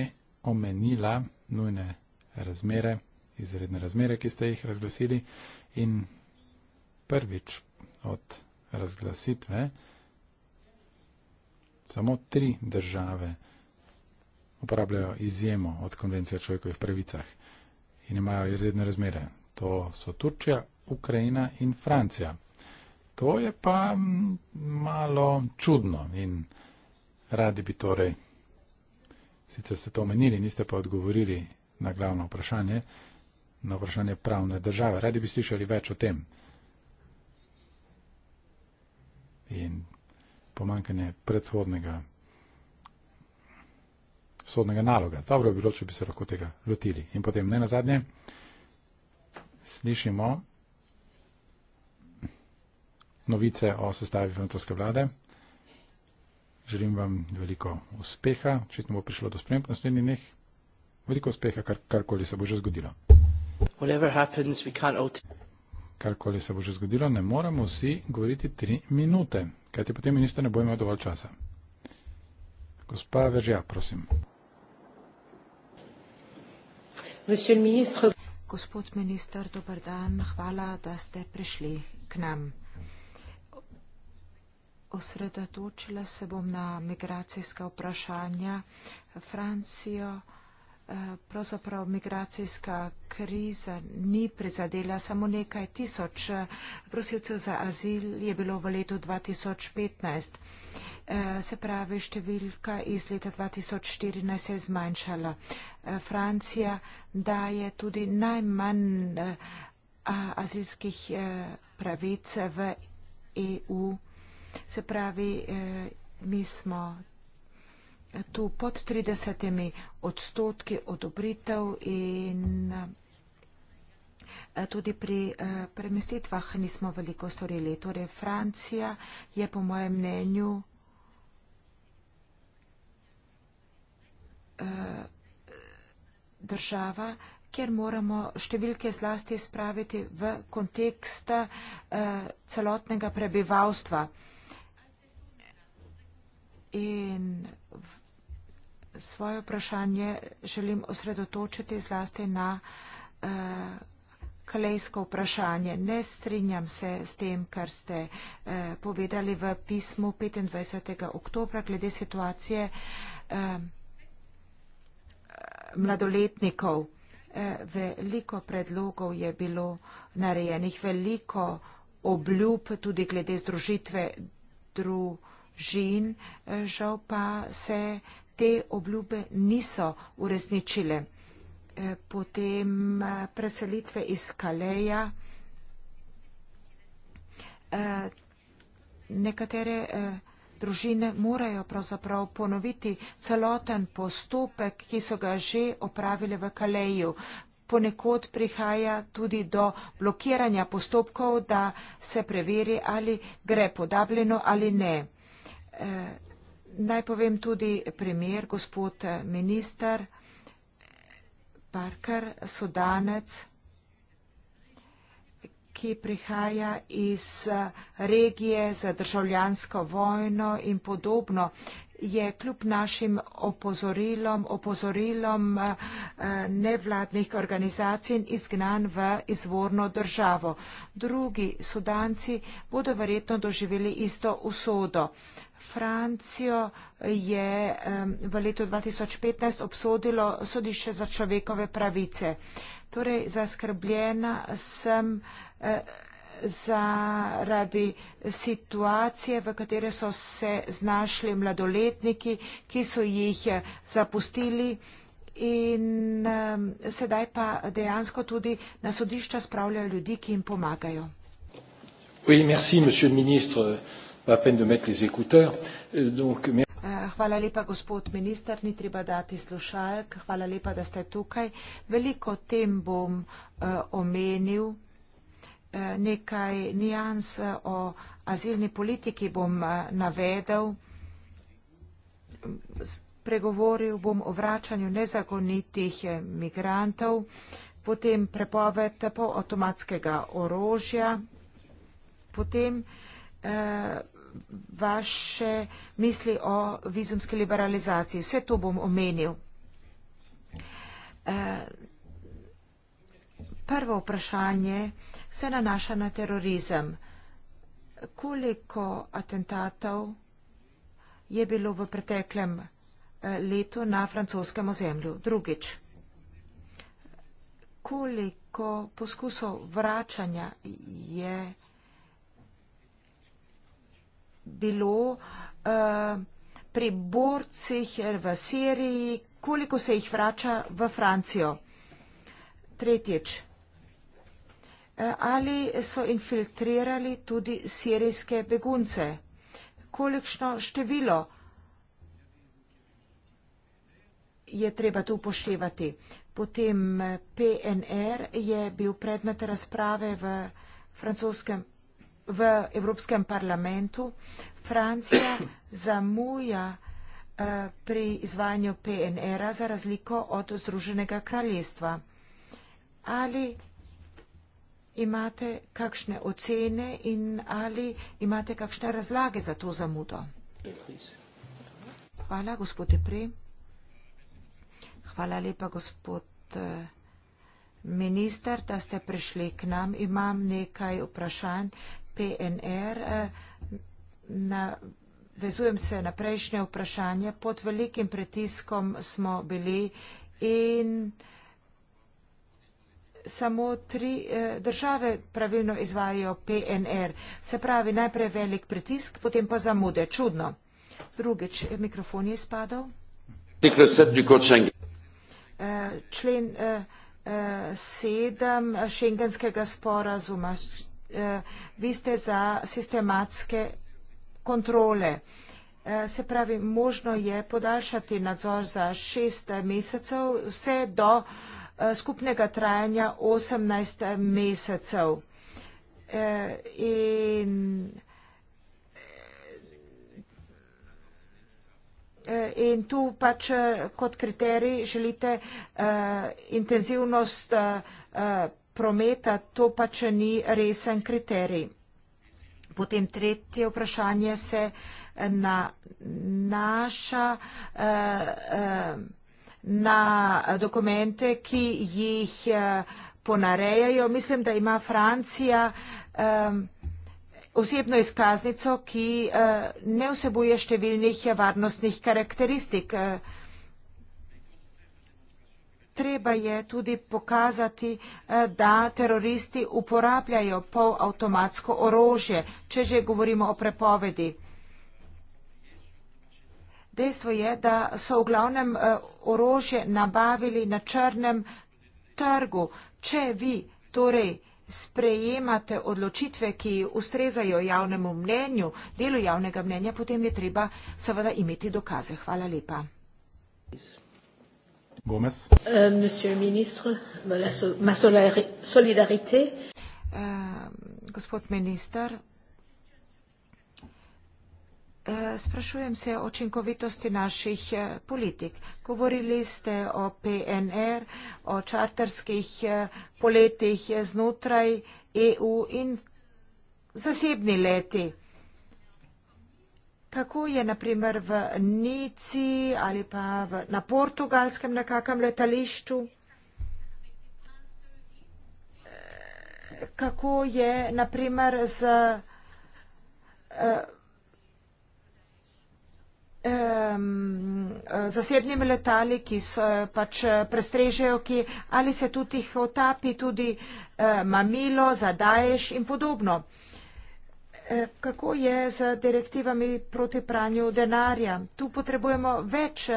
omenila nujne razmere, izredne razmere, ki ste jih razglasili in prvič od razglasitve samo tri države uporabljajo izjemo od konvencije o človekovih pravicah in imajo izredne razmere. To so Turčija, Ukrajina in Francija. To je pa malo čudno in radi bi torej, sicer ste to omenili, niste pa odgovorili na glavno vprašanje, na vprašanje pravne države. Radi bi slišali več o tem. In pomankanje predhodnega sodnega naloga. Dobro bi bilo, če bi se lahko tega lotili. In potem ne nazadnje, slišimo novice o sestavi francoske vlade. Želim vam veliko uspeha, očitno bo prišlo do sprememb naslednjih dneh. Veliko uspeha, kar, karkoli se bo že zgodilo. Happens, karkoli se bo že zgodilo, ne moremo vsi govoriti tri minute, kajti potem minister ne bo imel dovolj časa. Gospa Veržija, prosim. Ministr... Gospod minister, dober dan, hvala, da ste prišli k nam osredotočila se bom na migracijska vprašanja. Francijo eh, pravzaprav migracijska kriza ni prizadela samo nekaj tisoč eh, prosilcev za azil je bilo v letu 2015. Eh, se pravi, številka iz leta 2014 se je zmanjšala. Francija daje tudi najmanj azilskih pravic v EU. Se pravi, eh, mi smo tu pod 30 odstotki odobritev in eh, tudi pri eh, premestitvah nismo veliko storili. Torej, Francija je po mojem mnenju država, kjer moramo številke zlasti spraviti v kontekst celotnega prebivalstva. In svoje vprašanje želim osredotočiti zlasti na eh, kalejsko vprašanje. Ne strinjam se s tem, kar ste eh, povedali v pismu 25. oktobra glede situacije eh, mladoletnikov. Veliko predlogov je bilo narejenih, veliko obljub tudi glede združitve družitve žen, eh, žal pa se te obljube niso uresničile. Eh, potem eh, preselitve iz Kaleja. Nekatere družine morajo pravzaprav ponoviti celoten postopek, ki so ga že opravili v Kaleju. Ponekod prihaja tudi do blokiranja postopkov, da se preveri, ali gre podabljeno ali ne. Eh, naj povem tudi primer, gospod eh, minister Parker, sodanec, ki prihaja iz eh, regije za državljansko vojno in podobno je kljub našim opozorilom, opozorilom eh, nevladnih organizacij izgnan v izvorno državo. Drugi sudanci bodo verjetno doživeli isto usodo. Francijo je eh, v letu 2015 obsodilo sodišče za človekove pravice. Torej, zaskrbljena sem eh, zaradi situacije, v katere so se znašli mladoletniki, ki so jih eh, zapustili in sedaj pa dejansko tudi na sodišča spravljajo ljudi, ki jim pomagajo. Oui, merci, euh, eh, Hvala lepa, gospod minister, ni treba dati slušalk. Hvala lepa, da ste tukaj. Veliko tem bom uh, omenil nekaj nijans eh, o azilni politiki bom eh, navedel. Pregovoril bom o vračanju nezagonitih eh, migrantov, potem prepoved po avtomatskega orožja, potem vaše misli o vizumski liberalizaciji. Vse to bom omenil. Prvo vprašanje, se nanaša na terorizem. Koliko atentatov je bilo v preteklem eh, letu na francoskem ozemlju? Drugič, koliko poskusov vračanja je bilo uh, pri borcih eh, v Siriji, koliko se jih vrača v Francijo? Tretjič, ali so infiltrirali tudi sirijske begunce. Kolikšno število je treba tu upoštevati. Potem eh, PNR je bil predmet razprave v, francoskem, v Evropskem parlamentu. Francija zamuja eh, pri izvajanju PNR-a za razliko od Združenega kraljestva. Ali imate kakšne ocene in ali imate kakšne razlage za to zamudo? Hvala, gospod Depre. Hvala lepa, gospod eh, minister, da ste prišli k nam. Imam nekaj vprašanj. PNR, eh, navezujem se na prejšnje vprašanje. Pod velikim pritiskom smo bili in samo tri eh, države pravilno izvajajo PNR. Se pravi, najprej velik pritisk, potem pa zamude. Čudno. Drugič, eh, mikrofon je izpadel. Eh, člen sedem šengenskega sporazuma. Vi ste za sistematske kontrole. Se pravi, možno je podaljšati nadzor za šest mesecev, vse do Eh, skupnega trajanja 18 mesecev. Eh, in, eh, in tu pač kot kriterij želite intenzivnost prometa, to pač ni resen kriterij. Potem tretje vprašanje se na naša. Uh, uh, na dokumente, ki jih eh, ponarejajo. Mislim, da ima Francija um, osebno izkaznico, ki uh, ne vsebuje številnih varnostnih karakteristik. Treba je tudi pokazati, eh, da teroristi uporabljajo polavtomatsko orožje, če že govorimo o prepovedi. Dejstvo je, da so v glavnem eh, orožje nabavili na črnem trgu. Če vi torej sprejemate odločitve, ki ustrezajo javnemu mnenju, delu javnega mnenja, potem je treba seveda imeti dokaze. Hvala lepa. Gomez. Eh, eh, gospod minister, Sprašujem se o učinkovitosti naših eh, politik. Govorili ste o PNR, o čarterskih eh, poletih eh, znotraj EU in zasebni leti. Kako je naprimer v Nici ali pa v, na portugalskem nekakem letališču? Kako je naprimer z uh, zasebnimi letali, ki so eh, pač eh, prestrežejo, ki ali se tudi jih otapi, tudi eh, mamilo, zadaješ in podobno. Kako je z direktivami proti pranju denarja? Tu potrebujemo več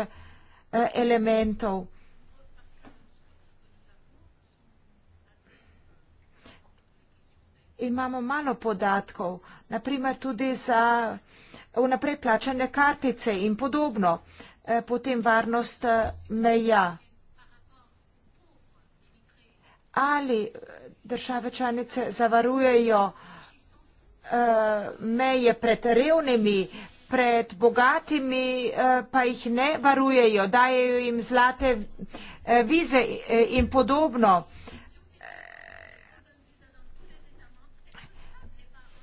elementov. Imamo malo podatkov, naprimer tudi za vnaprej plačane kartice in podobno. Eh, potem varnost eh, meja. Ali eh, države članice zavarujejo meje pred revnimi, pred bogatimi, pa jih ne varujejo, dajejo jim zlate vize in podobno.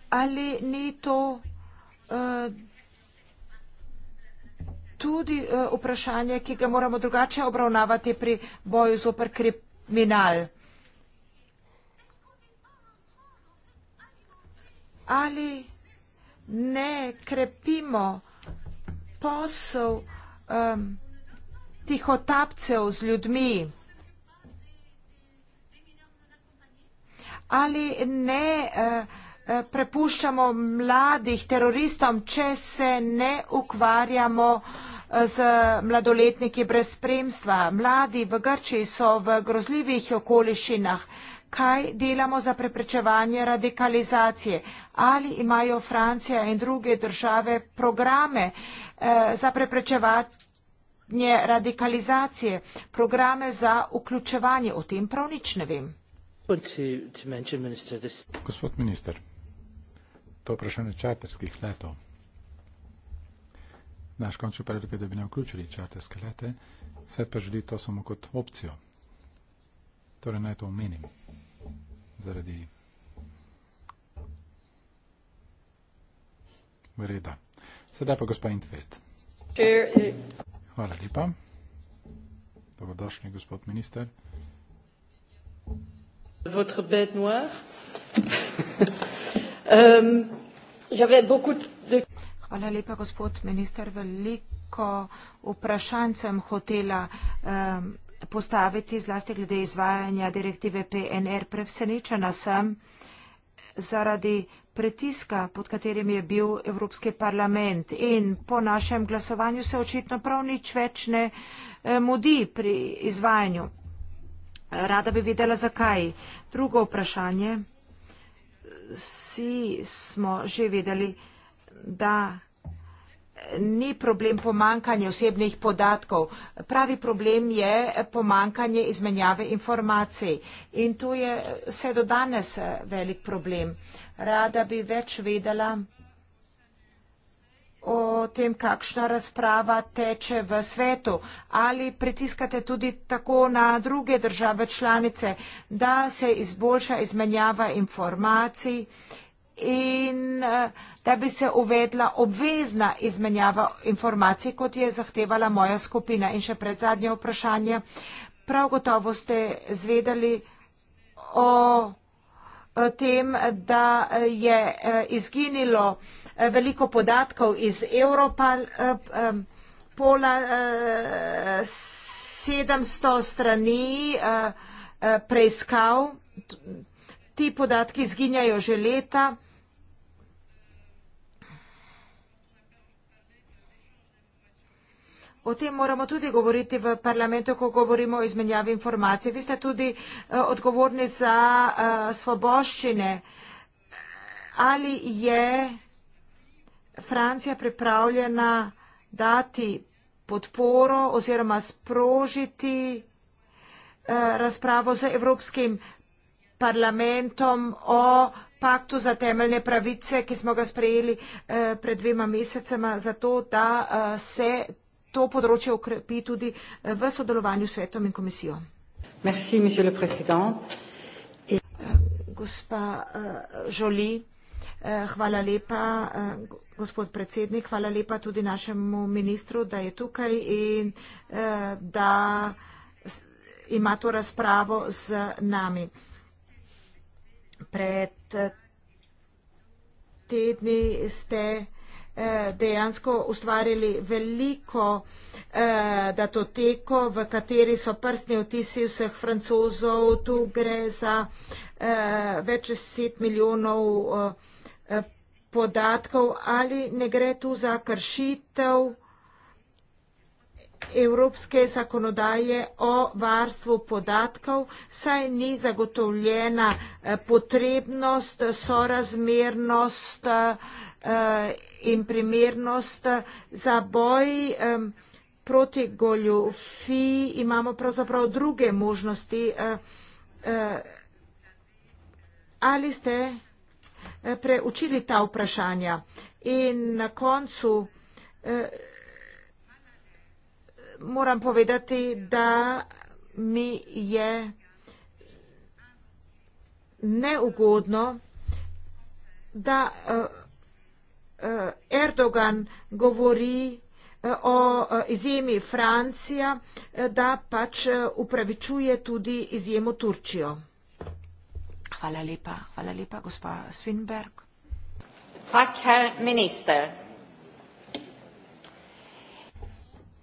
Ali ni to? tudi eh, vprašanje, ki ga moramo drugače obravnavati pri boju zoper kriminal. Ali ne krepimo posel um, ehm, tih otapcev z ljudmi? Ali ne uh, Eh, prepuščamo mladih teroristom, če se ne ukvarjamo eh, z mladoletniki brez spremstva. Mladi v Grčiji so v grozljivih okoliščinah. Kaj delamo za preprečevanje radikalizacije? Ali imajo Francija in druge države programe eh, za preprečevanje radikalizacije, programe za vključevanje? O tem prav nič ne vem. Gospod minister to vprašanje čarterskih letov. Naš končni predlog je, da bi ne vključili čarterske lete, vse pa želi to samo kot opcijo. Torej naj to omenim zaradi reda. Sedaj pa gospod Intfeld. Hvala lepa. Dobrodošli, gospod minister. Votre bed noir. Ehm, Hvala lepa, gospod minister. Veliko vprašanj sem hotela ehm, postaviti, zlasti glede izvajanja direktive PNR. Prevsenečena sem zaradi pritiska, pod katerim je bil Evropski parlament in po našem glasovanju se očitno prav nič več ne eh, mudi pri izvajanju. Rada bi vedela, zakaj. Drugo vprašanje vsi smo že vedeli, da ni problem pomankanje osebnih podatkov. Pravi problem je pomankanje izmenjave informacij. In to je vse do danes eh, velik problem. Rada bi več vedela o tem, kakšna razprava teče v svetu? Ali pritiskate tudi tako na druge države članice, da se izboljša izmenjava informacij in eh, da bi se uvedla obvezna izmenjava informacij, kot je zahtevala moja skupina? In še pred zadnje vprašanje. Prav gotovo ste zvedali o o eh, tem, da eh, je eh, izginilo veliko podatkov iz Evropal, pola 700 strani preiskav. Ti podatki izginjajo že leta. O tem moramo tudi govoriti v parlamentu, ko govorimo o izmenjavi informacij. Vi ste tudi uh, odgovorni za uh, svoboščine. Ali je Francija pripravljena dati podporo oziroma sprožiti eh, razpravo z Evropskim parlamentom o paktu za temeljne pravice, ki smo ga sprejeli pred dvema mesecema, zato da se to področje ukrepi tudi eh, v sodelovanju s svetom in komisijo. Merci, monsieur le président. Eh, gospa Žoli, eh, hvala lepa, gospod predsednik, hvala lepa tudi našemu ministru, da je tukaj in da ima to razpravo z nami. Pred tedni ste Eh, dejansko ustvarili veliko eh, datoteko, v kateri so prstni vtisi vseh francozov. Tu gre za eh, več deset milijonov eh, eh, podatkov. Ali ne gre tu za kršitev evropske zakonodaje o varstvu podatkov, saj ni zagotovljena eh, potrebnost, sorazmernost. Eh, Eh, in primernost eh, za boj proti goljufiji imamo pravzaprav druge možnosti. Eh, ali ste preučili ta vprašanja? In na koncu moram povedati, da mi je neugodno, da vprašanje Eh, Erdogan govori eh, o eh, izjemi Francija, da pač upravičuje tudi izjemo Turčijo. Hvala lepa. Hvala lepa, gospa Svinberg. Tak, herr minister.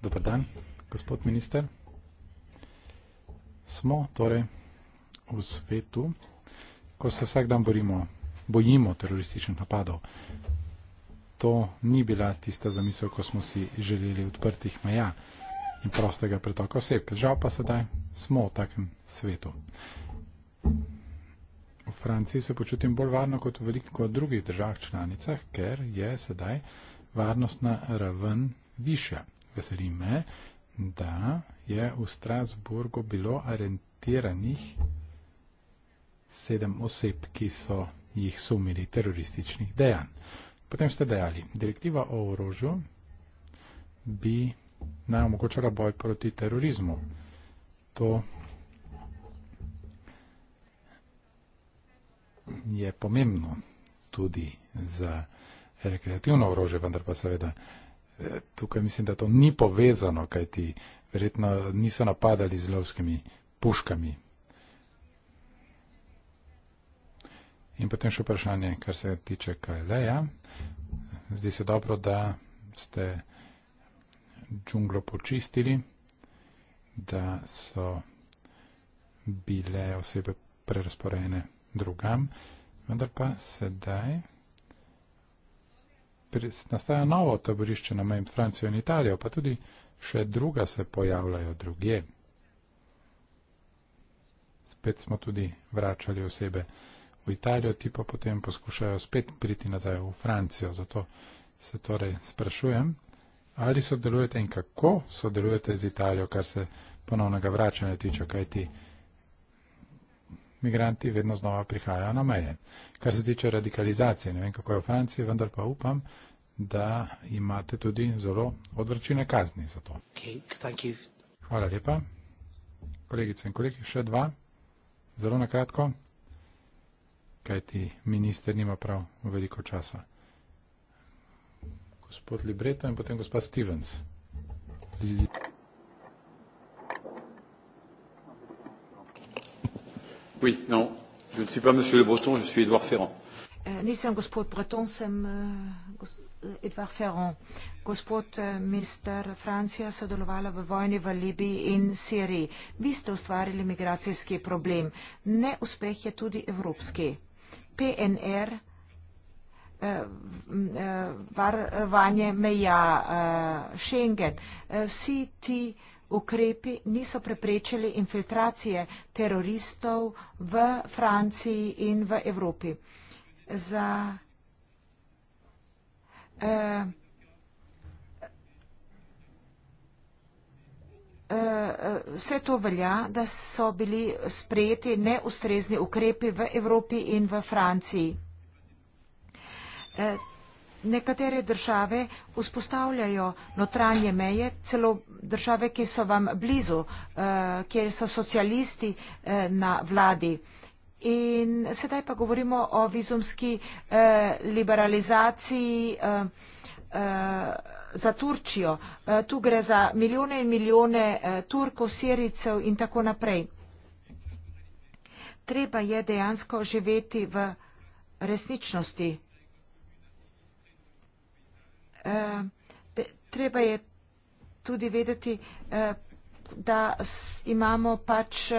Dobar dan, gospod minister. Smo torej v svetu, ko se vsak dan borimo, bojimo terorističnih napadov to ni bila tista zamisel, ko smo si želeli odprtih meja in prostega pretoka oseb. Žal pa sedaj smo v takem svetu. V Franciji se počutim bolj varno kot v veliko drugih državah članicah, ker je sedaj varnostna raven višja. Veseli me, da je v Strasburgu bilo arentiranih sedem oseb, ki so jih sumili terorističnih dejanj. Potem ste dejali, direktiva o orožju bi naj omogočala boj proti terorizmu. To je pomembno tudi za rekreativno orožje, vendar pa seveda eh, tukaj mislim, da to ni povezano, kajti verjetno niso napadali z lovskimi puškami, In potem še vprašanje, kar se tiče Kajleja. Zdi se dobro, da ste džunglo počistili, da so bile osebe prerasporene drugam, vendar pa sedaj nastaja novo taborišče na mejem Francijo in Italijo, pa tudi še druga se pojavljajo drugje. Spet smo tudi vračali osebe v Italijo, ti pa potem poskušajo spet priti nazaj v Francijo. Zato se torej sprašujem, ali sodelujete in kako sodelujete z Italijo, kar se ponovnega vračanja tiče, kaj ti migranti vedno znova prihajajo na meje. Kar se tiče radikalizacije, ne vem, kako je v Franciji, vendar pa upam, da imate tudi zelo odvrčine kazni za to. Okay, Hvala lepa. Kolegice in kolegi, še dva. Zelo na kratko kajti minister nima prav veliko časa. Gospod Libreto in potem gospod Stevens. Oui, non. Je ne suis pas monsieur Le Breton, je suis Edouard Ferrand. Eh, Nisem gospod Breton, sem uh, eh, Edouard Ferrand. Gospod uh, eh, minister, Francija sodelovala v vojni v Libiji in Siriji. Vi ste ustvarili migracijski problem. Neuspeh je tudi evropski. PNR, eh, eh, varovanje meja eh, Schengen. Vsi ti ukrepi niso preprečili infiltracije teroristov v Franciji in v Evropi. Za vse to velja, da so bili sprejeti neustrezni ukrepi v Evropi in v Franciji. E, nekatere države vzpostavljajo notranje meje, celo države, ki so vam blizu, e, kjer so socialisti e, na vladi. In sedaj pa govorimo o vizumski liberalizaciji za Turčijo, e, tu gre za milijone in milijone e, Turkov, Siricev in tako naprej. Treba je dejansko živeti v resničnosti. E, treba je tudi vedeti, da imamo pač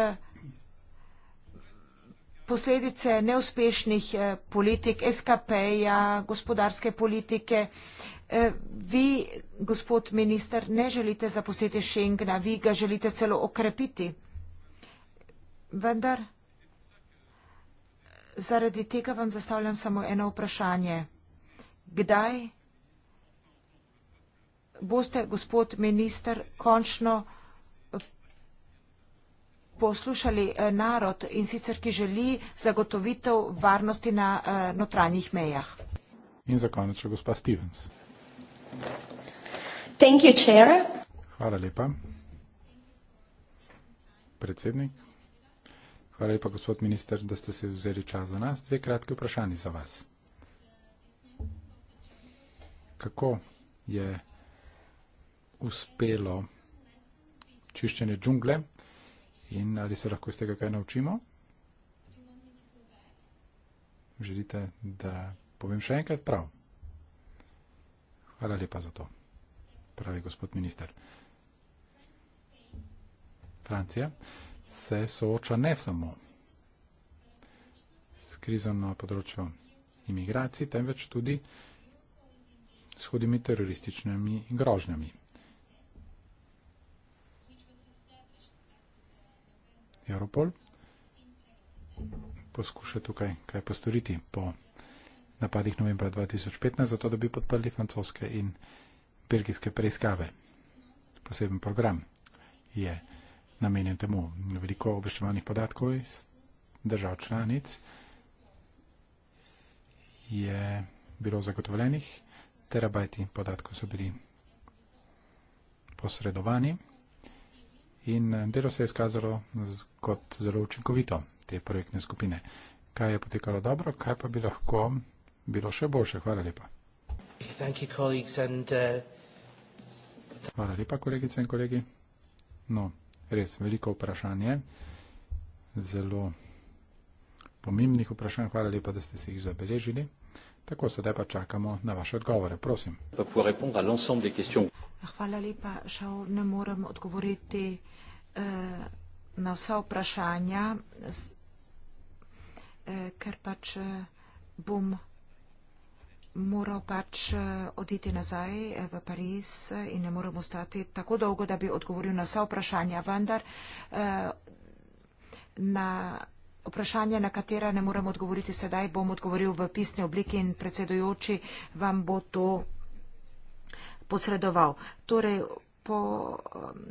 posledice neuspešnih politik, SKP-ja, gospodarske politike, Eh, vi, gospod minister, ne želite zapustiti Schengena, vi ga želite celo okrepiti. Vendar, zaradi tega vam zastavljam samo eno vprašanje. Kdaj boste, gospod minister, končno poslušali eh, narod in sicer, ki želi zagotovitev varnosti na eh, notranjih mejah? In za konec, gospod Stevens. Thank you, chair. Hvala lepa. Predsednik. Hvala lepa, gospod minister, da ste se vzeli čas za nas. Dve kratki vprašanji za vas. Kako je uspelo čiščenje džungle in ali se lahko iz tega kaj naučimo? Želite, da povem še enkrat pravo? Hvala lepa za to, pravi gospod minister. Francija se sooča ne samo s krizo na področju imigracij, temveč tudi s hudimi terorističnimi grožnjami. Europol poskuša tukaj kaj postoriti po napadih novembra 2015, zato da bi podprli francoske in belgijske preiskave. Poseben program je namenjen temu. Veliko obveščevalnih podatkov iz držav članic je bilo zagotovljenih, terabajti podatkov so bili posredovani in delo se je izkazalo kot zelo učinkovito te projektne skupine. Kaj je potekalo dobro, kaj pa bi lahko bilo še boljše. Hvala lepa. Uh, Hvala lepa, kolegice in kolegi. No, res veliko vprašanje, zelo pomembnih vprašanj. Hvala lepa, da ste si jih zabeležili. Tako sedaj pa čakamo na vaše odgovore. Prosim. Hvala lepa, šal ne morem odgovoriti eh, na vsa vprašanja, eh, ker pač eh, bom moral pač eh, oditi nazaj eh, v Pariz eh, in ne morem ostati tako dolgo, da bi odgovoril na vsa vprašanja, vendar na vprašanje, na katera ne morem odgovoriti sedaj, bom odgovoril v pisni obliki in predsedujoči vam bo to posredoval. Torej, po, um,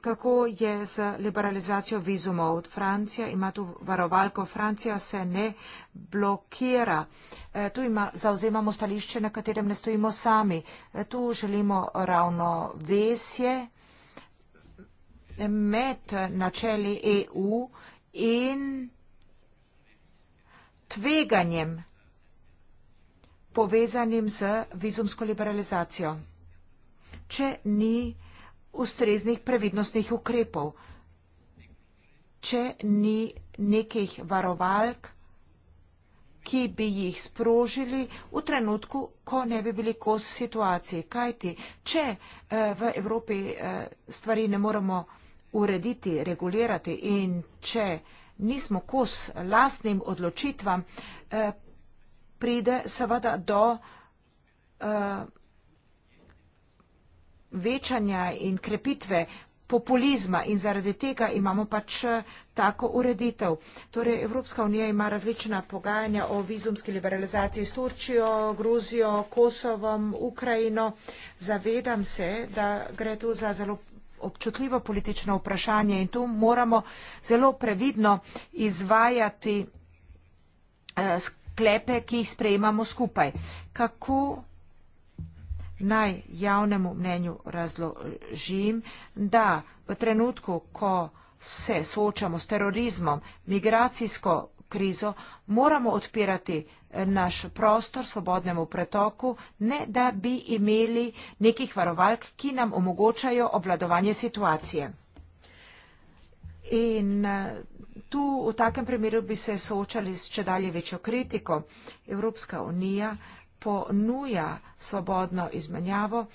kako je z liberalizacijo vizumov. Francija ima tu varovalko, Francija se ne blokira. E, tu ima, zauzemamo stališče, na katerem ne stojimo sami. E, tu želimo ravno vesje med načeli EU in tveganjem povezanim z vizumsko liberalizacijo. Če ni ustreznih previdnostnih ukrepov. Če ni nekih varovalk, ki bi jih sprožili v trenutku, ko ne bi bili kos situacije. Kajti, če eh, v Evropi eh, stvari ne moramo urediti, regulirati in če nismo kos lastnim odločitvam, eh, pride seveda do večanja in krepitve populizma in zaradi tega imamo pač eh, tako ureditev. Torej, Evropska unija ima različna pogajanja o vizumski liberalizaciji s Turčijo, Gruzijo, Kosovom, Ukrajino. Zavedam se, da gre tu za zelo občutljivo politično vprašanje in tu moramo zelo previdno izvajati eh, sklepe, ki jih sprejemamo skupaj. Kako naj javnemu mnenju razložim, da v trenutku, ko se soočamo s terorizmom, migracijsko krizo, moramo odpirati eh, naš prostor svobodnemu pretoku, ne da bi imeli nekih varovalk, ki nam omogočajo obvladovanje situacije. In eh, tu v takem primeru bi se soočali s čedalje večjo kritiko. Evropska unija uh, ponuja svobodno izmenjavo,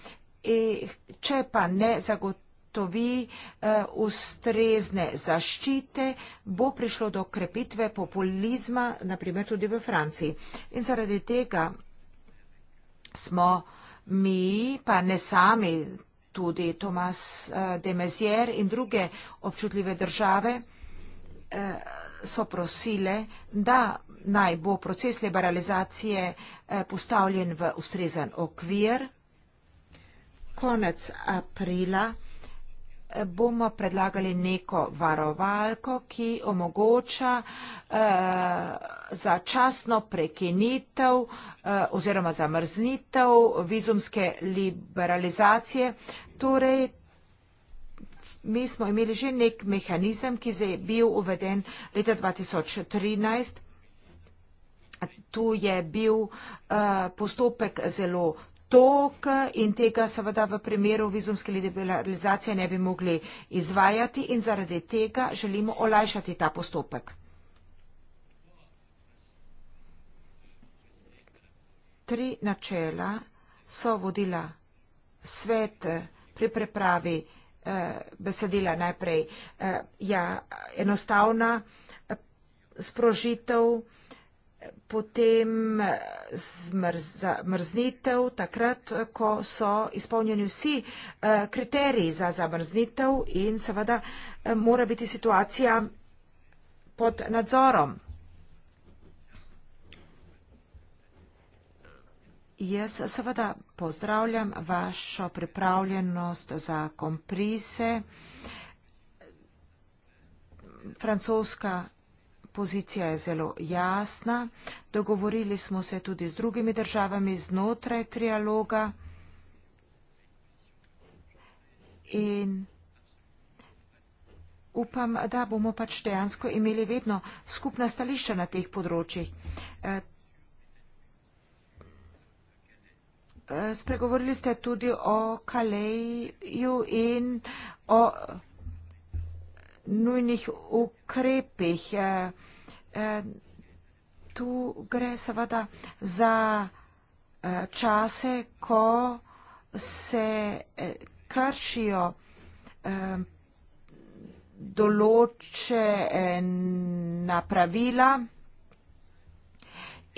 če pa ne zagotovi eh, ustrezne zaščite, bo prišlo do krepitve populizma, naprimer tudi v Franciji. In zaradi tega smo mi, pa ne sami, tudi Tomas eh, de Mezier in druge občutljive države eh, so prosile, da naj bo proces liberalizacije eh, postavljen v ustrezen okvir. Konec aprila eh, bomo predlagali neko varovalko, ki omogoča eh, začasno prekinitev oziroma zamrznitev vizumske liberalizacije. Torej, mi smo imeli že nek mehanizem, ki je bil uveden leta 2013 tu je bil uh, postopek zelo tok in tega seveda v primeru vizumske liberalizacije ne bi mogli izvajati in zaradi tega želimo olajšati ta postopek. Tri načela so vodila svet pri prepravi eh, besedila najprej. Eh, ja, enostavna eh, sprožitev potem eh, zmrz, mrznitev, takrat, eh, ko so izpolnjeni vsi eh, kriteriji za zamrznitev in seveda mora biti situacija pod nadzorom. Jaz seveda pozdravljam vašo pripravljenost za komprise. Francoska pozicija je zelo jasna. Dogovorili smo se tudi z drugimi državami znotraj trialoga in upam, da bomo pač dejansko imeli vedno skupna stališča na teh področjih. Eh, spregovorili ste tudi o Kaleju in o nujnih ukrepih. Eh, eh, tu gre seveda za eh, čase, ko se kršijo določena pravila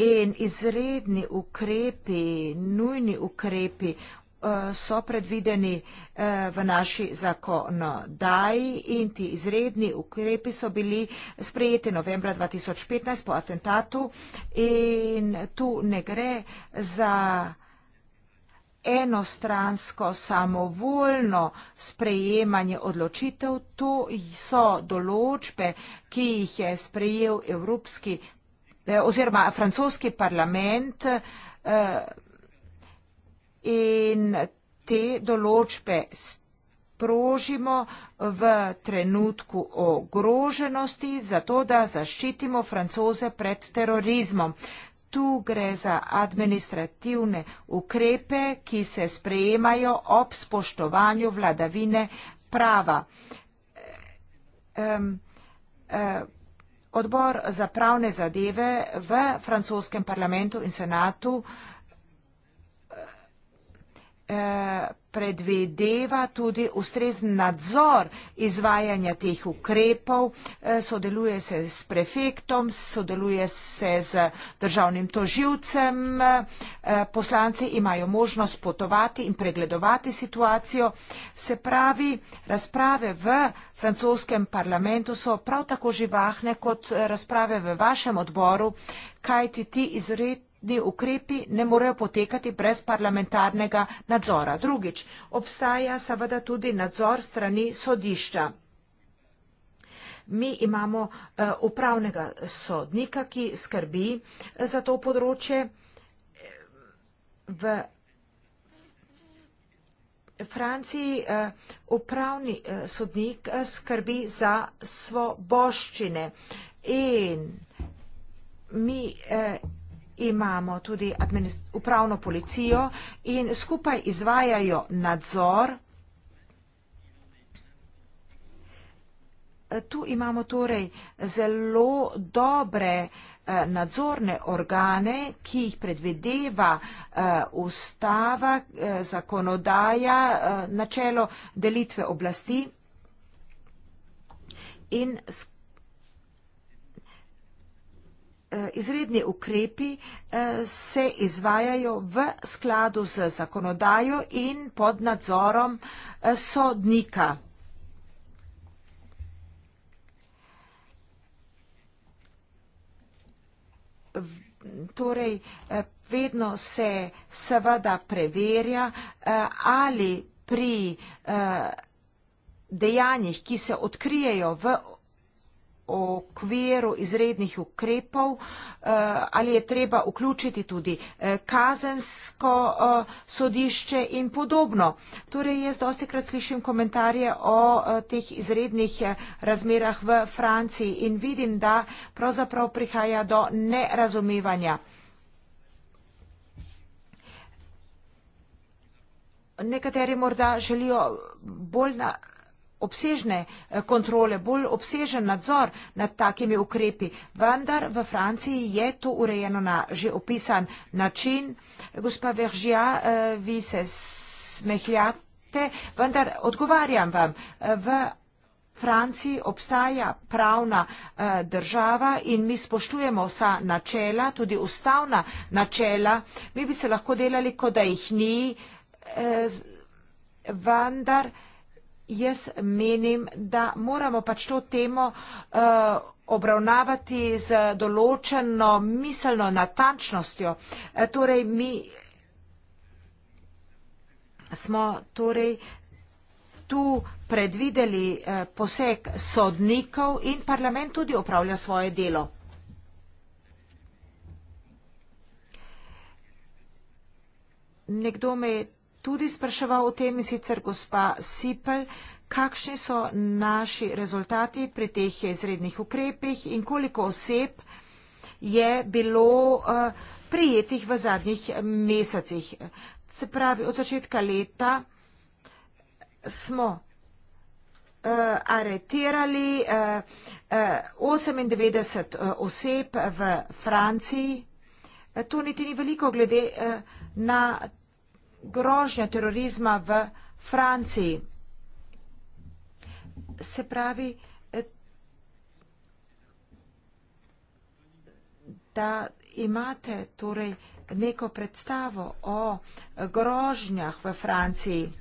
in izredni ukrepi, nujni ukrepi Eh, so predvideni eh, v naši zakonodaji in ti izredni ukrepi so bili sprejeti novembra 2015 po atentatu in tu ne gre za enostransko samovoljno sprejemanje odločitev. To so določbe, ki jih je sprejel Evropski eh, oziroma francoski parlament in te določbe sprožimo v trenutku ogroženosti, zato da zaščitimo francoze pred terorizmom. Tu gre za administrativne ukrepe, ki se sprejemajo ob spoštovanju vladavine prava. Um, Odbor za pravne zadeve v francoskem parlamentu in senatu uh, Eh, predvedeva tudi ustrezen nadzor izvajanja teh ukrepov, eh, sodeluje se s prefektom, sodeluje se z državnim toživcem, eh, poslanci imajo možnost potovati in pregledovati situacijo. Se pravi, razprave v francoskem parlamentu so prav tako živahne kot razprave v vašem odboru, kajti ti izredno da ukrepi ne morejo potekati brez parlamentarnega nadzora. Drugič, obstaja seveda tudi nadzor strani sodišča. Mi imamo eh, upravnega sodnika, ki skrbi eh, za to področje. Eh, v Franciji upravni sodnik skrbi za svoboščine in mi imamo tudi upravno policijo in skupaj izvajajo nadzor. E, tu imamo torej zelo dobre e, nadzorne organe, ki jih predvedeva e, ustava, zakonodaja, načelo delitve oblasti in skupaj Eh, izredni ukrepi eh, se izvajajo v skladu z zakonodajo in pod nadzorom eh, sodnika. Torej, vedno se seveda preverja, ali pri dejanjih, ki se odkrijejo v okviru izrednih ukrepov, eh, ali je treba vključiti tudi eh, kazensko eh, sodišče in podobno. Torej, jaz dosti krat slišim komentarje o teh izrednih razmerah v Franciji in vidim, da pravzaprav prihaja do nerazumevanja. Nekateri morda želijo bolj na obsežne eh, kontrole, bolj obsežen nadzor nad takimi ukrepi. Vendar v Franciji je to urejeno na že opisan način. Gospa Veržija, eh, vi se smehljate, vendar odgovarjam vam. Eh, v Franciji obstaja pravna država in mi spoštujemo vsa načela, tudi ustavna načela. Mi bi se lahko delali, kot da jih ni, vendar. Jaz menim, da moramo pač to temo uh, obravnavati z določeno miselno natančnostjo. Uh, torej, mi smo torej tu predvideli uh, poseg sodnikov in parlament tudi upravlja svoje delo. Nekdo me je tudi spraševal o tem in sicer gospa Sipel, kakšni so naši rezultati pri teh izrednih ukrepih in koliko oseb je bilo eh, prijetih v zadnjih mesecih. Se pravi, od začetka leta smo eh, aretirali 98 eh, oseb v Franciji. To niti ni veliko glede na grožnjo terorizma v Franciji. Se pravi, da imate torej neko predstavo o grožnjah v Franciji.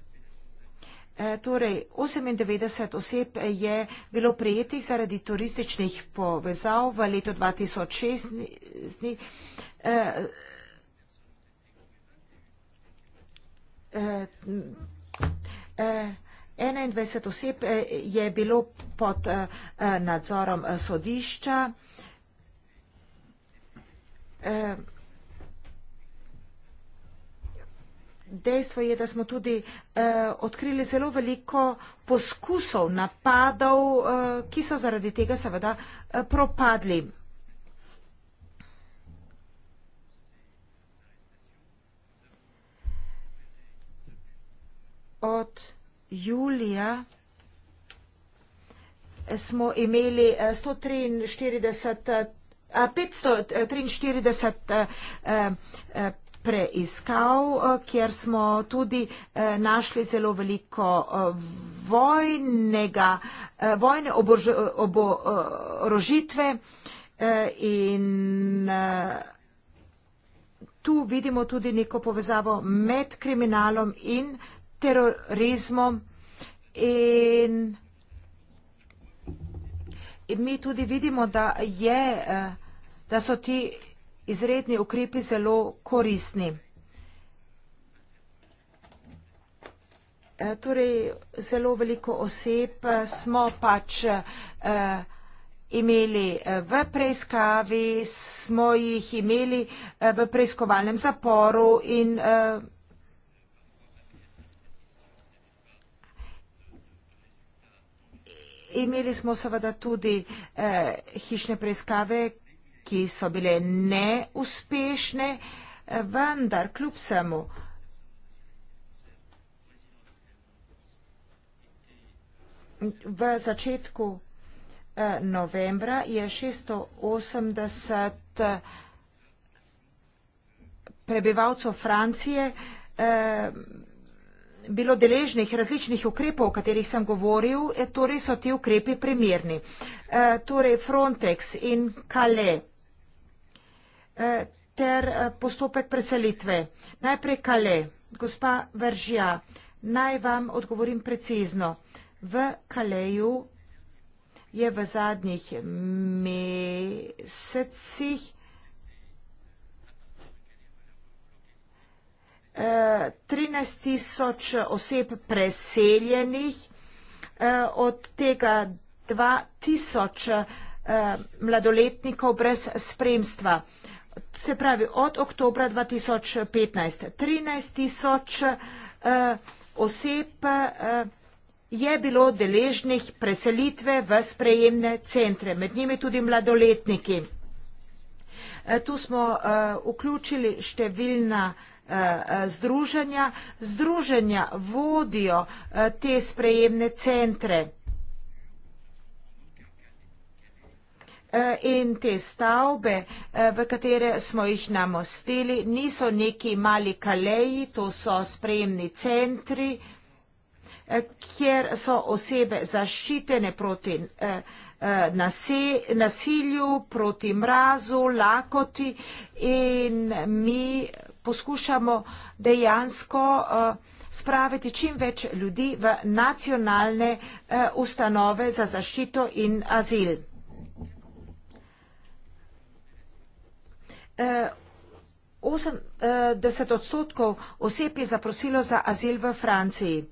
E, torej, 98 oseb je bilo prijetih zaradi turističnih povezav v letu 2016. Eh, eh, eh, 21 oseb eh, je bilo pod eh, nadzorom sodišča. Dejstvo je, da smo tudi odkrili zelo veliko poskusov napadov, ki so zaradi tega seveda propadli. od julija smo imeli 143, eh, 543 eh, eh, preiskav, kjer smo tudi našli zelo veliko vojnega, vojne oborožitve in tu vidimo tudi neko povezavo med kriminalom in terorizmom in mi tudi vidimo, da, je, eh, da so ti izredni ukrepi zelo korisni. Eh, torej, zelo veliko oseb eh, smo pač imeli v preiskavi, smo jih imeli v preiskovalnem zaporu in Imeli smo seveda tudi eh, hišne preiskave, ki so bile neuspešne, eh, vendar kljub vsemu. V začetku eh, novembra je 680 eh, prebivalcev Francije eh, bilo deležnih različnih ukrepov, o katerih sem govoril, torej so ti ukrepi primerni. E, torej Frontex in Kale ter e, postopek preselitve. Najprej Kale, gospa Veržja, naj vam odgovorim precizno. V Kaleju je v zadnjih mesecih 13 tisoč oseb preseljenih, eh, od tega 2 tisoč eh, mladoletnikov brez spremstva. Se pravi, od oktobra 2015 13 tisoč eh, oseb je bilo deležnih preselitve v sprejemne centre, med njimi tudi mladoletniki. Tu smo vključili številna vsega, Eh, eh, združenja. Združenja vodijo eh, te sprejemne centre in te stavbe, v katere smo jih namostili, niso neki mali kaleji, to so sprejemni centri, kjer so osebe zaščitene proti nasilju, proti mrazu, lakoti in mi poskušamo dejansko eh, spraviti čim več ljudi v nacionalne eh, ustanove za zaščito in azil. Eh, osemdeset odstotkov oseb je zaprosilo za azil v Franciji.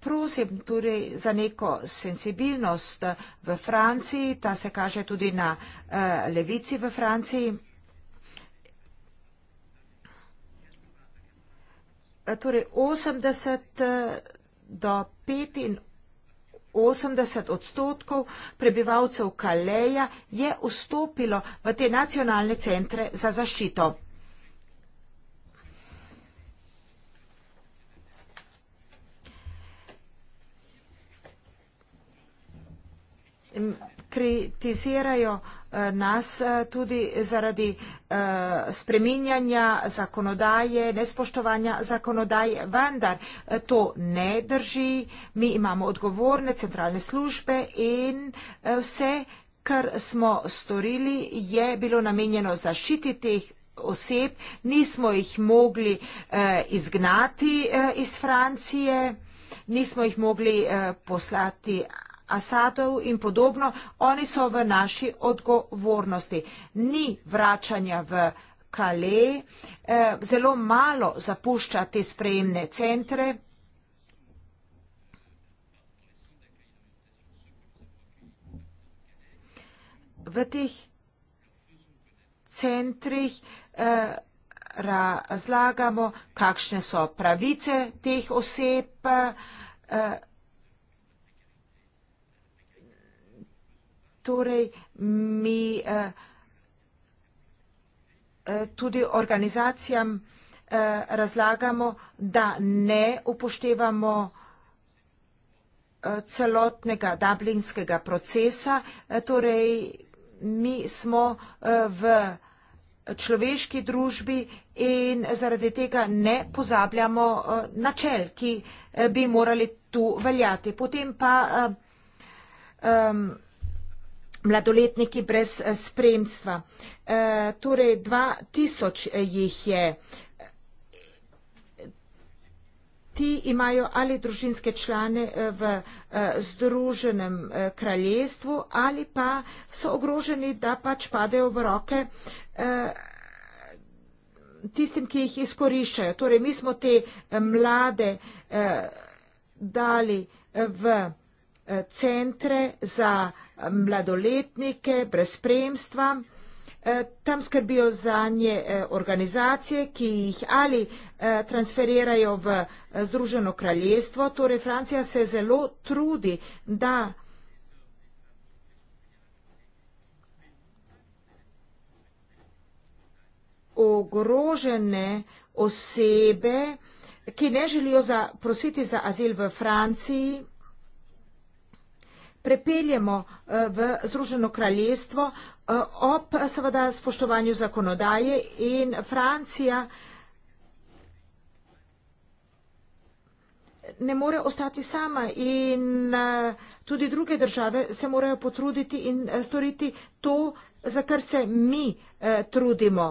Prosim torej za neko sensibilnost v Franciji, ta se kaže tudi na levici v Franciji. torej 80 eh, do 85 odstotkov prebivalcev Kaleja je vstopilo v te nacionalne centre za zaščito. In kritizirajo eh, nas eh, tudi zaradi eh, spreminjanja zakonodaje, nespoštovanja zakonodaje, vendar to ne drži. Mi imamo odgovorne centralne službe in vse, kar smo storili, je bilo namenjeno zaščiti teh oseb, nismo jih mogli izgnati iz Francije, nismo jih mogli poslati Asadov in podobno, oni so v naši odgovornosti. Ni vračanja v Kale, eh, zelo malo zapušča te sprejemne centre. V teh centrih eh, razlagamo, kakšne so pravice teh oseb, eh, torej mi eh, eh, tudi organizacijam eh, razlagamo, da ne upoštevamo celotnega dublinskega procesa, torej mi smo v človeški družbi in zaradi tega ne pozabljamo načel, ki bi morali tu veljati. Potem pa um, mladoletniki brez eh, spremstva. Eh, torej, 2000 eh, jih je. Ti imajo ali družinske člane v združenem kraljestvu ali pa so ogroženi, da pač padejo v roke tistim, ki jih izkoriščajo. Torej, mi smo te mlade dali v centre za mladoletnike brez spremstva. Eh, tam skrbijo za nje eh, organizacije, ki jih ali eh, transferirajo v Združeno kraljestvo. Torej, Francija se zelo trudi, da ogrožene osebe, ki ne želijo prositi za azil v Franciji, prepeljemo eh, v Združeno kraljestvo eh, ob seveda spoštovanju zakonodaje in Francija ne more ostati sama in eh, tudi druge države se morajo potruditi in storiti to, za kar se mi trudimo.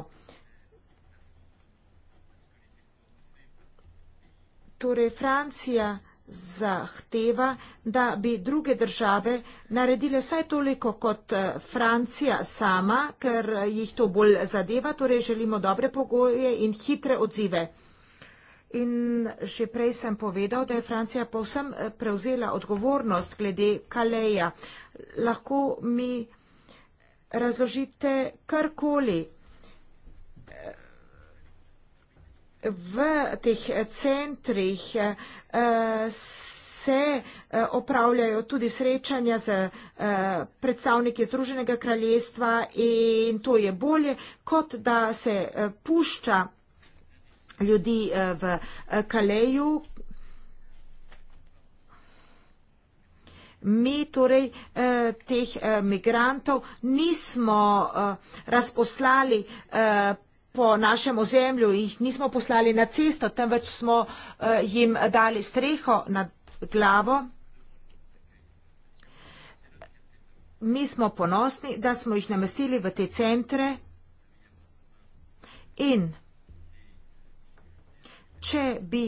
Torej, Francija zahteva, da bi druge države naredile vsaj toliko kot eh, Francija sama, ker eh, jih to bolj zadeva, torej želimo dobre pogoje in hitre odzive. In že prej sem povedal, da je Francija povsem eh, prevzela odgovornost glede Kaleja. Lahko mi razložite karkoli v teh centrih, se eh, opravljajo tudi srečanja z eh, predstavniki Združenega kraljestva in to je bolje, kot da se eh, pušča ljudi v Kaleju. Mi torej teh migrantov nismo razposlali po našem ozemlju, jih nismo poslali na cesto, temveč smo eh, jim dali streho nad glavo. Mi smo ponosni, da smo jih namestili v te centre in če bi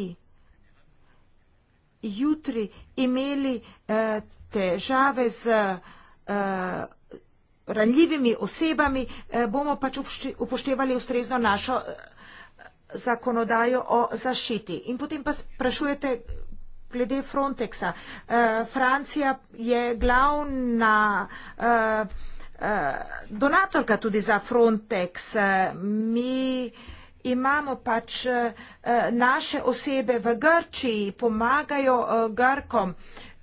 jutri imeli eh, težave z eh, ranljivimi osebami, eh, bomo pač upoštevali ustrezno našo eh, zakonodajo o zaščiti. In potem pa sprašujete glede Frontexa. Eh, Francija je glavna donatorka tudi za Frontex. Mi imamo pač naše osebe v Grčiji, pomagajo Grkom.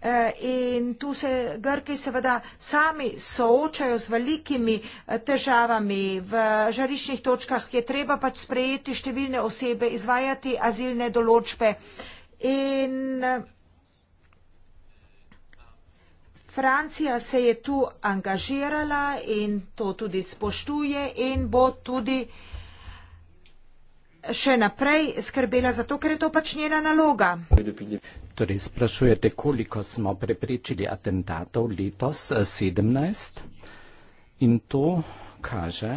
Eh, in tu se Grki seveda sami soočajo z velikimi eh, težavami. V žariščnih točkah je treba pač sprejeti številne osebe, izvajati azilne določbe. In eh, Francija se je tu angažirala in to tudi spoštuje in bo tudi še naprej skrbela za to, ker je to pač njena naloga. Torej, sprašujete, koliko smo preprečili atentatov letos, 17. Eh, in to kaže,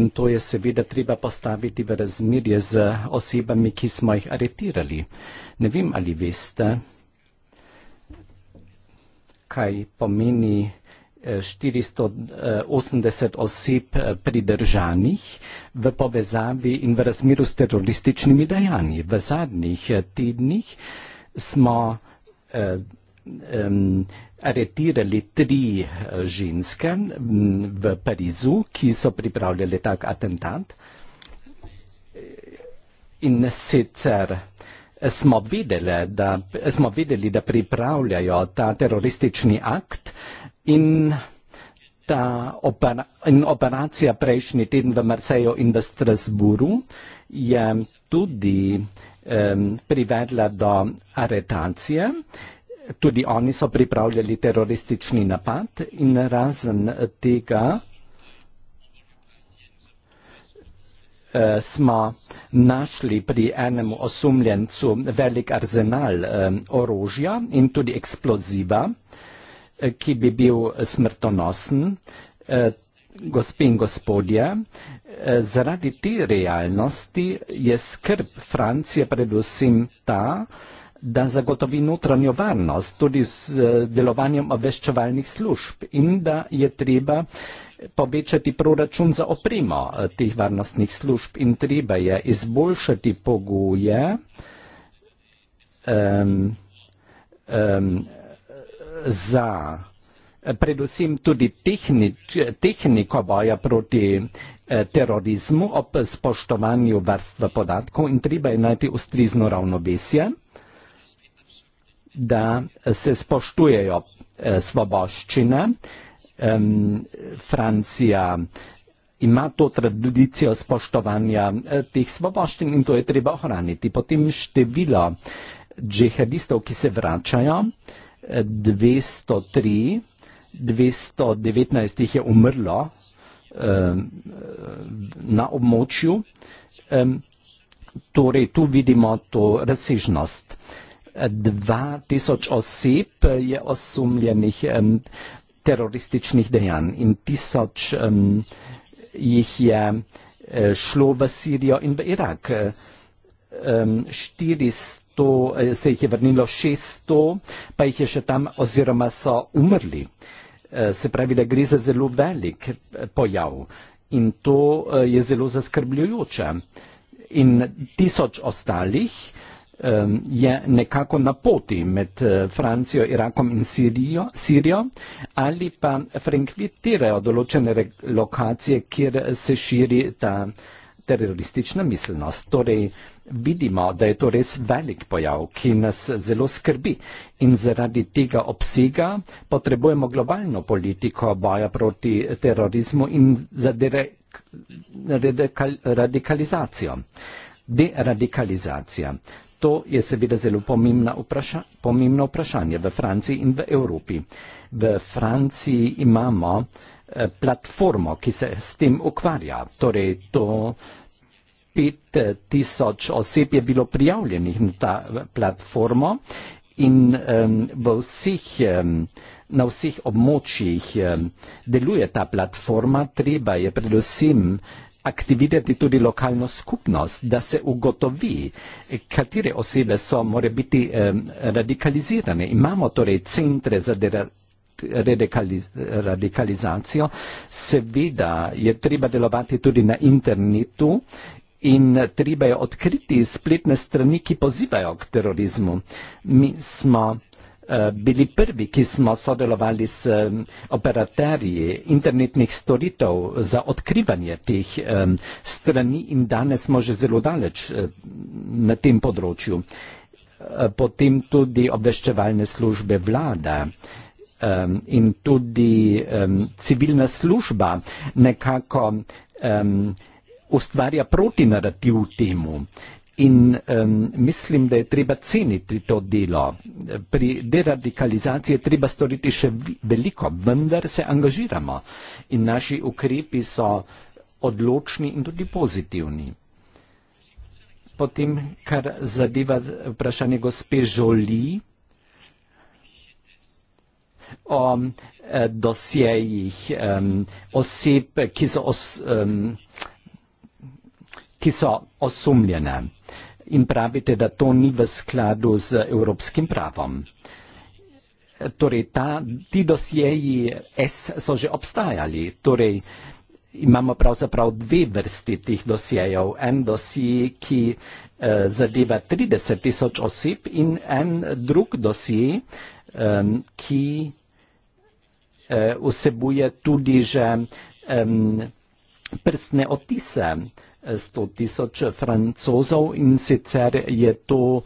in to je seveda treba postaviti v razmerje z osebami, ki smo jih aretirali. Ne vem, ali veste, kaj pomeni. 480 eh, oseb eh, pridržanih v povezavi in v razmeru s terorističnimi dejanji. V zadnjih eh, tednih smo aretirali tri ženske v Parizu, ki so pripravljali tak atentat. In sicer smo vedeli, da, smo vedeli, da pripravljajo ta teroristični akt, in ta opera, in operacija prejšnji teden v Marseju in v Strasburu je tudi um, privedla do aretacije. Tudi oni so pripravljali teroristični napad in razen tega uh, smo našli pri enem osumljencu velik arzenal um, orožja in tudi eksploziva. Um, ki bi bil smrtonosen, eh, gospe in gospodje, eh, zaradi te realnosti je skrb Francije predvsem ta, da zagotovi notranjo varnost tudi z eh, delovanjem obveščevalnih služb in da je treba povečati proračun za opremo teh varnostnih služb in treba je izboljšati pogoje um, um, za eh, predvsem tudi tehnič, tehniko boja proti eh, terorizmu ob spoštovanju varstva podatkov in treba je najti ustrizno ravnovesje, da se spoštujejo eh, svoboščine. Francija ima to tradicijo spoštovanja teh svoboščin in to je treba ohraniti. Potem število džihadistov, ki se vračajo, 203, 219 jih je umrlo eh, na območju. Eh, torej, tu vidimo to razsežnost. 2000 oseb je osumljenih eh, terorističnih dejanj in 1000 eh, jih je eh, šlo v Sirijo in v Irak. Eh, 400 to, eh, se jih je vrnilo 600, pa jih je še tam oziroma so umrli. Eh, se pravi, da gre za zelo velik eh, pojav in to je zelo zaskrbljujoče. In tisoč ostalih je nekako na poti med Francijo, Irakom in Sirijo, Sirijo ali pa frekventirajo določene lokacije, kjer se širi ta teroristična miselnost. Torej vidimo, da je to res velik pojav, ki nas zelo skrbi in zaradi tega obsega potrebujemo globalno politiko boja proti terorizmu in za radikalizacijo. Deradikalizacija. To je seveda zelo pomembna vpraša, pomembno vprašanje v Franciji in v Evropi. V Franciji imamo Eh, platformo, ki se s tem ukvarja. Torej, to 5000 eh, oseb je bilo prijavljenih na ta eh, platformo in um, vseh, um, na vseh območjih um, deluje ta platforma. Treba je predvsem aktivirati tudi lokalno skupnost, da se ugotovi, katere osebe so, more biti, um, radikalizirane. Imamo torej centre za deradikalizacijo radikalizacijo. Seveda je treba delovati tudi na internetu in treba je odkriti spletne strani, ki pozivajo k terorizmu. Mi smo eh, bili prvi, ki smo sodelovali s operaterji internetnih storitev za odkrivanje teh strani in danes smo že zelo daleč eh, na tem področju. Eh, potem tudi obveščevalne službe vlada um, in tudi um, civilna služba nekako um, ustvarja protinarativ temu. In um, mislim, da je treba ceniti to delo. Pri deradikalizaciji je treba storiti še veliko, vendar se angažiramo in naši ukrepi so odločni in tudi pozitivni. Potem, kar zadeva vprašanje gospe Žolji o dosjejih um, oseb, ki so, os, um, ki so osumljene in pravite, da to ni v skladu z evropskim pravom. Torej, ta, ti dosjeji S so že obstajali. Torej, imamo pravzaprav dve vrsti tih dosjejev. En dosji, ki eh, zadeva 30 tisoč oseb in en drug dosji, eh, ki Eh, vsebuje tudi že um, prstne otise 100 eh, tisoč francozov in sicer je to um,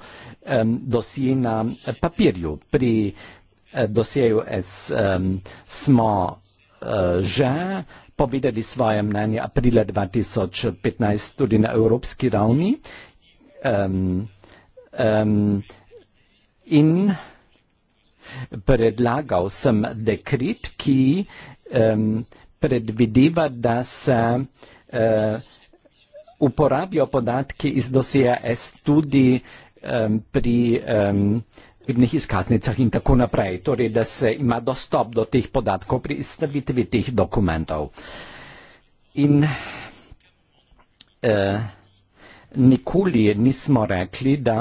dosje na papirju. Pri uh, dosjeju S um, smo uh, že povedali svoje mnenje aprila 2015 tudi na evropski ravni um, um, in predlagal sem dekret, ki um, predvideva, da se uh, uporabijo podatki iz dosija S tudi um, pri um, vidnih izkaznicah in tako naprej, torej da se ima dostop do teh podatkov pri izstavitvi teh dokumentov. In uh, nikoli nismo rekli, da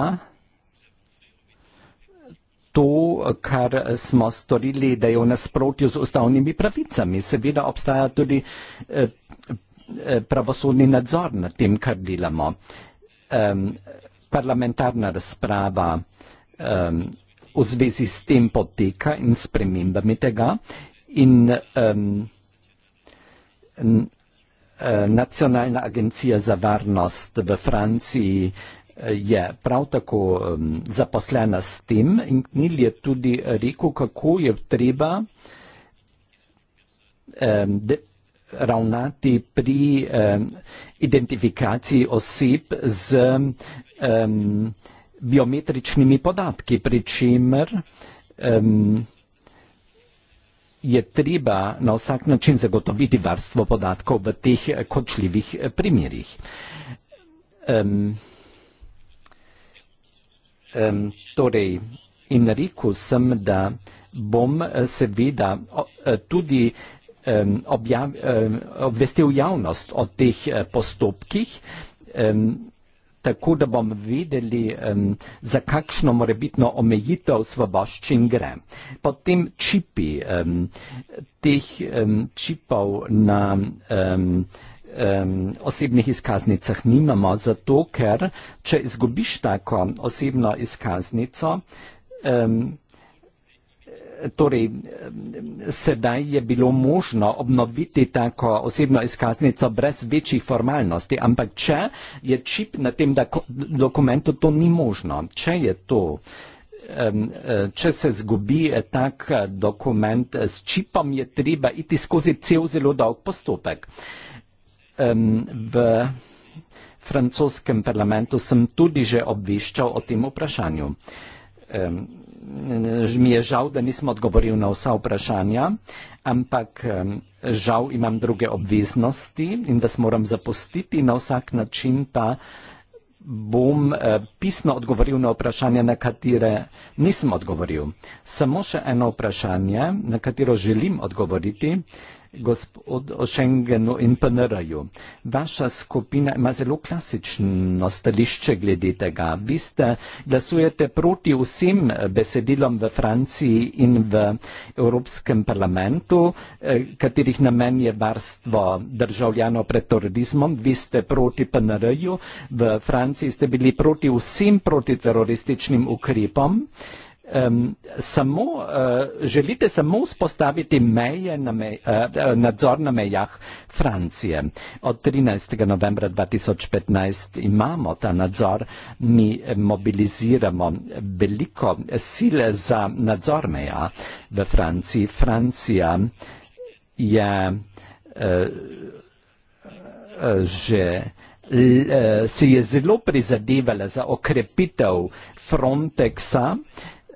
to, kar smo storili, da je v nasprotju z ustavnimi pravicami. Seveda obstaja tudi eh, eh, pravosodni nadzor nad tem, kar delamo. Parlamentarna razprava v zvezi s tem poteka in spremembami tega in eh, nacionalna agencija za varnost v Franciji je prav tako zaposlena s tem in Knil je tudi rekel, kako je treba ravnati pri identifikaciji oseb z biometričnimi podatki, pri čemer je treba na vsak način zagotoviti varstvo podatkov v teh kočljivih primerjih. Hvala torej, in rekel sem, da bom eh, seveda eh, tudi objav, obvestil javnost o teh eh, postopkih, tako da bom vedeli, za kakšno morebitno omejitev svoboščin gre. Potem čipi, teh čipov na um, osebnih izkaznicah nimamo, zato ker, če izgubiš tako osebno izkaznico, um, Torej, sedaj je bilo možno obnoviti tako osebno izkaznico brez večjih formalnosti, ampak če je čip na tem dokumentu, to ni možno. Če je to, če se zgubi eh, tak eh, dokument eh, s čipom, je treba iti skozi cel zelo dolg postopek v francoskem parlamentu sem tudi že obviščal o tem vprašanju. Mi je žal, da nisem odgovoril na vsa vprašanja, ampak žal imam druge obveznosti in vas moram zapustiti na vsak način pa bom e, pisno odgovoril na vprašanje, na katere nisem odgovoril. Samo še eno vprašanje, na katero želim odgovoriti, gospod o Schengenu in PNR-ju. Vaša skupina ima zelo klasično stališče glede tega. Vi ste glasujete proti vsem besedilom v Franciji in v Evropskem parlamentu, eh, katerih namen je varstvo državljanov pred terorizmom. Vi ste proti PNR-ju. V Franciji ste bili proti vsem protiterorističnim ukrepom um, samo, uh, želite samo vzpostaviti meje na mej, uh, nadzor na mejah Francije. Od 13. novembra 2015 imamo ta nadzor, mi mobiliziramo veliko sile za nadzor meja v Franciji. Francija je uh, že si je zelo prizadevala za okrepitev Frontexa,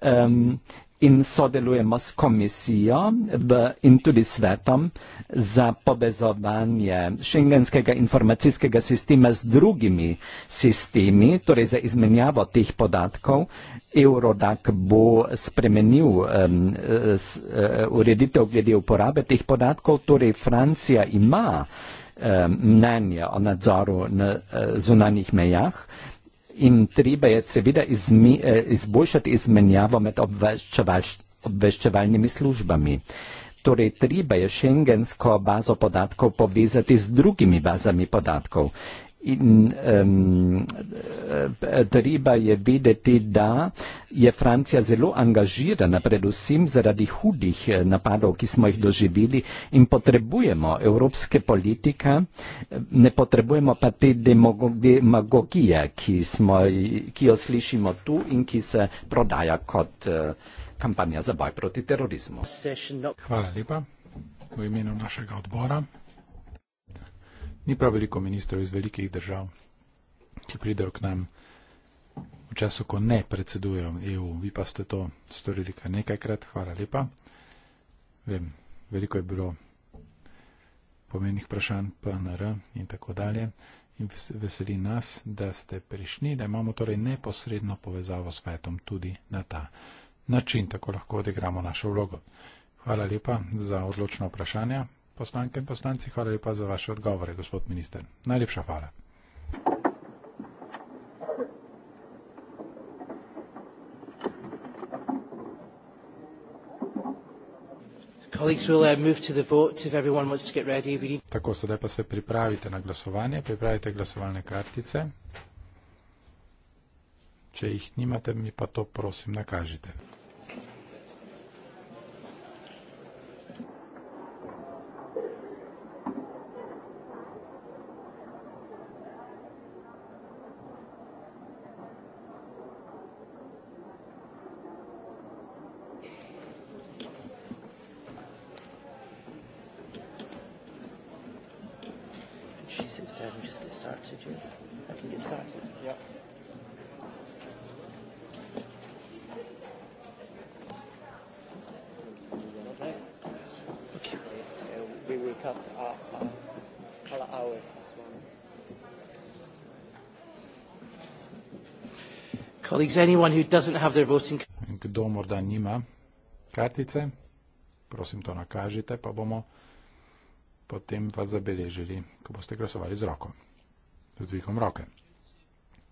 um, in sodelujemo s komisijo v, in tudi svetom za povezovanje šengenskega informacijskega sistema z drugimi sistemi, torej za izmenjavo teh podatkov. Eurodak bo spremenil um, s, uh, ureditev glede uporabe teh podatkov, torej Francija ima um, mnenje o nadzoru na uh, zunanjih mejah in treba je seveda izmi, eh, izboljšati izmenjavo med obveščevalnimi službami. Torej, treba je šengensko bazo podatkov povezati z drugimi bazami podatkov In um, treba je vedeti, da je Francija zelo angažirana, predvsem zaradi hudih eh, napadov, ki smo jih doživeli in potrebujemo evropske politike, ne potrebujemo pa te demagogije, ki, smo, ki jo slišimo tu in ki se prodaja kot eh, kampanja za boj proti terorizmu. Hvala lepa v imenu našega odbora. Ni prav veliko ministrov iz velikih držav, ki pridejo k nam v času, ko ne predsedujejo EU. Vi pa ste to storili kar nekajkrat. Hvala lepa. Vem, veliko je bilo pomenih vprašanj, PNR in tako dalje. In veseli nas, da ste prišli, da imamo torej neposredno povezavo s svetom tudi na ta način, tako lahko odigramo našo vlogo. Hvala lepa za odločno vprašanje poslanke in poslanci, hvala lepa za vaše odgovore, gospod minister. Najlepša hvala. Uh, Tako, sedaj pa se pripravite na glasovanje, pripravite glasovalne kartice. Če jih nimate, mi pa to prosim nakažite. Kdo morda nima kartice, prosim to nakažite, pa bomo potem vas zabeležili, ko boste glasovali z roko, z dvigom roke.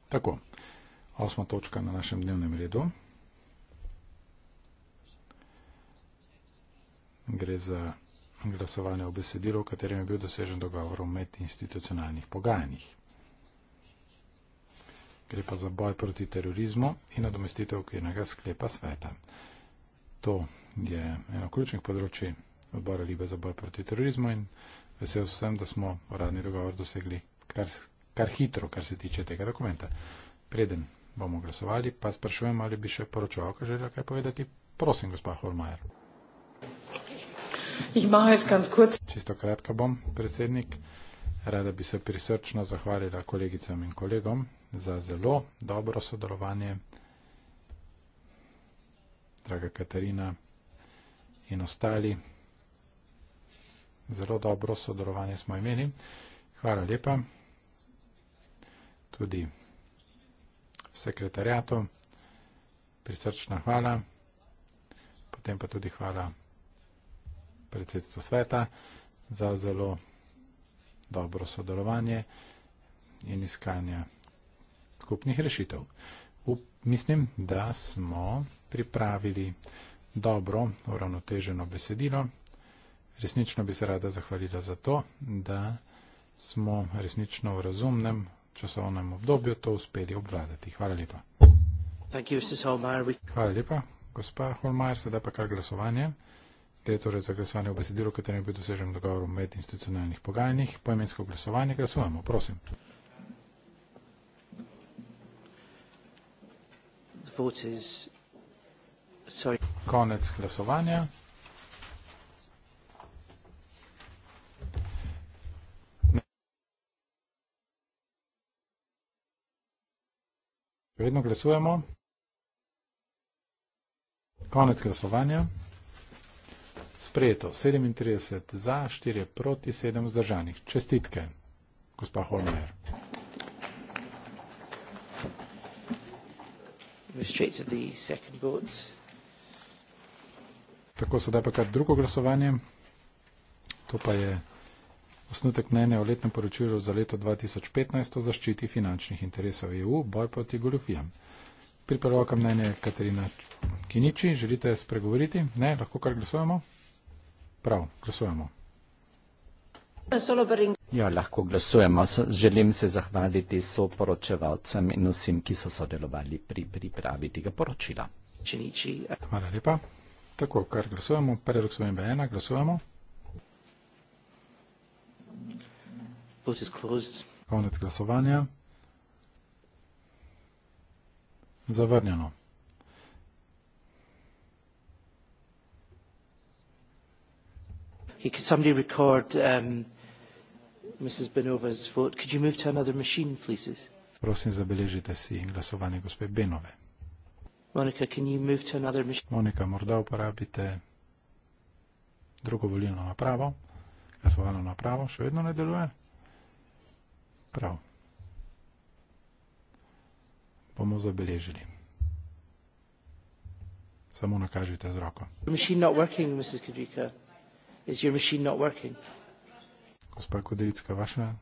Tako, osma točka na našem dnevnem redu. Gre za glasovanje o besedilu, v katerem je bil dosežen dogovor o medinstitucionalnih pogajanjih gre pa za boj proti terorizmu in nadomestitev okvirnega sklepa sveta. To je eno ključnih področji odbora Libe za boj proti terorizmu in vesel sem, da smo uradni dogovor dosegli kar, kar hitro, kar se tiče tega dokumenta. Preden bomo glasovali, pa sprašujem, ali bi še poročevalka želela kaj povedati. Prosim, gospa Holmajer. Čisto kratka bom, predsednik. Rada bi se prisrčno zahvalila kolegicam in kolegom za zelo dobro sodelovanje. Draga Katarina in ostali, zelo dobro sodelovanje smo imeli. Hvala lepa tudi sekretarjatu. Prisrčna hvala. Potem pa tudi hvala predsedstvu sveta za zelo dobro sodelovanje in iskanja skupnih rešitev. Up, mislim, da smo pripravili dobro, uravnoteženo besedilo. Resnično bi se rada zahvalila za to, da smo resnično v razumnem časovnem obdobju to uspeli obvladati. Hvala lepa. Hvala lepa, gospa Holmar, sedaj pa kar glasovanje. Gre torej za glasovanje v besedilu, katerem je bil dosežen dogovor v medinstitucionalnih pogajanjih. Poimensko glasovanje glasujemo, prosim. Is... Konec glasovanja. Vedno glasujemo. Konec glasovanja. Sprejeto 37 za, 4 proti, 7 zdržanih. Čestitke, gospa Holmer. Tako sedaj pa kar drugo glasovanje. To pa je osnutek mnenja o letnem poročilu za leto 2015 o zaščiti finančnih interesov EU, boj proti goljofijam. Pripravljam mnenje Katarina Kiniči, želite spregovoriti? Ne, lahko kar glasujemo. Prav, glasujemo. Ja, lahko glasujemo. Želim se zahvaliti soporočevalcem in vsem, ki so sodelovali pri pripravi tega poročila. Hvala lepa. Tako, kar glasujemo, predlog spremembe ena, glasujemo. Konec glasovanja. Zavrnjeno. Could somebody record um, Mrs. Benova's vote? Could you move to another machine, please? Prosim, zabeležite si glasovanje gospe Benove. Monika, can you move to another machine? Monika, morda uporabite drugo volilno napravo. Glasovalno napravo še vedno ne deluje. Prav. Bomo zabeležili. Samo nakažite z roko. Machine not working, Mrs. Kadrika. Is your machine not working? Gospa Kudricka, vaša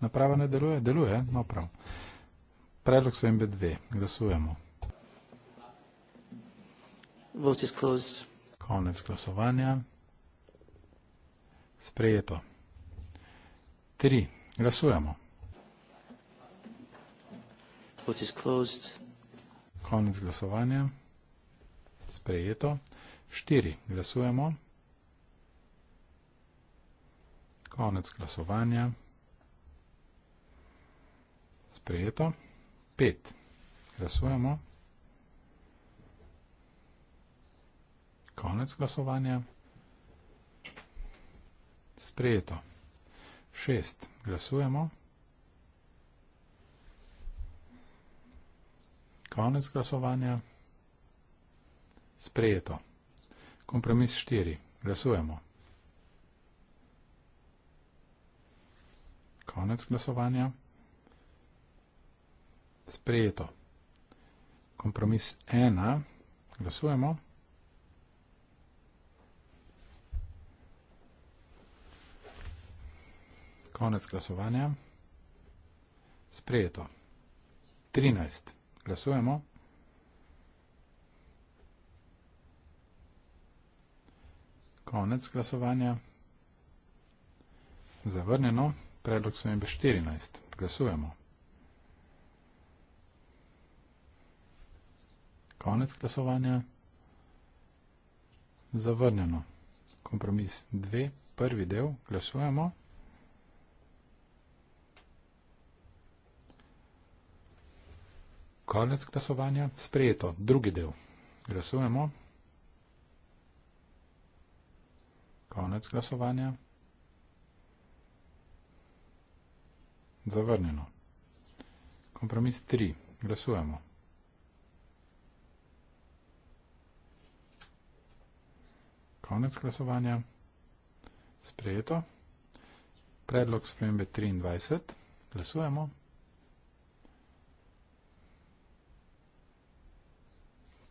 naprava ne deluje? Deluje, no prav. Predlog so MB2. Glasujemo. Vote is closed. Konec glasovanja. Sprejeto. Tri. Glasujemo. Vote is closed. Konec glasovanja. Sprejeto. Štiri. Glasujemo. Konec glasovanja. Sprejeto. Pet. Glasujemo. Konec glasovanja. Sprejeto. Šest. Glasujemo. Konec glasovanja. Sprejeto. Kompromis štiri. Glasujemo. Konec glasovanja. Sprejeto. Kompromis 1. Glasujemo. Konec glasovanja. Sprejeto. 13. Glasujemo. Konec glasovanja. Zavrnjeno predlog smembe 14. Glasujemo. Konec glasovanja. Zavrnjeno. Kompromis 2. Prvi del. Glasujemo. Konec glasovanja. Sprejeto. Drugi del. Glasujemo. Konec glasovanja. Zavrnjeno. Kompromis 3. Glasujemo. Konec glasovanja. Sprejeto. Predlog spremembe 23. Glasujemo.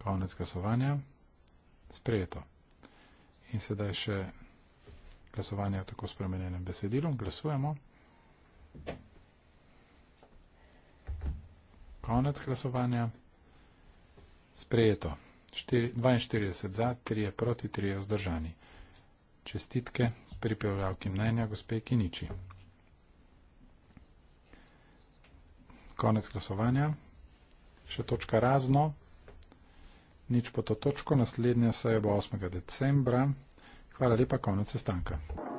Konec glasovanja. Sprejeto. In sedaj še glasovanje v tako spremenjenem besedilu. Glasujemo. Glasujemo. Konec glasovanja. Sprejeto. 42 za, 3 proti, 3 vzdržani. Čestitke pripravljavki mnenja gospe Kiniči. Konec glasovanja. Še točka razno. Nič po to točko. Naslednja seja bo 8. decembra. Hvala lepa, konec sestanka. stanka.